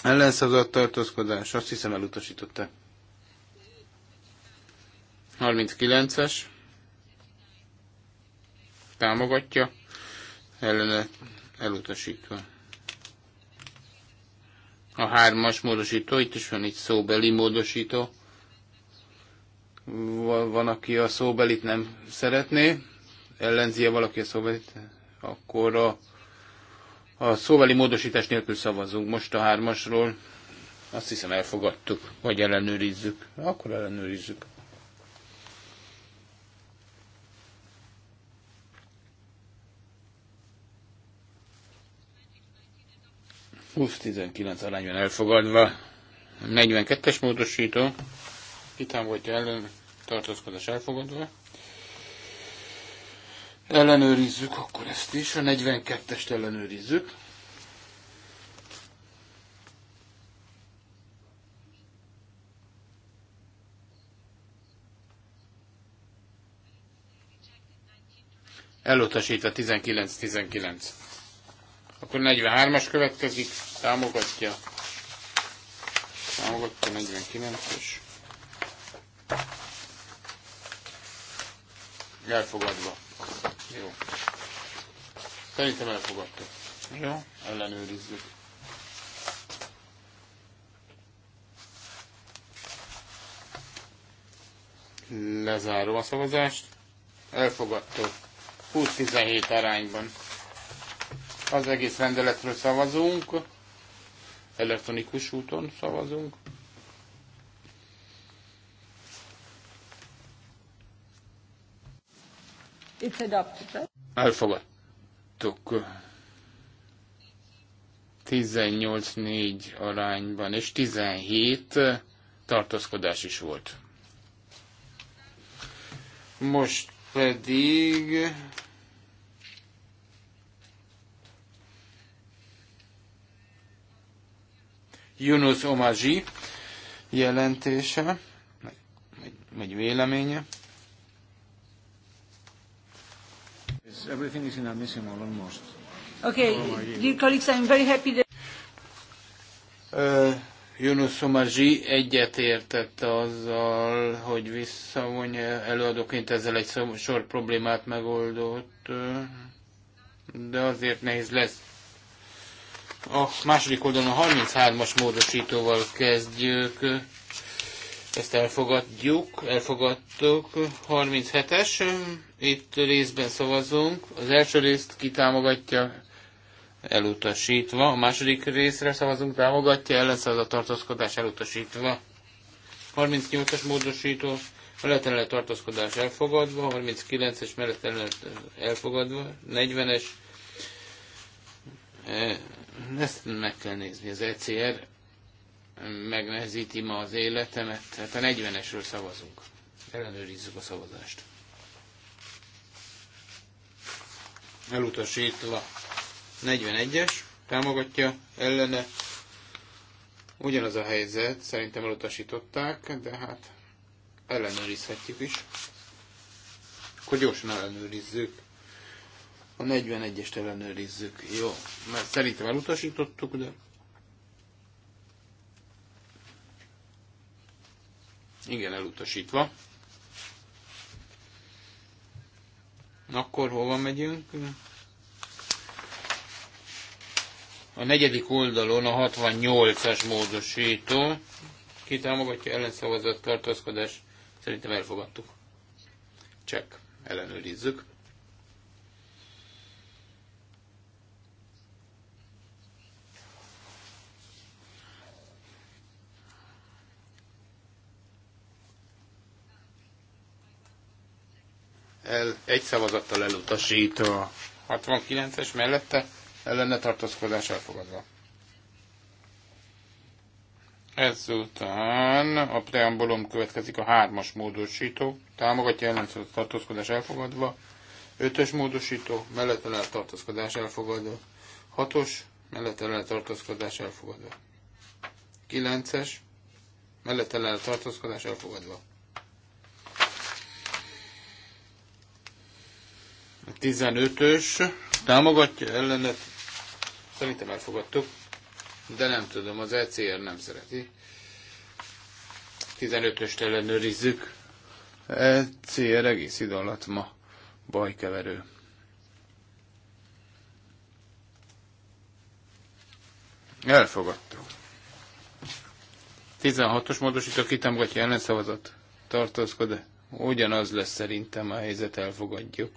Ellenszavazat tartózkodás. Azt hiszem elutasította. 39-es támogatja. Ellene elutasítva. A hármas módosító, itt is van egy szóbeli módosító. Van, van aki a szóbelit nem szeretné, ellenzi -e valaki a szóbelit? Akkor a, a szóvali módosítás nélkül szavazunk most a hármasról. Azt hiszem elfogadtuk, vagy ellenőrizzük. Akkor ellenőrizzük. Plusz 19 arányban elfogadva. 42-es módosító. Kitám volt ellen tartózkodás elfogadva. Ellenőrizzük akkor ezt is, a 42-est ellenőrizzük. Elutasítva 19-19. Akkor 43-as következik, támogatja. Támogatja 49-es. Elfogadva. Jó. Szerintem elfogadtuk. Jó. Ellenőrizzük. Lezárom a szavazást. Elfogadtuk. 20-17 arányban. Az egész rendeletről szavazunk. Elektronikus úton szavazunk. It's adopted, right? Elfogadtuk. 18-4 arányban, és 17 tartózkodás is volt. Most pedig Yunus Omaji jelentése, vagy véleménye. everything is inadmissible almost. Okay, dear colleagues, I'm very happy that... Uh, Yunus Omazsi egyetértett azzal, hogy visszavonja előadóként ezzel egy sor problémát megoldott, de azért nehéz lesz. A második oldalon a 33-as módosítóval kezdjük ezt elfogadjuk, elfogadtuk. 37-es, itt részben szavazunk. Az első részt kitámogatja, elutasítva. A második részre szavazunk, támogatja, a tartózkodás elutasítva. 38-as módosító, mellett tartózkodás elfogadva, 39-es mellett elfogadva, 40-es, ezt meg kell nézni, az ECR megnehezíti ma az életemet. Tehát a 40-esről szavazunk. Ellenőrizzük a szavazást. Elutasítva 41-es, támogatja, ellene. Ugyanaz a helyzet, szerintem elutasították, de hát ellenőrizhetjük is. Akkor gyorsan ellenőrizzük. A 41-est ellenőrizzük. Jó, mert szerintem elutasítottuk, de Igen, elutasítva. Na, Akkor hova megyünk? A negyedik oldalon a 68-as módosító. Ki támogatja ellenszavazat tartózkodás? Szerintem elfogadtuk. Csak ellenőrizzük. el, egy szavazattal a 69-es mellette ellene tartózkodás elfogadva. Ezután a preambulum következik a hármas módosító, támogatja ellenszózott tartózkodás elfogadva, ötös módosító, mellette tartózkodás elfogadva, hatos, mellette tartózkodás elfogadva, kilences, mellette tartózkodás elfogadva. 15-ös támogatja ellenet. Szerintem elfogadtuk, de nem tudom, az ECR nem szereti. 15-öst ellenőrizzük. ECR egész idő alatt ma bajkeverő. Elfogadtuk. 16-os módosító kitámogatja ellenszavazat. Tartózkod. Ugyanaz lesz szerintem a helyzet, elfogadjuk.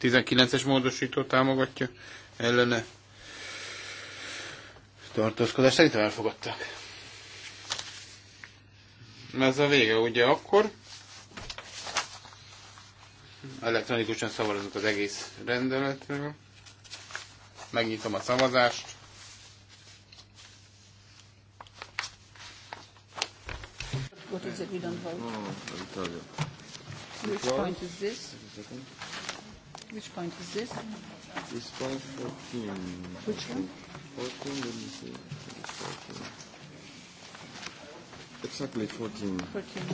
19-es módosító támogatja, ellene tartózkodás. Szerintem elfogadták. Ez a vége, ugye akkor elektronikusan szavazunk az egész rendeletről. Megnyitom a szavazást. What is it we don't vote? Oh, I'll tell you. Which point is this? Which point is this? This point 14. Which one? 14, let me see. Exactly 14. 14,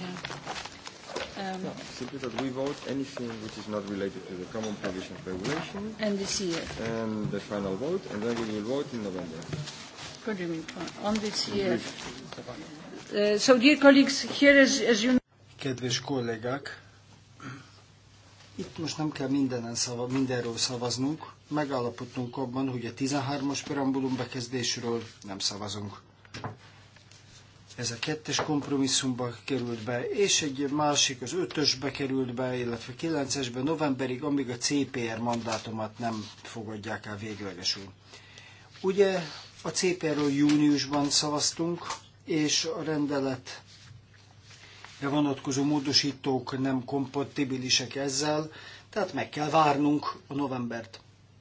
yeah. Um, simply that we vote anything which is not related to the common provision regulation. And this year. And the final vote, and then we will vote in November. What do you mean? On this year. Uh, so, dear colleagues, here is, as you know... Kedves kollégák, itt most nem kell mindenen szava, mindenről szavaznunk, megállapodtunk abban, hogy a 13-as perambulum bekezdésről nem szavazunk. Ez a kettes kompromisszumba került be, és egy másik az ötösbe került be, illetve kilencesbe novemberig, amíg a CPR mandátumát nem fogadják el véglegesül. Ugye a CPR-ről júniusban szavaztunk, és a rendelet vonatkozó módosítók nem kompatibilisek ezzel, tehát meg kell várnunk a novembert.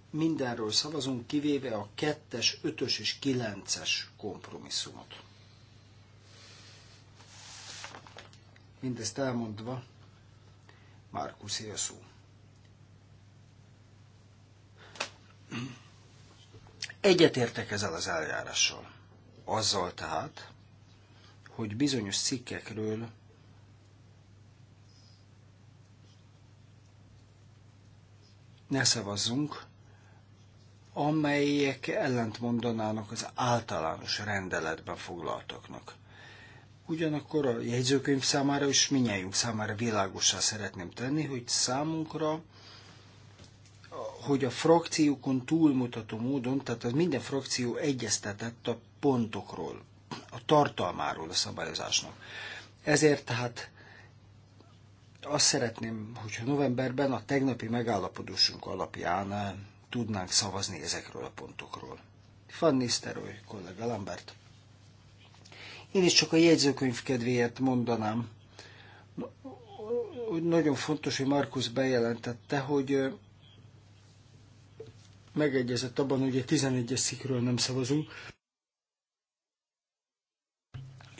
Mindenről szavazunk, kivéve a 2-es, 5-ös és 9-es kompromisszumot. Mindezt elmondva, Márkusz Jézú. Egyetértek ezzel az eljárással. Azzal tehát, hogy bizonyos cikkekről ne szavazzunk, amelyek mondanának az általános rendeletben foglaltaknak. Ugyanakkor a jegyzőkönyv számára és minnyájunk számára világossá szeretném tenni, hogy számunkra, hogy a frakciókon túlmutató módon, tehát az minden frakció egyeztetett a pontokról, a tartalmáról a szabályozásnak. Ezért tehát azt szeretném, hogyha novemberben a tegnapi megállapodásunk alapján eh, tudnánk szavazni ezekről a pontokról. Van Nisztelrooy, kollega Lambert. Én is csak a jegyzőkönyv kedvéért mondanám, nagyon fontos, hogy Markus bejelentette, hogy eh, megegyezett abban, hogy a 11-es szikről nem szavazunk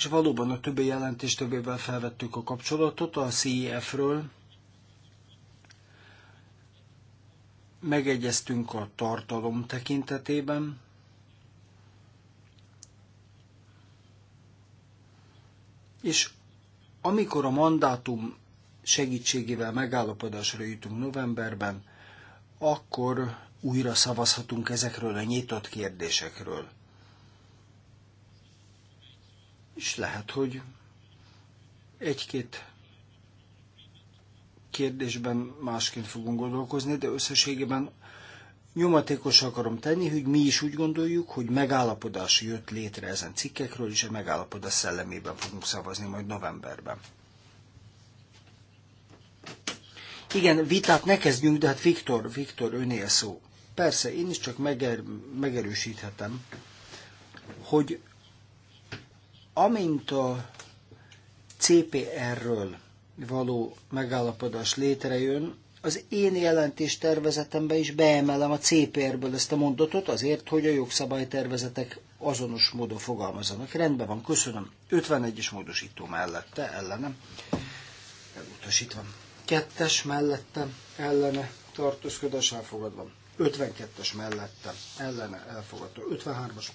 és valóban a többi többével felvettük a kapcsolatot a CIF-ről. E Megegyeztünk a tartalom tekintetében, és amikor a mandátum segítségével megállapodásra jutunk novemberben, akkor újra szavazhatunk ezekről a nyitott kérdésekről és lehet, hogy egy-két kérdésben másként fogunk gondolkozni, de összességében nyomatékos akarom tenni, hogy mi is úgy gondoljuk, hogy megállapodás jött létre ezen cikkekről, és a megállapodás szellemében fogunk szavazni majd novemberben. Igen, vitát ne kezdjünk, de hát Viktor, Viktor, önél szó. Persze, én is csak meger, megerősíthetem, hogy amint a CPR-ről való megállapodás létrejön, az én jelentés tervezetembe is beemelem a CPR-ből ezt a mondatot, azért, hogy a jogszabálytervezetek azonos módon fogalmazanak. Rendben van, köszönöm. 51-es módosító mellette, ellenem. Elutasítva. Kettes mellette, ellene, tartózkodás elfogadva. 52-es mellette, ellene, elfogadva. 53-as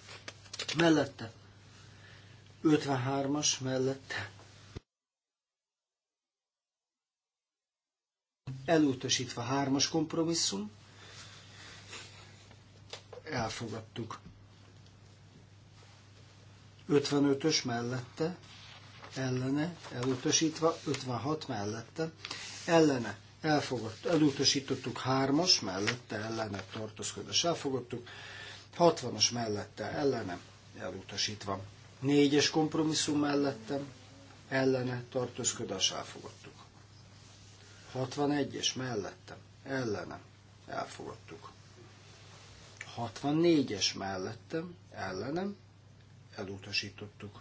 mellette, 53-as mellette elutasítva hármas kompromisszum, elfogadtuk. 55-ös mellette, ellene, elutasítva, 56 mellette, ellene, elfogadt, elutasítottuk hármas, mellette, ellene, tartózkodás, elfogadtuk, 60-as mellette, ellene, elutasítva. Négyes kompromisszum mellettem, ellene tartózkodás elfogadtuk. 61-es mellettem, ellenem elfogadtuk. 64-es mellettem, ellenem elutasítottuk.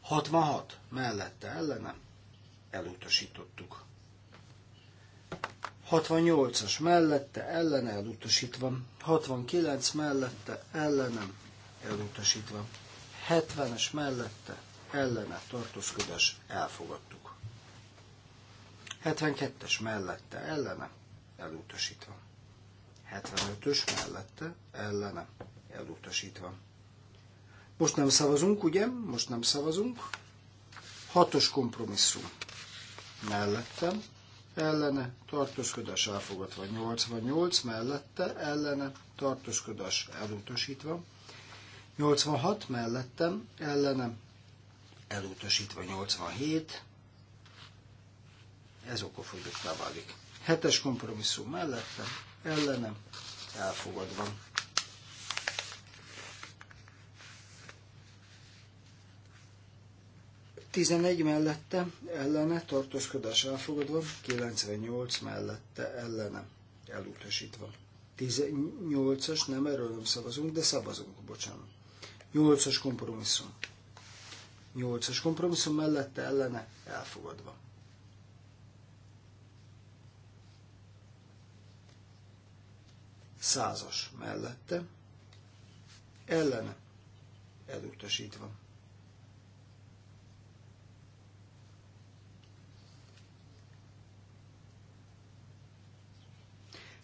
66 mellette, ellenem elutasítottuk. 68-as mellette, ellene elutasítva. 69 mellette, ellenem elutasítva. 70-es mellette ellene tartózkodás elfogadtuk. 72-es mellette ellene elutasítva. 75-ös mellette ellene elutasítva. Most nem szavazunk, ugye? Most nem szavazunk. Hatos kompromisszum mellette ellene tartózkodás elfogadva. 88 mellette ellene tartózkodás elutasítva. 86 mellettem, ellenem, elutasítva 87, ez okofogyottá válik. Hetes kompromisszum mellettem, ellenem, elfogadva. Tizenegy mellette, ellene, tartózkodás elfogadva, 98 mellette, ellene, elutasítva. 18-as, nem erről nem szavazunk, de szavazunk, bocsánat. 8-as kompromisszum. 8-as kompromisszum mellette ellene elfogadva. Százas mellette ellene elutasítva.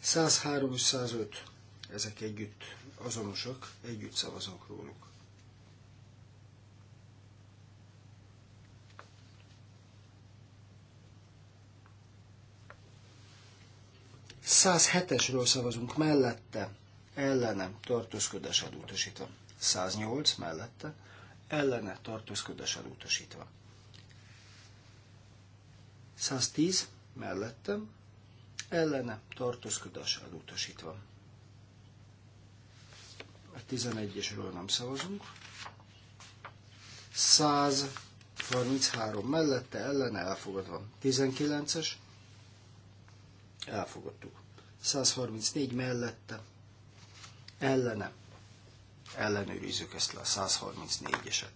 Száz három és száz ezek együtt azonosak, együtt szavazunk róluk. 107-esről szavazunk mellette, ellene tartózkodás elutasítva. 108 mellette, ellene tartózkodás elutasítva. 110 mellette, ellene tartózkodás elutasítva. A 11-esről nem szavazunk. 133 mellette, ellene elfogadva. 19-es, elfogadtuk. 134 mellette, ellene, ellenőrizzük ezt le a 134-eset.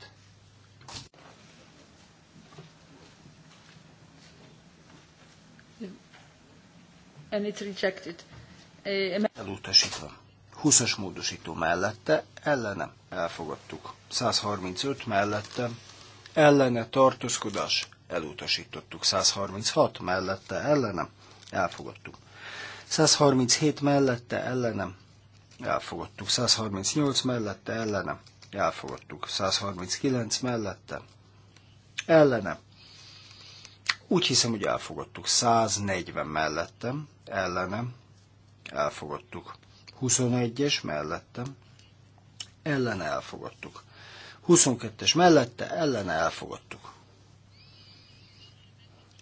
And it's rejected. Eh, Elutasítva. 20-as módosító mellette, ellene elfogadtuk. 135 mellette, ellene tartózkodás, elutasítottuk. 136 mellette, ellene elfogadtuk. 137 mellette ellenem elfogadtuk, 138 mellette ellenem elfogadtuk, 139 mellette ellenem. Úgy hiszem, hogy elfogadtuk. 140 mellettem, ellenem, elfogadtuk. 21-es mellettem, ellen elfogadtuk. 22-es mellette, ellen elfogadtuk.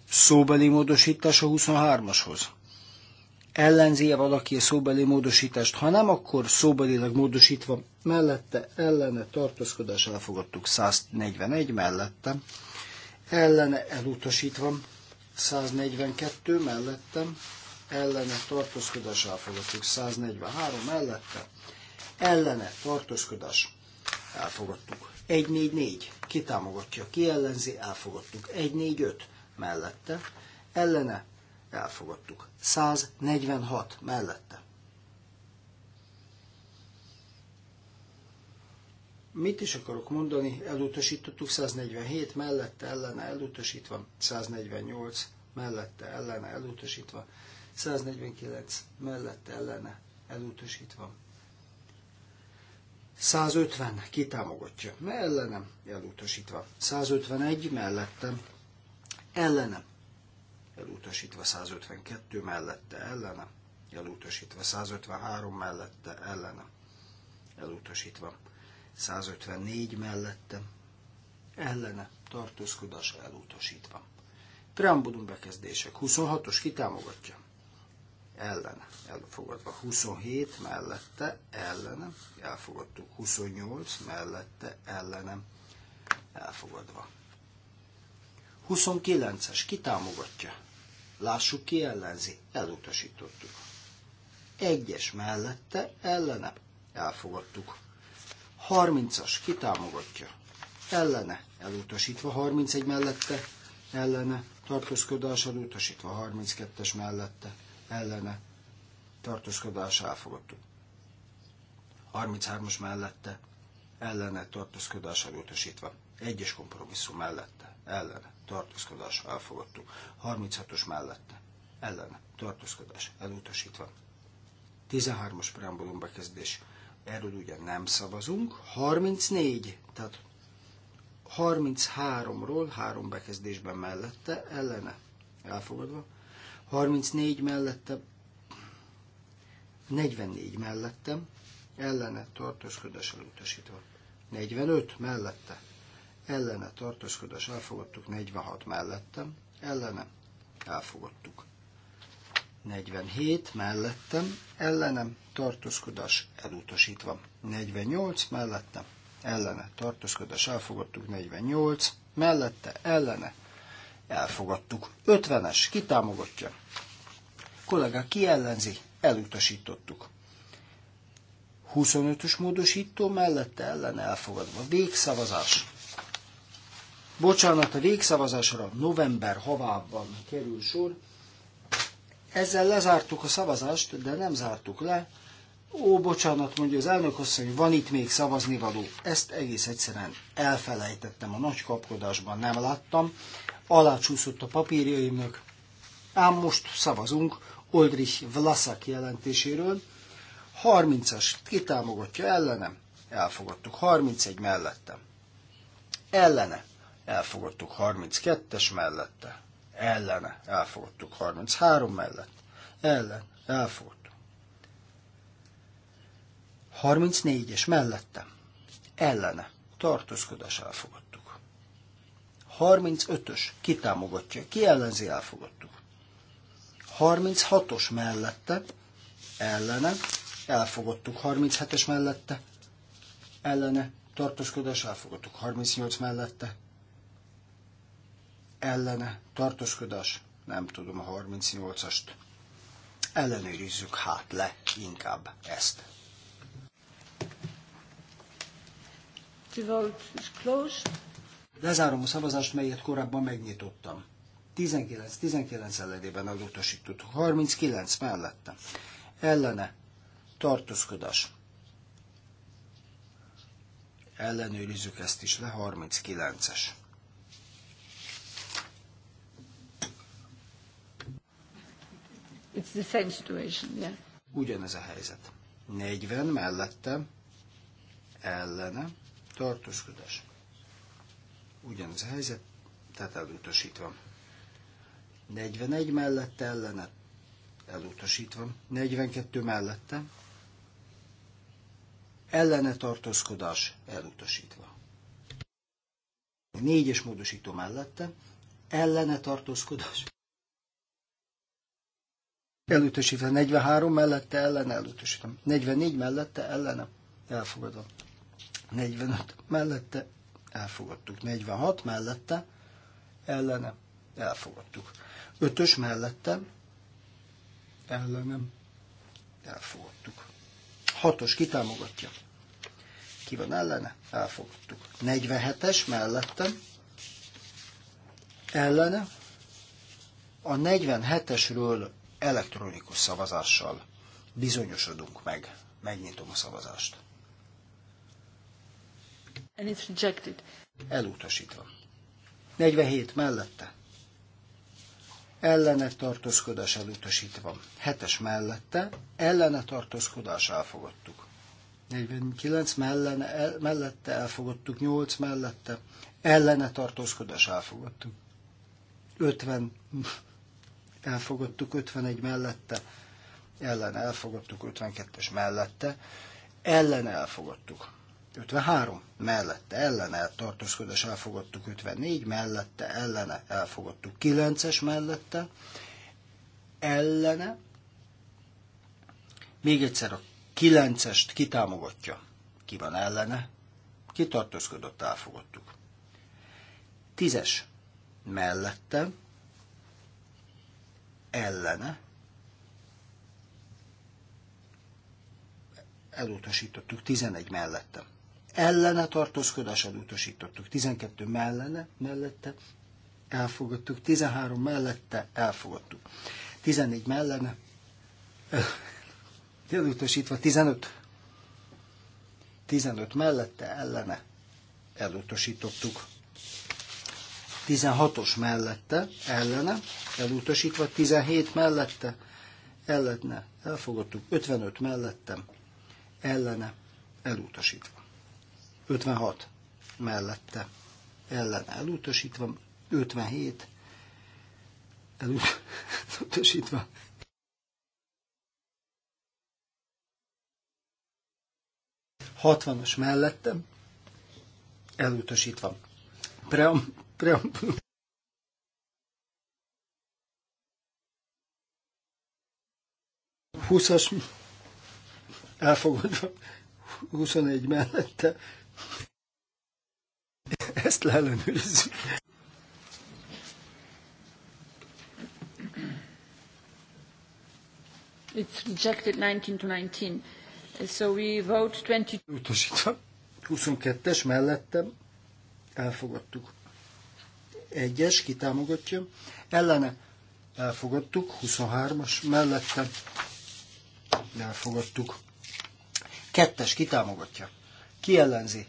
Szóbeli módosítás a 23-ashoz ellenzi-e valaki a szóbeli módosítást, ha nem, akkor szóbelileg módosítva mellette ellene tartózkodás elfogadtuk 141 mellette, ellene elutasítva 142 mellettem, ellene tartózkodás elfogadtuk 143 mellette, ellene tartózkodás elfogadtuk 144 ki támogatja, ki ellenzi, elfogadtuk 145 mellette, ellene elfogadtuk. 146 mellette. Mit is akarok mondani? Elutasítottuk 147 mellette, ellene elutasítva, 148 mellette, ellene elutasítva, 149 mellette, ellene elutasítva. 150 kitámogatja, ellenem elutasítva. 151 mellettem, ellenem elutasítva 152 mellette ellene, elutasítva 153 mellette ellene, elutasítva 154 mellette ellene, tartózkodás elutasítva. Preambulum bekezdések 26-os kitámogatja ellene, elfogadva 27 mellette ellene, elfogadtuk 28 mellette ellenem, elfogadva 29-es, ki támogatja? Lássuk, ki ellenzi. Elutasítottuk. Egyes mellette, ellene. Elfogadtuk. 30-as, ki támogatja? Ellene. Elutasítva 31 mellette, ellene. Tartózkodás elutasítva 32-es mellette, ellene. Tartózkodás elfogadtuk. 33-as mellette, ellene tartózkodás elutasítva. Egyes kompromisszum mellette, ellene tartózkodás elfogadtuk. 36-os mellette ellen tartózkodás elutasítva. 13-as preambulum bekezdés erről ugye nem szavazunk. 34, tehát 33-ról három bekezdésben mellette ellene elfogadva. 34 mellette 44 mellette ellene tartózkodás elutasítva. 45 mellette, ellene tartózkodás elfogadtuk 46 mellettem, ellenem elfogadtuk. 47 mellettem, ellenem tartózkodás elutasítva. 48 mellettem, ellene tartózkodás elfogadtuk, 48 mellette, ellene elfogadtuk. 50-es, kitámogatja. Kollega, ki ellenzi? Elutasítottuk. 25-ös módosító mellette ellen elfogadva. Végszavazás. Bocsánat, a végszavazásra november havában kerül sor. Ezzel lezártuk a szavazást, de nem zártuk le. Ó, bocsánat, mondja az elnök hogy van itt még szavaznivaló. Ezt egész egyszerűen elfelejtettem a nagy kapkodásban, nem láttam. Alácsúszott a papírjaimnak. Ám most szavazunk Oldrich Vlaszak jelentéséről. 30-as, kitámogatja ellenem? Elfogadtuk. 31 mellettem. Ellene elfogadtuk 32-es mellette, ellene elfogadtuk 33 mellett, ellen elfogadtuk. 34-es mellette, ellene tartózkodás elfogadtuk. 35-ös kitámogatja, ki ellenzi elfogadtuk. 36-os mellette, ellene, elfogadtuk 37-es mellette, ellene, tartózkodás elfogadtuk 38 mellette, ellene tartózkodás, nem tudom a 38-ast. Ellenőrizzük hát le inkább ezt. The vote is closed. Lezárom a szavazást, melyet korábban megnyitottam. 19-19 ellenében elutasított, 39 mellette. Ellene tartózkodás. Ellenőrizzük ezt is le, 39-es. It's the same situation, yeah. Ugyanez a helyzet. 40 mellette, ellene, tartózkodás. Ugyanez a helyzet, tehát elutasítva. 41 mellette, ellene, elutasítva. 42 mellette, ellene tartózkodás, elutasítva. 4-es módosító mellette, ellene tartózkodás, elutasítva, 43 mellette ellen elutasítva, 44 mellette ellene elfogadva, 45 mellette elfogadtuk, 46 mellette ellene elfogadtuk, 5-ös mellette ellenem elfogadtuk. 6-os kitámogatja. Ki van ellene? Elfogadtuk. 47-es mellettem ellene a 47-esről elektronikus szavazással bizonyosodunk meg. Megnyitom a szavazást. And it's rejected. Elutasítva. 47 mellette. Ellene tartózkodás elutasítva. 7-es mellette. Ellene tartózkodás elfogadtuk. 49 mellene, el, mellette elfogadtuk, 8 mellette ellene tartózkodás elfogadtuk. 50 elfogadtuk 51 mellette, ellen elfogadtuk 52-es mellette, ellen elfogadtuk 53 mellette, ellene tartózkodás elfogadtuk 54 mellette, ellene elfogadtuk 9-es mellette, ellene még egyszer a 9-est kitámogatja. Ki van ellene? Kitartózkodott, elfogadtuk. 10-es mellette, ellene elutasítottuk 11 mellette. Ellene tartózkodás elutasítottuk 12 mellene, mellette elfogadtuk, 13 mellette elfogadtuk. 14 mellene (laughs) elutasítva 15 15 mellette ellene elutasítottuk. 16-os mellette, ellene, elutasítva, 17 mellette, ellene, elfogadtuk, 55 mellettem, ellene, elutasítva. 56 mellette, ellene, elutasítva, 57 elutasítva. Hatvanos mellettem, elutasítva. Pream, прям... Húszas elfogadva, 21 mellette. Ezt leellenőrizzük. It's rejected 19 to 19. So we vote 20. 22-es mellettem elfogadtuk. 1-es kitámogatja, ellene elfogadtuk, 23-as mellette elfogadtuk. Kettes kitámogatja. Ki ellenzi?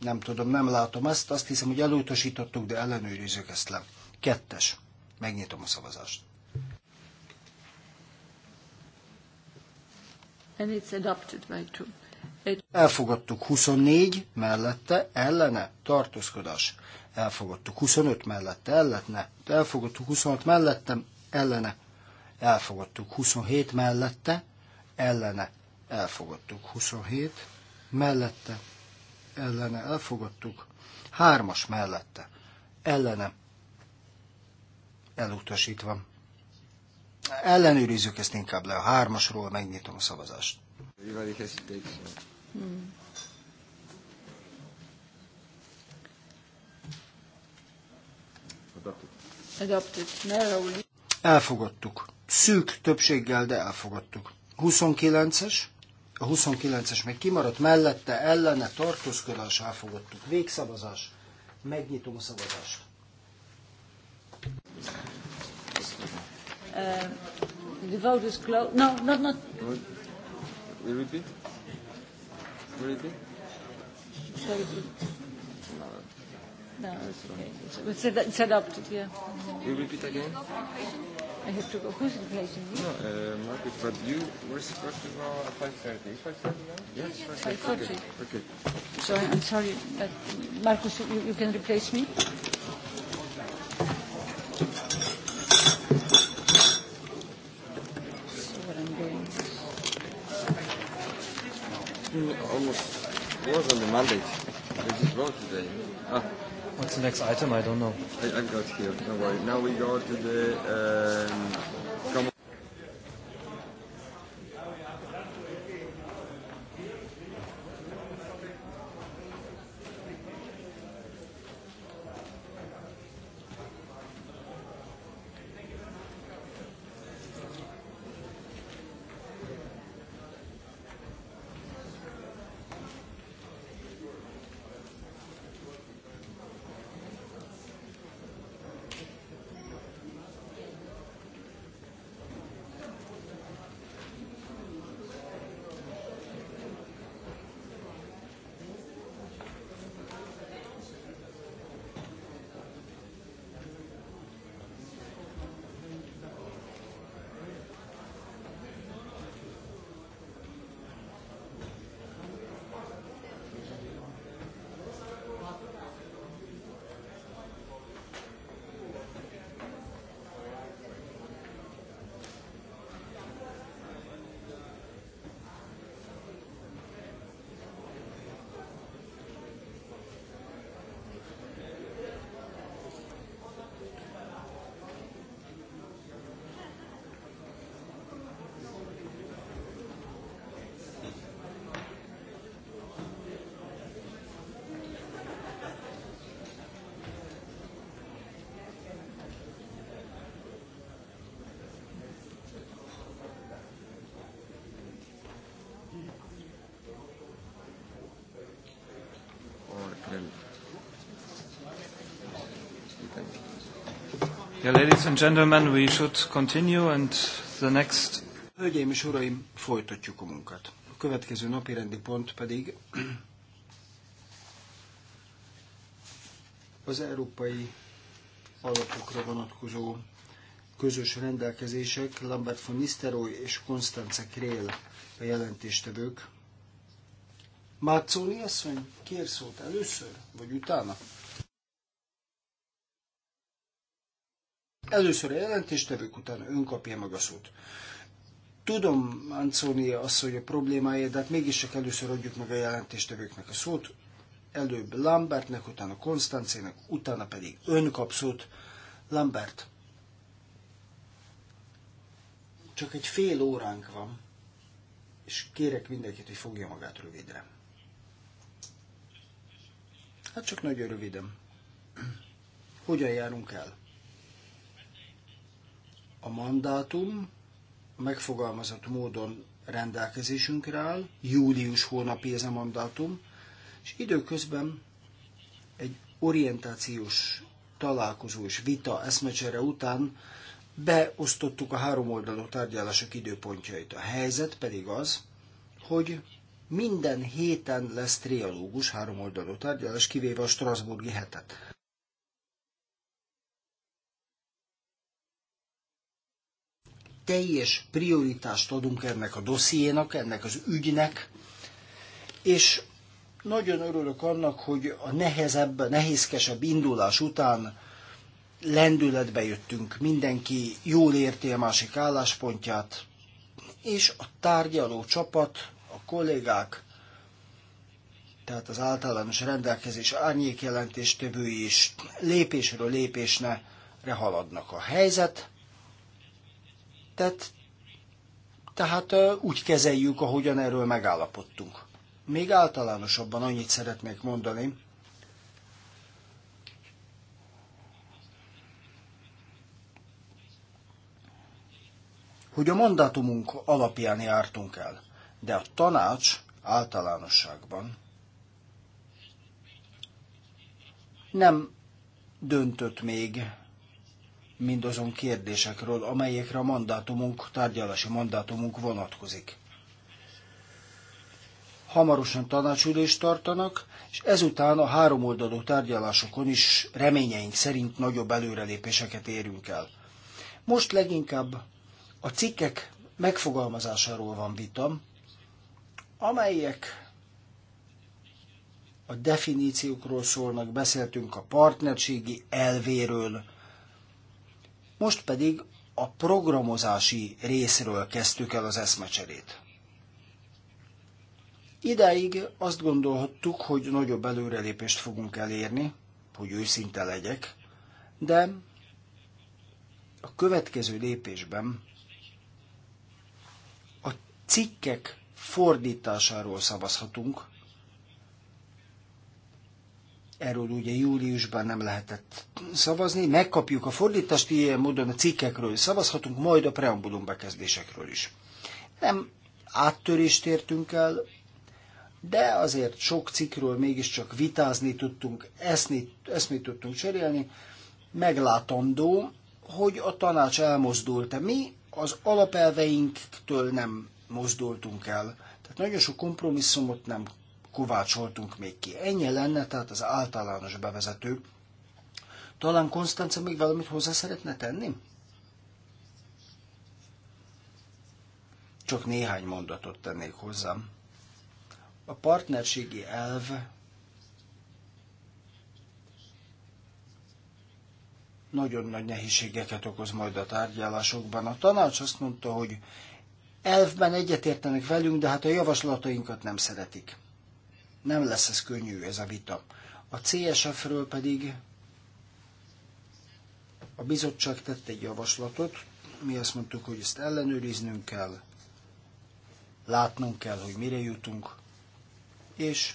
Nem tudom, nem látom ezt, azt hiszem, hogy elutasítottuk, de ellenőrizzük ezt le. Kettes. Megnyitom a szavazást. And it's adopted by two. Elfogadtuk 24, mellette ellene tartózkodás elfogadtuk 25 mellette, elletne, elfogadtuk 26 mellettem, ellene, elfogadtuk 27 mellette, ellene, elfogadtuk 27 mellette, ellene, elfogadtuk 3-as mellette, ellene, elutasítva. Ellenőrizzük ezt inkább le, a 3-asról, megnyitom a szavazást. Hmm. Elfogadtuk. Szűk többséggel, de elfogadtuk. 29-es. A 29-es meg kimaradt mellette, ellene, tartózkodás, elfogadtuk. Végszavazás. Megnyitom a szavazást. Uh, the vote is closed. No, not, not. Will repeat? Will repeat? Sorry, No, it's okay. It's, it's adopted, yeah. You repeat again? I have to go. Who's the patient? No, uh, Marcus, but you were supposed to go at 5.30. Is 5.30 now? Yes, 5.30. Okay. okay. So I'm sorry, but Marcus, you, you can replace me? almost was on the mandate. I is wrong today. Ah. What's the next item? I don't know. I, I've got here. No worry. Now we go to the. Um, Yeah, ladies and gentlemen, we should continue and the next... Hölgyeim és uraim, folytatjuk a munkát. A következő napi rendi pont pedig az európai alapokra vonatkozó közös rendelkezések, Lambert von Nisteroy és Konstance Krél a jelentéstevők. Mácóni asszony, kér szót először, vagy utána? Először a jelentéstevők, utána ön kapja meg a szót. Tudom, Anconi az, hogy a problémája, de hát mégis csak először adjuk meg a jelentéstevőknek a szót. Előbb Lambertnek, utána Konstancének, utána pedig ön kap szót. Lambert, csak egy fél óránk van, és kérek mindenkit, hogy fogja magát rövidre. Hát csak nagyon röviden. Hogyan járunk el? A mandátum megfogalmazott módon rendelkezésünkre áll, július hónapi ez a mandátum, és időközben egy orientációs találkozó és vita eszmecsere után beosztottuk a három oldalú tárgyalások időpontjait. A helyzet pedig az, hogy minden héten lesz trialógus oldalú tárgyalás, kivéve a Strasburgi hetet. teljes prioritást adunk ennek a dossziénak, ennek az ügynek, és nagyon örülök annak, hogy a nehezebb, nehézkesebb indulás után lendületbe jöttünk, mindenki jól érti a másik álláspontját, és a tárgyaló csapat, a kollégák, tehát az általános rendelkezés árnyékjelentéstevői is lépésről lépésre haladnak a helyzet, tehát, tehát úgy kezeljük, ahogyan erről megállapodtunk. Még általánosabban annyit szeretnék mondani, hogy a mandátumunk alapján jártunk el, de a tanács általánosságban nem döntött még mindazon kérdésekről, amelyekre a mandátumunk, tárgyalási mandátumunk vonatkozik. Hamarosan tanácsülést tartanak, és ezután a háromoldalú tárgyalásokon is reményeink szerint nagyobb előrelépéseket érünk el. Most leginkább a cikkek megfogalmazásáról van vitam, amelyek a definíciókról szólnak, beszéltünk a partnerségi elvéről, most pedig a programozási részről kezdtük el az eszmecserét. Ideig azt gondolhattuk, hogy nagyobb előrelépést fogunk elérni, hogy őszinte legyek, de a következő lépésben a cikkek fordításáról szavazhatunk, Erről ugye júliusban nem lehetett szavazni. Megkapjuk a fordítást, ilyen módon a cikkekről szavazhatunk, majd a preambulum bekezdésekről is. Nem áttörést értünk el, de azért sok cikkről mégiscsak vitázni tudtunk, eszni, eszmét tudtunk cserélni. Meglátandó, hogy a tanács elmozdult-e. Mi az alapelveinktől nem mozdultunk el. Tehát nagyon sok kompromisszumot nem kovácsoltunk még ki. Ennyi lenne tehát az általános bevezető. Talán Konstance még valamit hozzá szeretne tenni? Csak néhány mondatot tennék hozzám. A partnerségi elv nagyon nagy nehézségeket okoz majd a tárgyalásokban. A tanács azt mondta, hogy elvben egyetértenek velünk, de hát a javaslatainkat nem szeretik. Nem lesz ez könnyű ez a vita. A CSF-ről pedig a bizottság tett egy javaslatot, mi azt mondtuk, hogy ezt ellenőriznünk kell, látnunk kell, hogy mire jutunk, és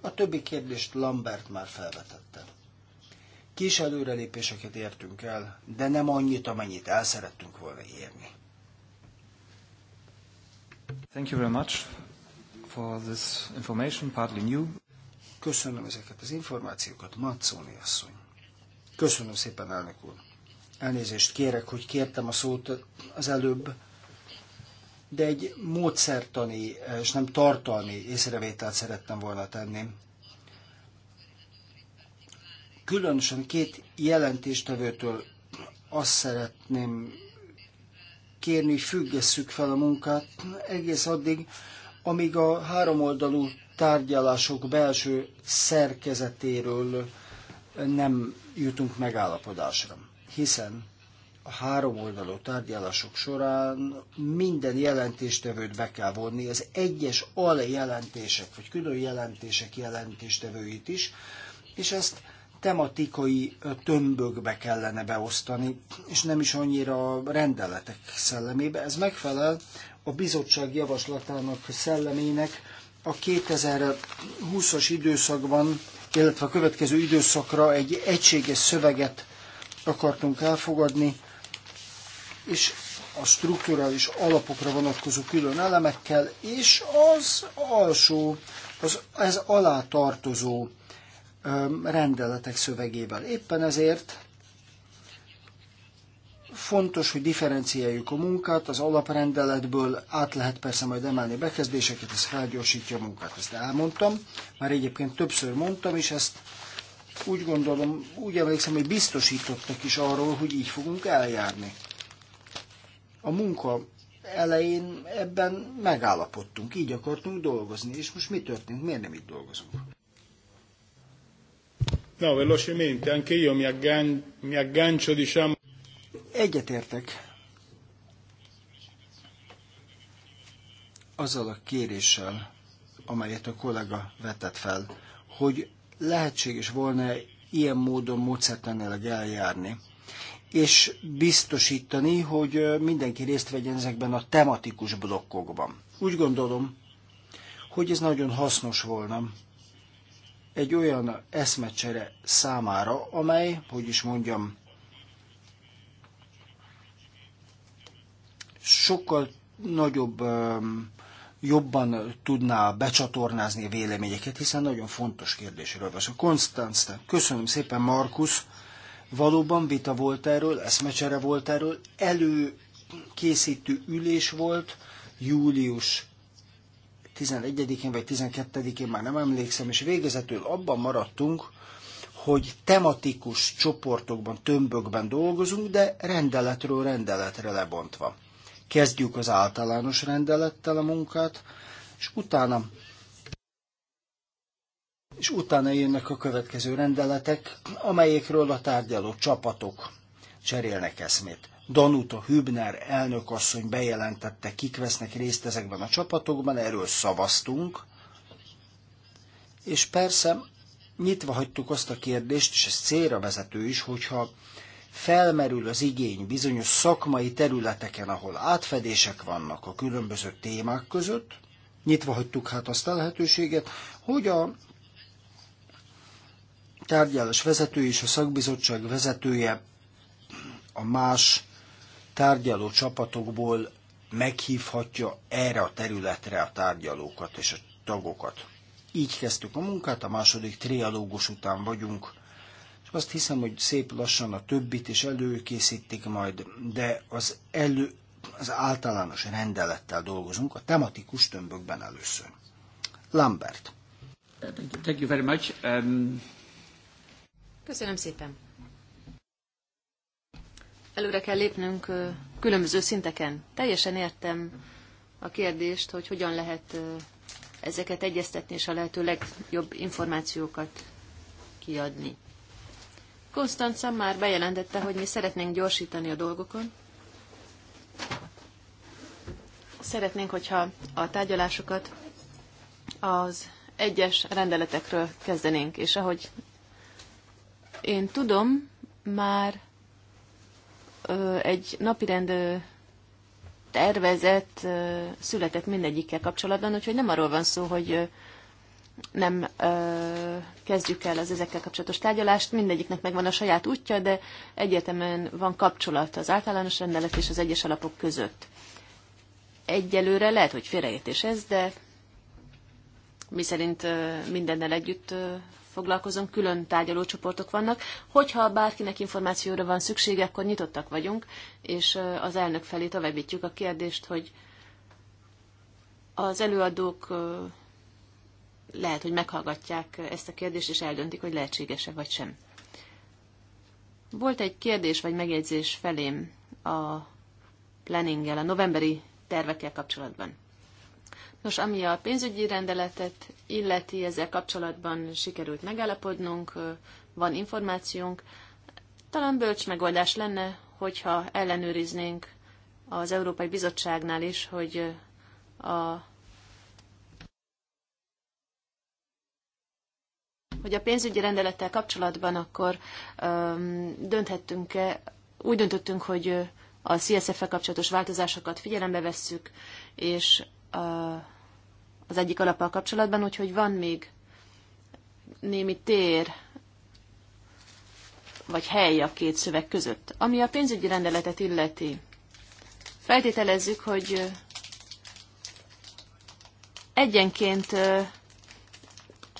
a többi kérdést Lambert már felvetette. Kis előrelépéseket értünk el, de nem annyit, amennyit el szerettünk volna érni. Thank you very much for this information, partly new. Köszönöm ezeket az információkat, Matszóni asszony. Köszönöm szépen, elnök úr. Elnézést kérek, hogy kértem a szót az előbb, de egy módszertani és nem tartalmi észrevételt szerettem volna tenni. Különösen két jelentéstevőtől azt szeretném kérni, hogy függesszük fel a munkát egész addig, amíg a háromoldalú tárgyalások belső szerkezetéről nem jutunk megállapodásra. Hiszen a háromoldalú tárgyalások során minden jelentéstevőt be kell vonni, az egyes aljelentések, vagy külön jelentések jelentéstevőit is, és ezt tematikai tömbökbe kellene beosztani, és nem is annyira a rendeletek szellemébe. Ez megfelel a bizottság javaslatának szellemének a 2020-as időszakban, illetve a következő időszakra egy egységes szöveget akartunk elfogadni, és a strukturális alapokra vonatkozó külön elemekkel, és az alsó, az, ez alá tartozó rendeletek szövegével. Éppen ezért fontos, hogy differenciáljuk a munkát, az alaprendeletből át lehet persze majd emelni bekezdéseket, ez felgyorsítja a munkát, ezt elmondtam, már egyébként többször mondtam, és ezt úgy gondolom, úgy emlékszem, hogy biztosítottak is arról, hogy így fogunk eljárni. A munka elején ebben megállapodtunk, így akartunk dolgozni, és most mi történt, miért nem így dolgozunk? No, velocemente, anche io mi, aggan- mi aggancio, diciamo... Egyetértek azzal a kéréssel, amelyet a kollega vetett fel, hogy lehetséges volna ilyen módon módszertanilag eljárni, és biztosítani, hogy mindenki részt vegyen ezekben a tematikus blokkokban. Úgy gondolom, hogy ez nagyon hasznos volna egy olyan eszmecsere számára, amely, hogy is mondjam, sokkal nagyobb, jobban tudná becsatornázni a véleményeket, hiszen nagyon fontos kérdésről van. Konstanz, köszönöm szépen, Markus. Valóban vita volt erről, eszmecsere volt erről, előkészítő ülés volt, július 11-én vagy 12-én már nem emlékszem, és végezetül abban maradtunk, hogy tematikus csoportokban, tömbökben dolgozunk, de rendeletről rendeletre lebontva. Kezdjük az általános rendelettel a munkát, és utána és utána jönnek a következő rendeletek, amelyekről a tárgyaló csapatok cserélnek eszmét. Danuta Hübner elnökasszony bejelentette, kik vesznek részt ezekben a csapatokban, erről szavaztunk. És persze nyitva hagytuk azt a kérdést, és ez célra vezető is, hogyha felmerül az igény bizonyos szakmai területeken, ahol átfedések vannak a különböző témák között, nyitva hagytuk hát azt a lehetőséget, hogy a tárgyalás vezető és a szakbizottság vezetője a más tárgyaló csapatokból meghívhatja erre a területre a tárgyalókat és a tagokat. Így kezdtük a munkát, a második trialógus után vagyunk, és azt hiszem, hogy szép lassan a többit is előkészítik majd, de az elő, az általános rendelettel dolgozunk, a tematikus tömbökben először. Lambert. Thank you very much. Um... Köszönöm szépen előre kell lépnünk különböző szinteken. Teljesen értem a kérdést, hogy hogyan lehet ezeket egyeztetni és a lehető legjobb információkat kiadni. Konstanca már bejelentette, hogy mi szeretnénk gyorsítani a dolgokon. Szeretnénk, hogyha a tárgyalásokat az egyes rendeletekről kezdenénk, és ahogy én tudom, már egy napirend tervezet született mindegyikkel kapcsolatban, úgyhogy nem arról van szó, hogy nem kezdjük el az ezekkel kapcsolatos tárgyalást, mindegyiknek megvan a saját útja, de egyetemen van kapcsolat az általános rendelet és az egyes alapok között. Egyelőre lehet, hogy félreértés ez, de mi szerint mindennel együtt foglalkozom, külön tárgyalócsoportok vannak. Hogyha bárkinek információra van szüksége, akkor nyitottak vagyunk, és az elnök felé továbbítjuk a kérdést, hogy az előadók lehet, hogy meghallgatják ezt a kérdést, és eldöntik, hogy lehetséges-e vagy sem. Volt egy kérdés vagy megjegyzés felém a planninggel, a novemberi tervekkel kapcsolatban. Nos, ami a pénzügyi rendeletet illeti, ezzel kapcsolatban sikerült megállapodnunk, van információnk. Talán bölcs megoldás lenne, hogyha ellenőriznénk az Európai Bizottságnál is, hogy a hogy a pénzügyi rendelettel kapcsolatban akkor öm, dönthettünk-e, úgy döntöttünk, hogy a CSF-fel kapcsolatos változásokat figyelembe vesszük, és a, az egyik alappal kapcsolatban, úgyhogy van még némi tér vagy hely a két szöveg között. Ami a pénzügyi rendeletet illeti, feltételezzük, hogy egyenként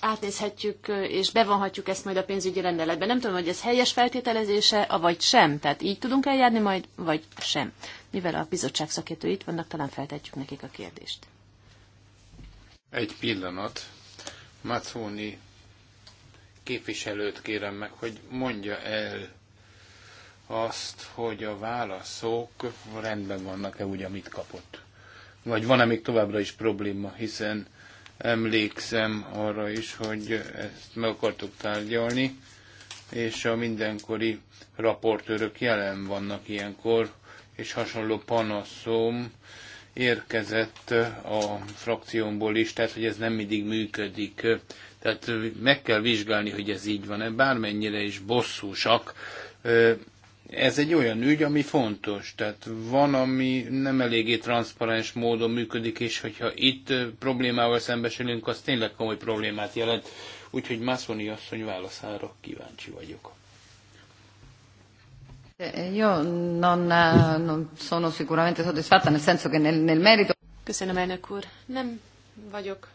átnézhetjük és bevonhatjuk ezt majd a pénzügyi rendeletbe. Nem tudom, hogy ez helyes feltételezése, vagy sem. Tehát így tudunk eljárni majd, vagy sem. Mivel a bizottság szakértői itt vannak, talán feltetjük nekik a kérdést. Egy pillanat. Macóni képviselőt kérem meg, hogy mondja el azt, hogy a válaszok rendben vannak-e úgy, amit kapott. Vagy van-e még továbbra is probléma, hiszen Emlékszem arra is, hogy ezt meg akartuk tárgyalni, és a mindenkori raportőrök jelen vannak ilyenkor, és hasonló panaszom érkezett a frakciómból is, tehát hogy ez nem mindig működik. Tehát meg kell vizsgálni, hogy ez így van-e, bármennyire is bosszúsak ez egy olyan ügy, ami fontos. Tehát van, ami nem eléggé transzparens módon működik, és hogyha itt problémával szembesülünk, az tényleg komoly problémát jelent. Úgyhogy Mászoni asszony válaszára kíváncsi vagyok. Io non, eh, non sono sicuramente soddisfatta, nel senso che nel, nel merito... Köszönöm, elnök úr. Nem vagyok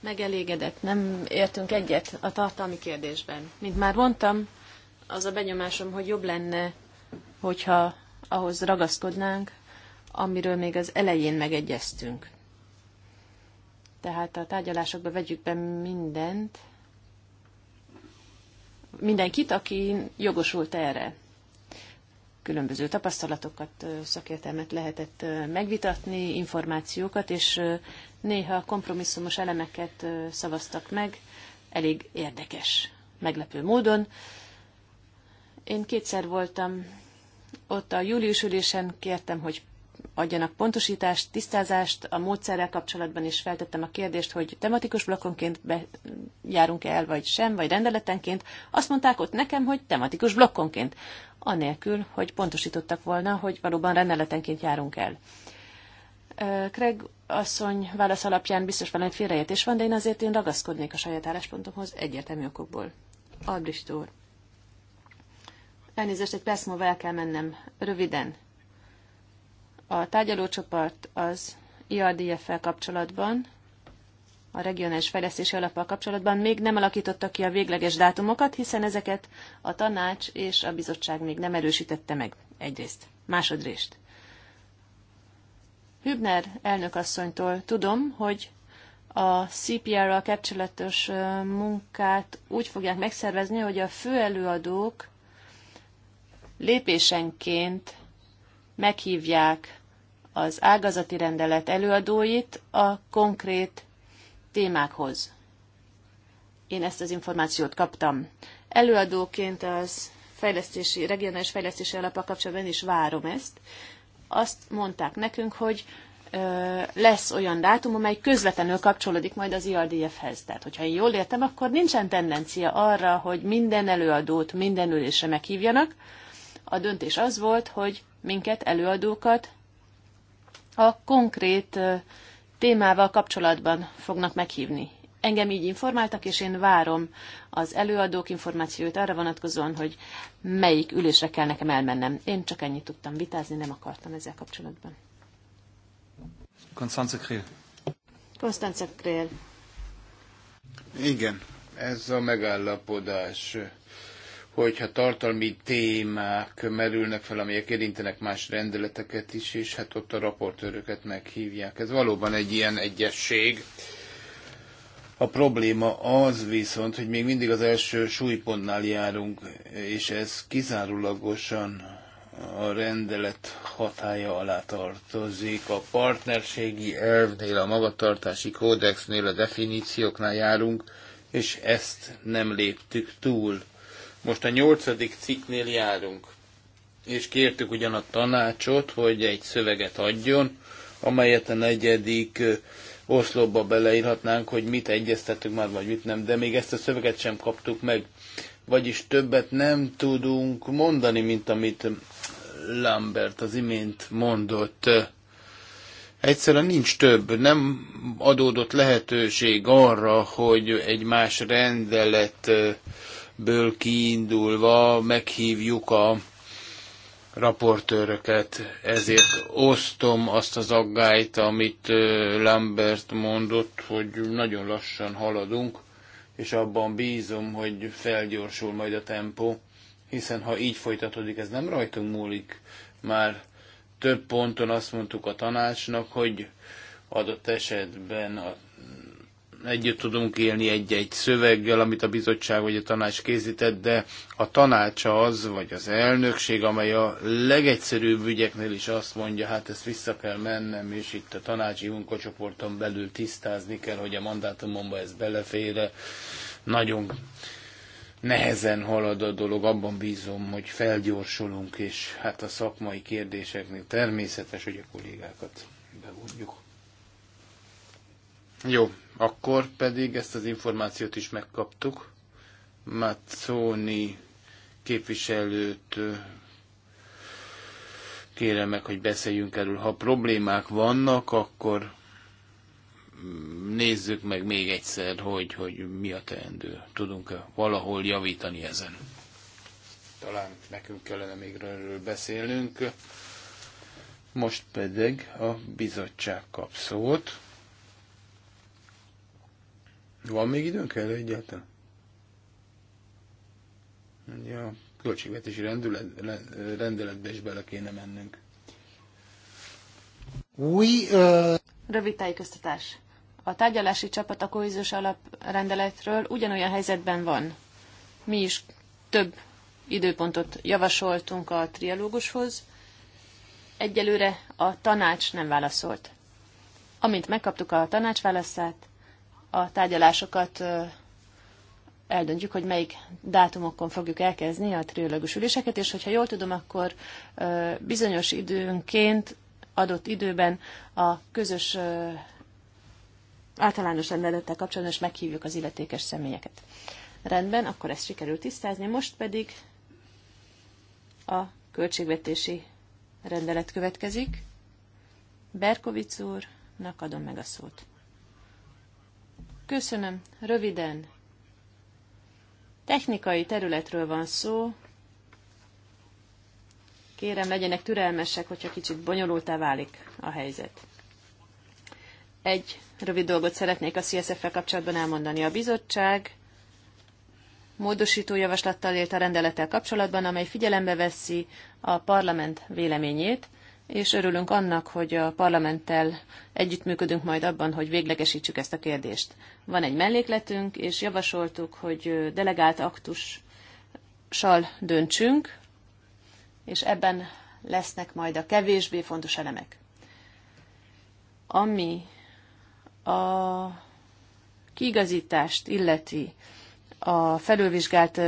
megelégedett, nem értünk egyet a tartalmi kérdésben. Mint már mondtam, az a benyomásom, hogy jobb lenne, hogyha ahhoz ragaszkodnánk, amiről még az elején megegyeztünk. Tehát a tárgyalásokba vegyük be mindent, mindenkit, aki jogosult erre. Különböző tapasztalatokat, szakértelmet lehetett megvitatni, információkat, és néha kompromisszumos elemeket szavaztak meg, elég érdekes, meglepő módon. Én kétszer voltam ott a július ülésen, kértem, hogy adjanak pontosítást, tisztázást a módszerrel kapcsolatban, is feltettem a kérdést, hogy tematikus blokkonként járunk -e el, vagy sem, vagy rendeletenként. Azt mondták ott nekem, hogy tematikus blokkonként, anélkül, hogy pontosítottak volna, hogy valóban rendeletenként járunk el. Craig asszony válasz alapján biztos valami félreértés van, de én azért én ragaszkodnék a saját álláspontomhoz egyértelmű okokból. Albrecht úr. Elnézést, egy perc múlva el kell mennem. Röviden. A tárgyalócsoport az IRDF-fel kapcsolatban, a regionális fejlesztési alappal kapcsolatban még nem alakította ki a végleges dátumokat, hiszen ezeket a tanács és a bizottság még nem erősítette meg. Egyrészt. Másodrészt. Hübner elnökasszonytól tudom, hogy a CPR-ral kapcsolatos munkát úgy fogják megszervezni, hogy a főelőadók lépésenként meghívják az ágazati rendelet előadóit a konkrét témákhoz. Én ezt az információt kaptam. Előadóként az fejlesztési, regionális fejlesztési alapok kapcsolatban is várom ezt. Azt mondták nekünk, hogy ö, lesz olyan dátum, amely közvetlenül kapcsolódik majd az IRDF-hez. Tehát, hogyha én jól értem, akkor nincsen tendencia arra, hogy minden előadót minden ülésre meghívjanak, a döntés az volt, hogy minket, előadókat a konkrét témával kapcsolatban fognak meghívni. Engem így informáltak, és én várom az előadók információt arra vonatkozóan, hogy melyik ülésre kell nekem elmennem. Én csak ennyit tudtam vitázni, nem akartam ezzel kapcsolatban. Konstanze Krél. Konstanze Krél. Igen, ez a megállapodás hogyha tartalmi témák merülnek fel, amelyek érintenek más rendeleteket is, és hát ott a raportőröket meghívják. Ez valóban egy ilyen egyesség. A probléma az viszont, hogy még mindig az első súlypontnál járunk, és ez kizárólagosan a rendelet hatája alá tartozik. A partnerségi elvnél, a magatartási kódexnél, a definícióknál járunk, és ezt nem léptük túl. Most a nyolcadik cikknél járunk, és kértük ugyan a tanácsot, hogy egy szöveget adjon, amelyet a negyedik oszlopba beleírhatnánk, hogy mit egyeztettük már, vagy mit nem, de még ezt a szöveget sem kaptuk meg. Vagyis többet nem tudunk mondani, mint amit Lambert az imént mondott. Egyszerűen nincs több, nem adódott lehetőség arra, hogy egy más rendelet ből kiindulva meghívjuk a raportőröket. Ezért osztom azt az aggályt, amit Lambert mondott, hogy nagyon lassan haladunk, és abban bízom, hogy felgyorsul majd a tempó, hiszen ha így folytatódik, ez nem rajtunk múlik. Már több ponton azt mondtuk a tanácsnak, hogy adott esetben a együtt tudunk élni egy-egy szöveggel, amit a bizottság vagy a tanács készített, de a tanácsa az, vagy az elnökség, amely a legegyszerűbb ügyeknél is azt mondja, hát ezt vissza kell mennem, és itt a tanácsi munkacsoporton belül tisztázni kell, hogy a mandátumomba ez belefér. Nagyon nehezen halad a dolog, abban bízom, hogy felgyorsulunk, és hát a szakmai kérdéseknél természetes, hogy a kollégákat bevonjuk. Jó, akkor pedig ezt az információt is megkaptuk. Mazzoni képviselőt kérem meg, hogy beszéljünk erről. Ha problémák vannak, akkor mm, nézzük meg még egyszer, hogy, hogy mi a teendő. Tudunk-e valahol javítani ezen? Talán nekünk kellene még erről beszélnünk. Most pedig a bizottság kap szót. Van még időnk erre egyáltalán? Ugye a költségvetési rendület, rendeletbe is bele kéne mennünk. Új... Uh... Rövid tájékoztatás. A tárgyalási csapat a kohéziós alaprendeletről ugyanolyan helyzetben van. Mi is több időpontot javasoltunk a trialógushoz. Egyelőre a tanács nem válaszolt. Amint megkaptuk a tanács válaszát, a tárgyalásokat eldöntjük, hogy melyik dátumokon fogjuk elkezdeni a triológus üléseket, és hogyha jól tudom, akkor bizonyos időnként, adott időben a közös általános rendelettel kapcsolatban meghívjuk az illetékes személyeket. Rendben, akkor ezt sikerült tisztázni, most pedig a költségvetési rendelet következik. Berkovic úrnak adom meg a szót. Köszönöm. Röviden. Technikai területről van szó. Kérem, legyenek türelmesek, hogyha kicsit bonyolultá válik a helyzet. Egy rövid dolgot szeretnék a CSF-fel kapcsolatban elmondani. A bizottság módosító javaslattal élt a rendelettel kapcsolatban, amely figyelembe veszi a parlament véleményét, és örülünk annak, hogy a parlamenttel együttműködünk majd abban, hogy véglegesítsük ezt a kérdést. Van egy mellékletünk, és javasoltuk, hogy delegált aktussal döntsünk, és ebben lesznek majd a kevésbé fontos elemek. Ami a kiigazítást illeti a felülvizsgált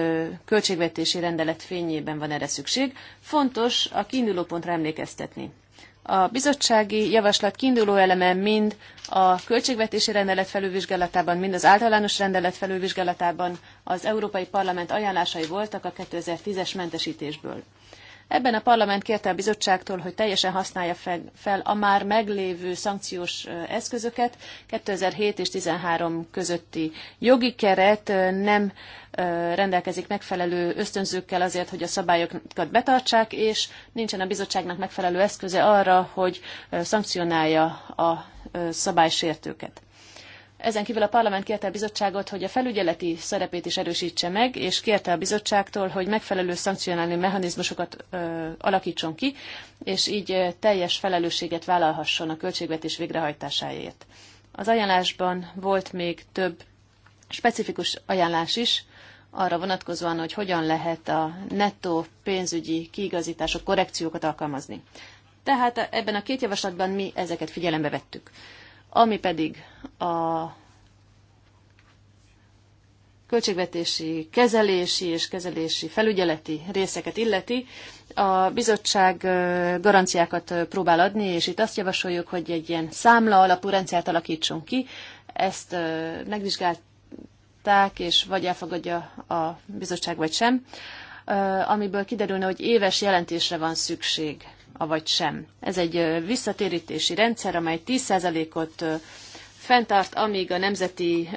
költségvetési rendelet fényében van erre szükség, fontos a kiinduló pontra emlékeztetni. A bizottsági javaslat kiinduló eleme mind a költségvetési rendelet felülvizsgálatában, mind az általános rendelet felülvizsgálatában az Európai Parlament ajánlásai voltak a 2010-es mentesítésből. Ebben a parlament kérte a bizottságtól, hogy teljesen használja fel a már meglévő szankciós eszközöket. 2007 és 13 közötti jogi keret nem rendelkezik megfelelő ösztönzőkkel azért, hogy a szabályokat betartsák, és nincsen a bizottságnak megfelelő eszköze arra, hogy szankcionálja a szabálysértőket. Ezen kívül a parlament kérte a bizottságot, hogy a felügyeleti szerepét is erősítse meg, és kérte a bizottságtól, hogy megfelelő szankcionálni mechanizmusokat ö, alakítson ki, és így ö, teljes felelősséget vállalhasson a költségvetés végrehajtásáért. Az ajánlásban volt még több specifikus ajánlás is, arra vonatkozóan, hogy hogyan lehet a nettó pénzügyi kiigazítások, korrekciókat alkalmazni. Tehát ebben a két javaslatban mi ezeket figyelembe vettük. Ami pedig a költségvetési kezelési és kezelési felügyeleti részeket illeti, a bizottság garanciákat próbál adni, és itt azt javasoljuk, hogy egy ilyen számla alapú rendszert alakítsunk ki. Ezt megvizsgálták, és vagy elfogadja a bizottság, vagy sem, amiből kiderülne, hogy éves jelentésre van szükség avagy sem. Ez egy visszatérítési rendszer, amely 10%-ot fenntart, amíg a nemzeti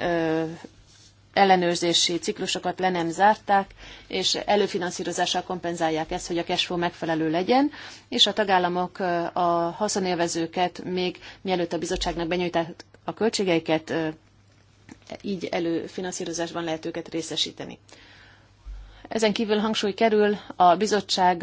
ellenőrzési ciklusokat le nem zárták, és előfinanszírozással kompenzálják ezt, hogy a cashflow megfelelő legyen, és a tagállamok a haszonélvezőket még mielőtt a bizottságnak benyújták a költségeiket, így előfinanszírozásban lehet őket részesíteni. Ezen kívül hangsúly kerül a bizottság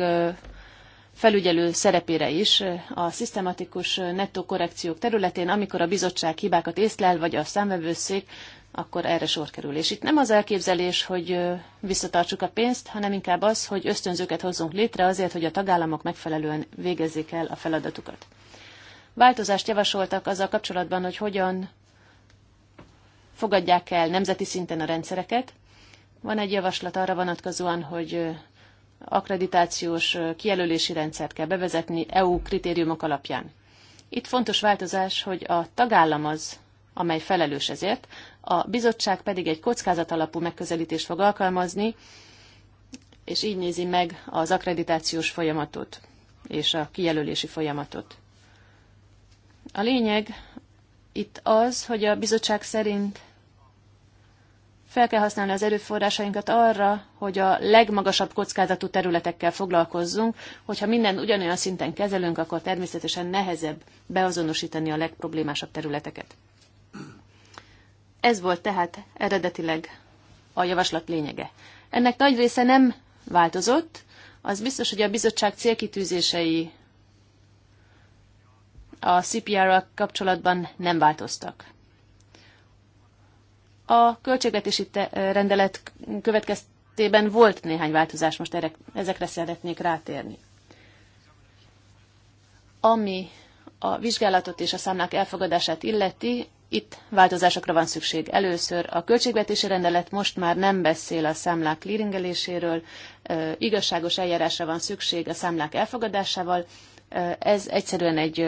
felügyelő szerepére is a szisztematikus nettó korrekciók területén, amikor a bizottság hibákat észlel, vagy a számvevőszék, akkor erre sor kerül. És itt nem az elképzelés, hogy visszatartsuk a pénzt, hanem inkább az, hogy ösztönzőket hozzunk létre azért, hogy a tagállamok megfelelően végezzék el a feladatukat. Változást javasoltak azzal kapcsolatban, hogy hogyan fogadják el nemzeti szinten a rendszereket. Van egy javaslat arra vonatkozóan, hogy akkreditációs kijelölési rendszert kell bevezetni EU kritériumok alapján. Itt fontos változás, hogy a tagállam az, amely felelős ezért, a bizottság pedig egy kockázat alapú megközelítést fog alkalmazni, és így nézi meg az akkreditációs folyamatot és a kijelölési folyamatot. A lényeg itt az, hogy a bizottság szerint fel kell használni az erőforrásainkat arra, hogy a legmagasabb kockázatú területekkel foglalkozzunk. Hogyha minden ugyanolyan szinten kezelünk, akkor természetesen nehezebb beazonosítani a legproblémásabb területeket. Ez volt tehát eredetileg a javaslat lényege. Ennek nagy része nem változott, az biztos, hogy a bizottság célkitűzései a CPR-ral kapcsolatban nem változtak. A költségvetési rendelet következtében volt néhány változás, most erre, ezekre szeretnék rátérni. Ami a vizsgálatot és a számlák elfogadását illeti, itt változásokra van szükség. Először a költségvetési rendelet most már nem beszél a számlák clearingeléséről, igazságos eljárásra van szükség a számlák elfogadásával. Ez egyszerűen egy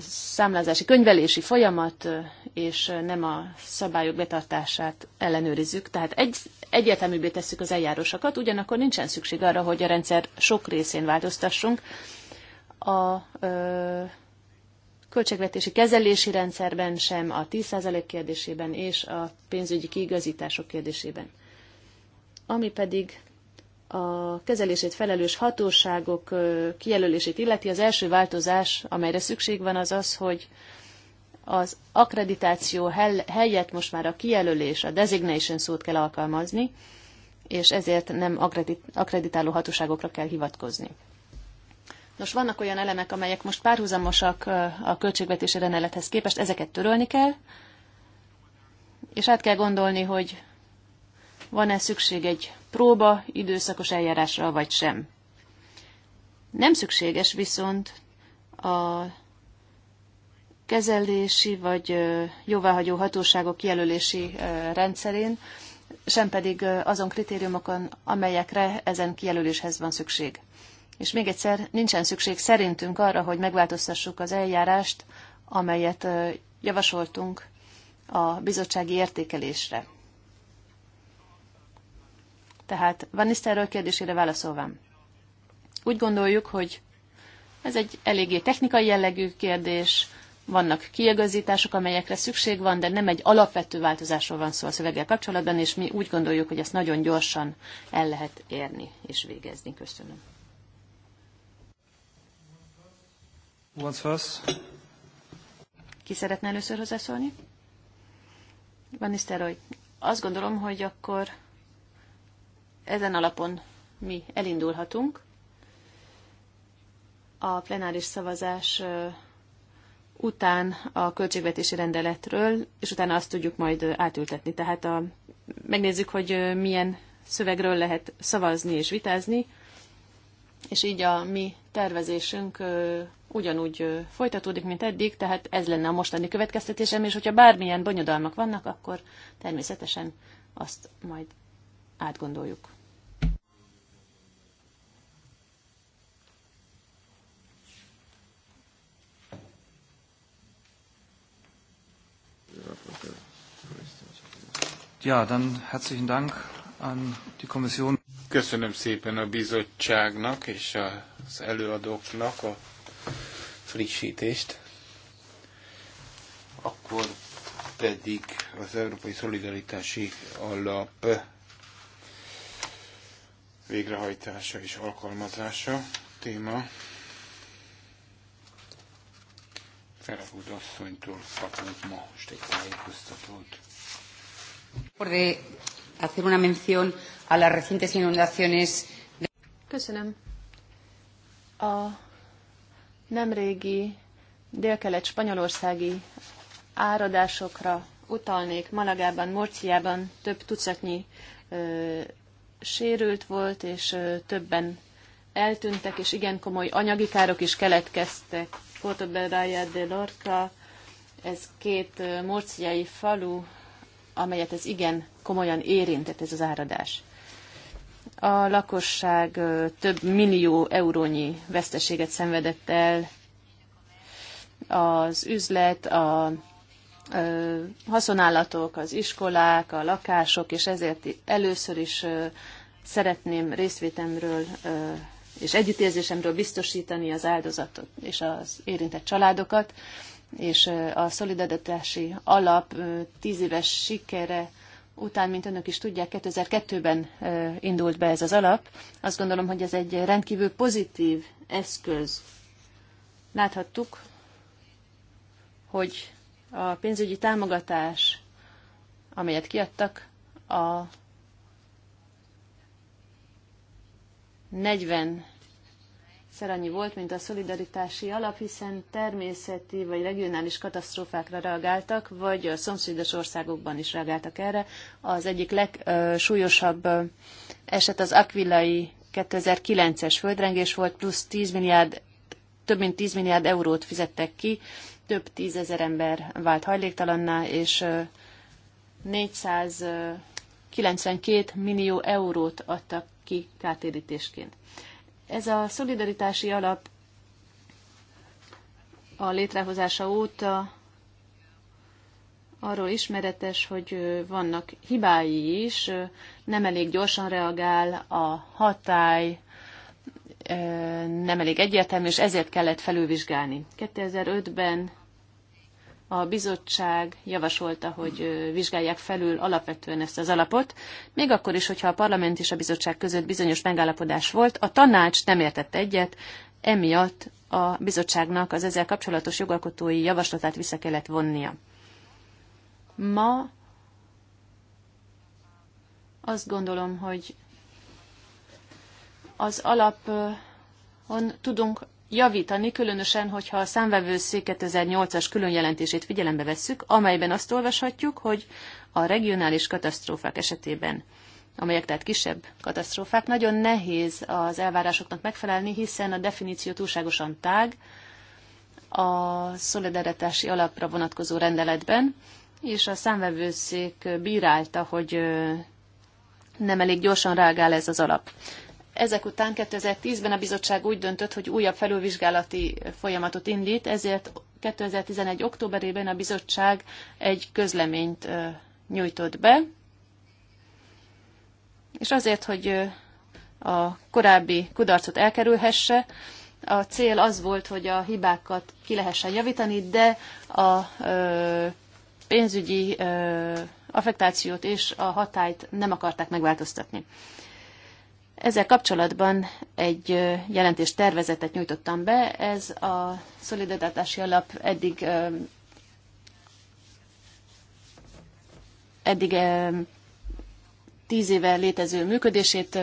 számlázási, könyvelési folyamat, és nem a szabályok betartását ellenőrizzük. Tehát egy, egyértelműbbé tesszük az eljárósokat, ugyanakkor nincsen szükség arra, hogy a rendszer sok részén változtassunk. A ö, költségvetési kezelési rendszerben sem, a 10% kérdésében és a pénzügyi kiigazítások kérdésében. Ami pedig a kezelését felelős hatóságok kijelölését illeti, az első változás, amelyre szükség van, az az, hogy az akkreditáció helyett most már a kijelölés, a designation szót kell alkalmazni, és ezért nem akkreditáló hatóságokra kell hivatkozni. Nos, vannak olyan elemek, amelyek most párhuzamosak a költségvetési rendelethez képest, ezeket törölni kell, és át kell gondolni, hogy van-e szükség egy próba időszakos eljárásra, vagy sem. Nem szükséges viszont a kezelési vagy jóváhagyó hatóságok jelölési rendszerén, sem pedig azon kritériumokon, amelyekre ezen kijelöléshez van szükség. És még egyszer, nincsen szükség szerintünk arra, hogy megváltoztassuk az eljárást, amelyet javasoltunk a bizottsági értékelésre. Tehát Van Nisztelről kérdésére válaszolva. Úgy gondoljuk, hogy ez egy eléggé technikai jellegű kérdés, vannak kiegazítások, amelyekre szükség van, de nem egy alapvető változásról van szó a szöveggel kapcsolatban, és mi úgy gondoljuk, hogy ezt nagyon gyorsan el lehet érni és végezni. Köszönöm. Once first. Ki szeretne először hozzászólni? Van Nisztelrooy. Azt gondolom, hogy akkor ezen alapon mi elindulhatunk. A plenáris szavazás után a költségvetési rendeletről, és utána azt tudjuk majd átültetni. Tehát a, megnézzük, hogy milyen szövegről lehet szavazni és vitázni, és így a mi tervezésünk ugyanúgy folytatódik, mint eddig, tehát ez lenne a mostani következtetésem, és hogyha bármilyen bonyodalmak vannak, akkor természetesen azt majd átgondoljuk. Ja, dann herzlichen Dank an die Kommission. Köszönöm szépen a bizottságnak és az előadóknak a frissítést. Akkor pedig az Európai Szolidaritási Alap végrehajtása és alkalmazása téma. Feragud asszonytól kapunk ma most egy tájékoztatót. Köszönöm. A nemrégi délkelet spanyolországi áradásokra utalnék. Malagában, Morciában több tucatnyi ö, sérült volt, és ö, többen eltűntek, és igen komoly anyagi károk is keletkeztek. Porto de Lorca, ez két morciai falu, amelyet ez igen komolyan érintett ez az áradás. A lakosság több millió eurónyi veszteséget szenvedett el, az üzlet, a haszonállatok, az iskolák, a lakások, és ezért először is szeretném részvétemről és együttérzésemről biztosítani az áldozatot és az érintett családokat és a szolidaritási alap tíz éves sikere után, mint önök is tudják, 2002-ben indult be ez az alap. Azt gondolom, hogy ez egy rendkívül pozitív eszköz. Láthattuk, hogy a pénzügyi támogatás, amelyet kiadtak, a 40 kétszer annyi volt, mint a szolidaritási alap, hiszen természeti vagy regionális katasztrófákra reagáltak, vagy a szomszédos országokban is reagáltak erre. Az egyik legsúlyosabb eset az Aquilai 2009-es földrengés volt, plusz 10 milliárd, több mint 10 milliárd eurót fizettek ki, több tízezer ember vált hajléktalanná, és 492 millió eurót adtak ki kártérítésként. Ez a szolidaritási alap a létrehozása óta arról ismeretes, hogy vannak hibái is, nem elég gyorsan reagál a hatály, nem elég egyértelmű, és ezért kellett felülvizsgálni. 2005-ben a bizottság javasolta, hogy vizsgálják felül alapvetően ezt az alapot, még akkor is, hogyha a parlament és a bizottság között bizonyos megállapodás volt, a tanács nem értett egyet, emiatt a bizottságnak az ezzel kapcsolatos jogalkotói javaslatát vissza kellett vonnia. Ma azt gondolom, hogy az alapon tudunk javítani, különösen, hogyha a számvevőszék 2008-as különjelentését figyelembe vesszük, amelyben azt olvashatjuk, hogy a regionális katasztrófák esetében amelyek tehát kisebb katasztrófák, nagyon nehéz az elvárásoknak megfelelni, hiszen a definíció túlságosan tág a szolidaritási alapra vonatkozó rendeletben, és a számvevőszék bírálta, hogy nem elég gyorsan reagál ez az alap. Ezek után 2010-ben a bizottság úgy döntött, hogy újabb felülvizsgálati folyamatot indít, ezért 2011. októberében a bizottság egy közleményt nyújtott be, és azért, hogy a korábbi kudarcot elkerülhesse, a cél az volt, hogy a hibákat ki lehessen javítani, de a pénzügyi affektációt és a hatályt nem akarták megváltoztatni. Ezzel kapcsolatban egy jelentés tervezetet nyújtottam be, ez a szolidaritási alap eddig eddig tíz éve létező működését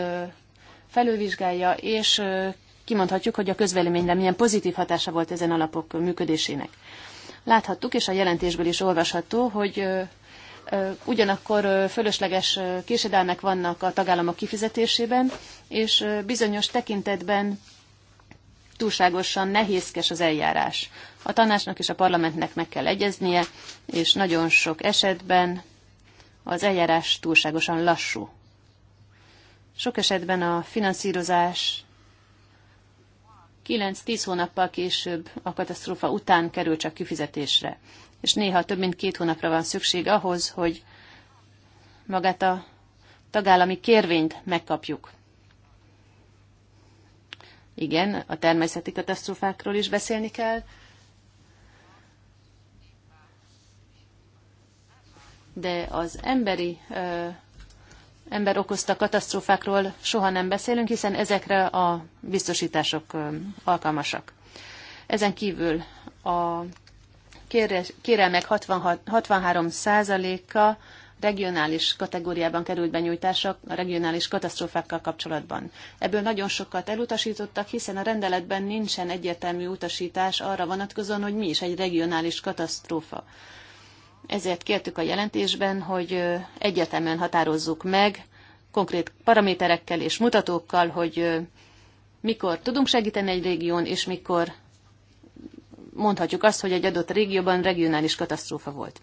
felülvizsgálja, és kimondhatjuk, hogy a közveleményre milyen pozitív hatása volt ezen alapok működésének. Láthattuk, és a jelentésből is olvasható, hogy ugyanakkor fölösleges késedelmek vannak a tagállamok kifizetésében, és bizonyos tekintetben túlságosan nehézkes az eljárás. A tanácsnak és a parlamentnek meg kell egyeznie, és nagyon sok esetben az eljárás túlságosan lassú. Sok esetben a finanszírozás 9-10 hónappal később a katasztrófa után kerül csak kifizetésre és néha több mint két hónapra van szükség ahhoz, hogy magát a tagállami kérvényt megkapjuk. Igen, a természeti katasztrófákról is beszélni kell, de az emberi ö, ember okozta katasztrófákról soha nem beszélünk, hiszen ezekre a biztosítások ö, alkalmasak. Ezen kívül a kérelmek 63%-a regionális kategóriában került benyújtások, a regionális katasztrófákkal kapcsolatban. Ebből nagyon sokat elutasítottak, hiszen a rendeletben nincsen egyértelmű utasítás arra vonatkozóan, hogy mi is egy regionális katasztrófa. Ezért kértük a jelentésben, hogy egyértelműen határozzuk meg konkrét paraméterekkel és mutatókkal, hogy mikor tudunk segíteni egy régión, és mikor mondhatjuk azt, hogy egy adott régióban regionális katasztrófa volt.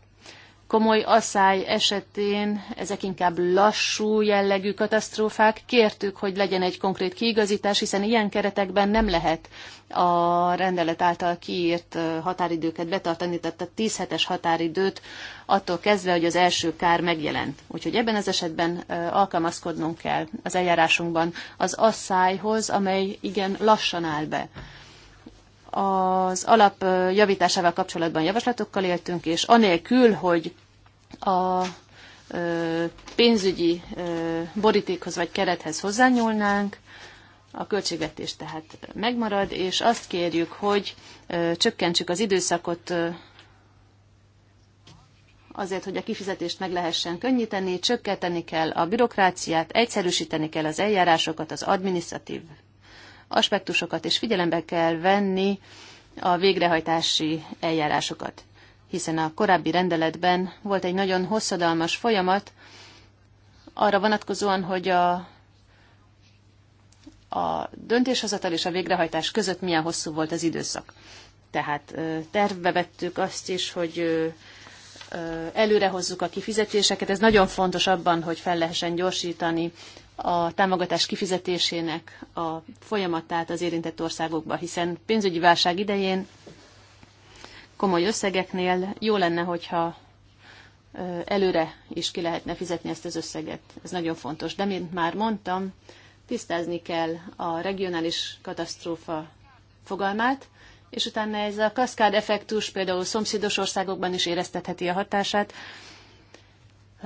Komoly asszály esetén ezek inkább lassú jellegű katasztrófák. Kértük, hogy legyen egy konkrét kiigazítás, hiszen ilyen keretekben nem lehet a rendelet által kiírt határidőket betartani, tehát a 10 hetes határidőt attól kezdve, hogy az első kár megjelent. Úgyhogy ebben az esetben alkalmazkodnunk kell az eljárásunkban az asszályhoz, amely igen lassan áll be az alap javításával kapcsolatban javaslatokkal éltünk, és anélkül, hogy a pénzügyi borítékhoz vagy kerethez hozzányúlnánk, a költségvetés tehát megmarad, és azt kérjük, hogy csökkentsük az időszakot azért, hogy a kifizetést meg lehessen könnyíteni, csökkenteni kell a bürokráciát, egyszerűsíteni kell az eljárásokat, az administratív aspektusokat, és figyelembe kell venni a végrehajtási eljárásokat. Hiszen a korábbi rendeletben volt egy nagyon hosszadalmas folyamat arra vonatkozóan, hogy a, a döntéshozatal és a végrehajtás között milyen hosszú volt az időszak. Tehát tervbe vettük azt is, hogy előrehozzuk a kifizetéseket. Ez nagyon fontos abban, hogy fel lehessen gyorsítani a támogatás kifizetésének a folyamatát az érintett országokba, hiszen pénzügyi válság idején komoly összegeknél jó lenne, hogyha előre is ki lehetne fizetni ezt az összeget. Ez nagyon fontos. De, mint már mondtam, tisztázni kell a regionális katasztrófa fogalmát, és utána ez a kaszkád effektus például szomszédos országokban is éreztetheti a hatását,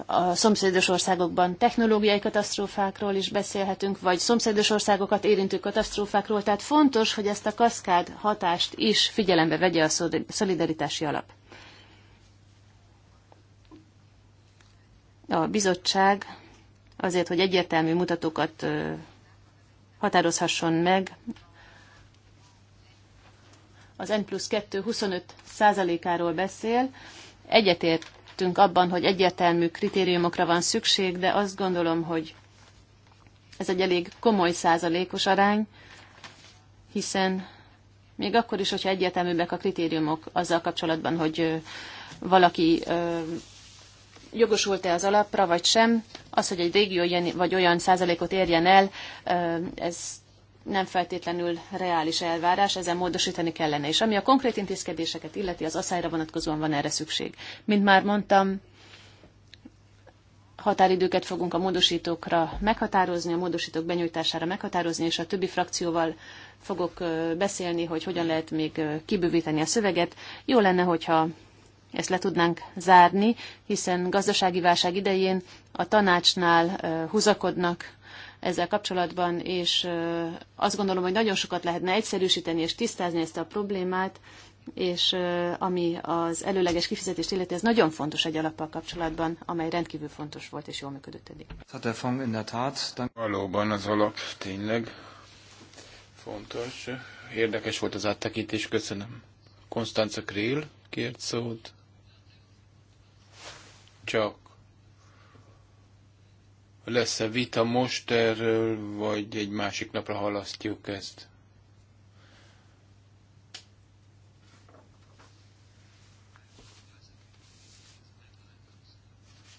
a szomszédos országokban technológiai katasztrófákról is beszélhetünk, vagy szomszédos országokat érintő katasztrófákról, tehát fontos, hogy ezt a kaszkád hatást is figyelembe vegye a szolidaritási alap. A bizottság azért, hogy egyértelmű mutatókat határozhasson meg, az N plusz 2 25 százalékáról beszél, egyetért egyetértettünk abban, hogy egyértelmű kritériumokra van szükség, de azt gondolom, hogy ez egy elég komoly százalékos arány, hiszen még akkor is, hogyha egyértelműbbek a kritériumok azzal kapcsolatban, hogy valaki jogosult-e az alapra, vagy sem, az, hogy egy régió ilyen vagy olyan százalékot érjen el, ez nem feltétlenül reális elvárás, ezen módosítani kellene. És ami a konkrét intézkedéseket illeti, az asszályra vonatkozóan van erre szükség. Mint már mondtam, határidőket fogunk a módosítókra meghatározni, a módosítók benyújtására meghatározni, és a többi frakcióval fogok beszélni, hogy hogyan lehet még kibővíteni a szöveget. Jó lenne, hogyha ezt le tudnánk zárni, hiszen gazdasági válság idején a tanácsnál húzakodnak ezzel kapcsolatban, és azt gondolom, hogy nagyon sokat lehetne egyszerűsíteni és tisztázni ezt a problémát, és ami az előleges kifizetést illeti, ez nagyon fontos egy alappal kapcsolatban, amely rendkívül fontos volt és jól működött eddig. Valóban az alap tényleg fontos. Érdekes volt az áttekintés, köszönöm. Konstanza Krill kért szót. Csak lesz-e vita most erről, vagy egy másik napra halasztjuk ezt?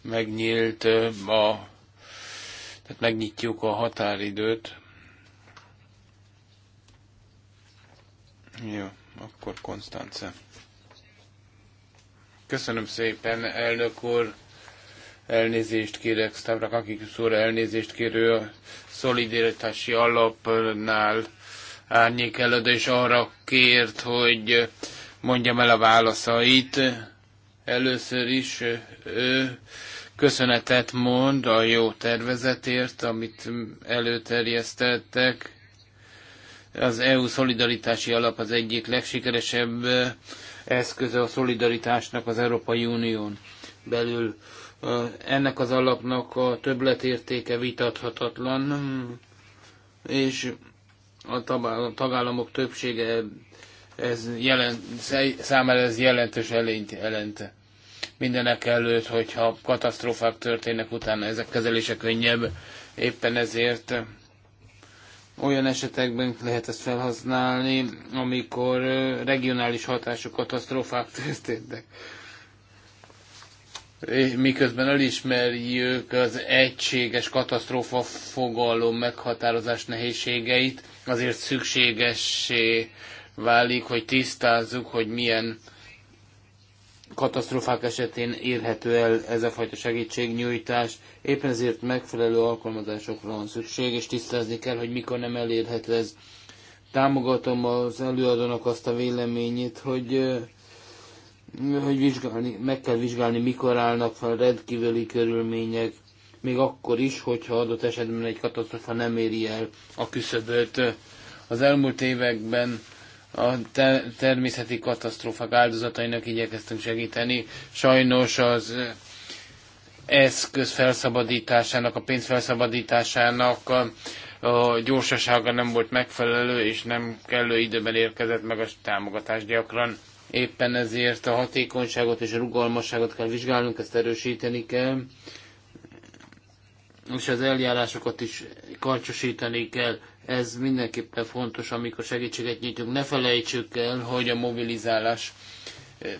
Megnyílt a... Tehát megnyitjuk a határidőt. Jó, akkor Konstance. Köszönöm szépen, elnök úr elnézést kérek, Stavrak Akikus úr elnézést kérő a szolidaritási alapnál árnyék előtt, és arra kért, hogy mondjam el a válaszait. Először is ő köszönetet mond a jó tervezetért, amit előterjesztettek. Az EU szolidaritási alap az egyik legsikeresebb eszköze a szolidaritásnak az Európai Unión belül ennek az alapnak a többletértéke vitathatatlan, és a tagállamok többsége ez jelent, számára ez jelentős elényt jelent. Mindenek előtt, hogyha katasztrófák történnek, utána ezek kezelése könnyebb. Éppen ezért olyan esetekben lehet ezt felhasználni, amikor regionális hatású katasztrófák (laughs) történtek miközben elismerjük az egységes katasztrófa fogalom meghatározás nehézségeit, azért szükségessé válik, hogy tisztázzuk, hogy milyen katasztrófák esetén érhető el ez a fajta segítségnyújtás. Éppen ezért megfelelő alkalmazásokra van szükség, és tisztázni kell, hogy mikor nem elérhető ez. Támogatom az előadónak azt a véleményét, hogy hogy vizsgálni, meg kell vizsgálni, mikor állnak fel rendkívüli körülmények, még akkor is, hogyha adott esetben egy katasztrofa nem éri el a küszöböt. Az elmúlt években a te- természeti katasztrófák áldozatainak igyekeztünk segíteni. Sajnos az eh, eszköz felszabadításának, a pénz felszabadításának a, a gyorsasága nem volt megfelelő, és nem kellő időben érkezett meg a támogatás gyakran. Éppen ezért a hatékonyságot és a rugalmasságot kell vizsgálnunk, ezt erősíteni kell, és az eljárásokat is karcsosítani kell. Ez mindenképpen fontos, amikor segítséget nyitunk. Ne felejtsük el, hogy a mobilizálás eh,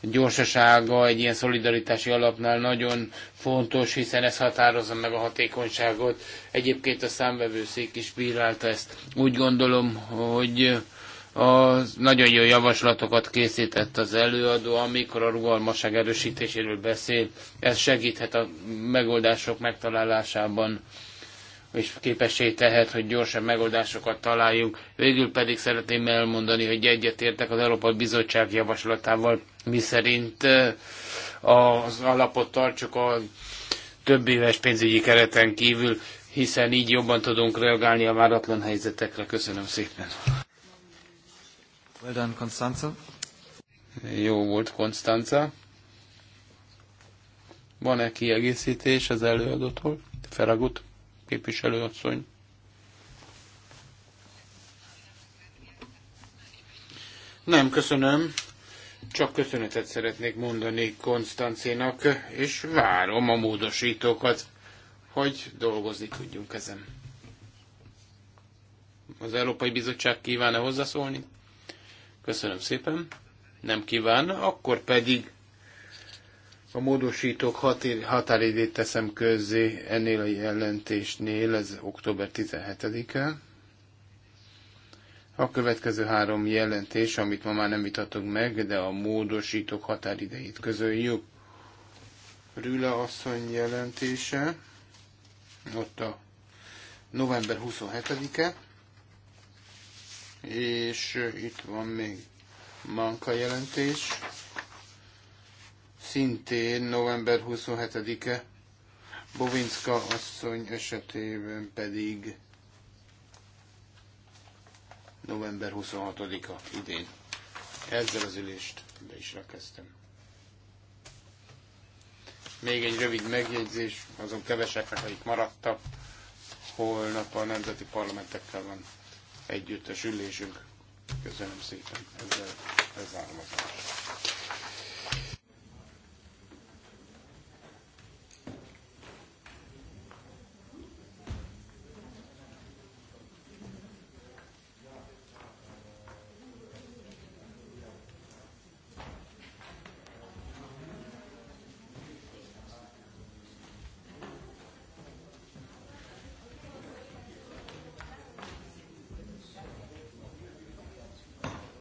gyorsasága egy ilyen szolidaritási alapnál nagyon fontos, hiszen ez határozza meg a hatékonyságot. Egyébként a számvevőszék is bírálta ezt. Úgy gondolom, hogy a nagyon jó javaslatokat készített az előadó, amikor a rugalmaság erősítéséről beszél. Ez segíthet a megoldások megtalálásában, és képessé tehet, hogy gyorsan megoldásokat találjunk. Végül pedig szeretném elmondani, hogy egyetértek az Európai Bizottság javaslatával, miszerint eh, az alapot tartsuk a több éves pénzügyi kereten kívül, hiszen így jobban tudunk reagálni a váratlan helyzetekre. Köszönöm szépen! Well done, Constanza. Jó volt, Konstanza. Van-e kiegészítés az előadótól? Feragut, képviselőasszony. Nem, köszönöm. Csak köszönetet szeretnék mondani Konstancénak, és várom a módosítókat, hogy dolgozni tudjunk ezen. Az Európai Bizottság kívánna -e hozzászólni? Köszönöm szépen. Nem kíván. akkor pedig a módosítók határidét teszem közzé ennél a jelentésnél, ez október 17-e. A következő három jelentés, amit ma már nem vitatok meg, de a módosítók határidejét közöljük. Rüle asszony jelentése, ott a november 27-e és itt van még Manka jelentés, szintén november 27-e, Bovinska asszony esetében pedig november 26-a idén. Ezzel az ülést be is rakeztem. Még egy rövid megjegyzés, azon keveseknek, akik maradtak, holnap a nemzeti parlamentekkel van együttes ülésünk. Köszönöm szépen, ezzel lezárom az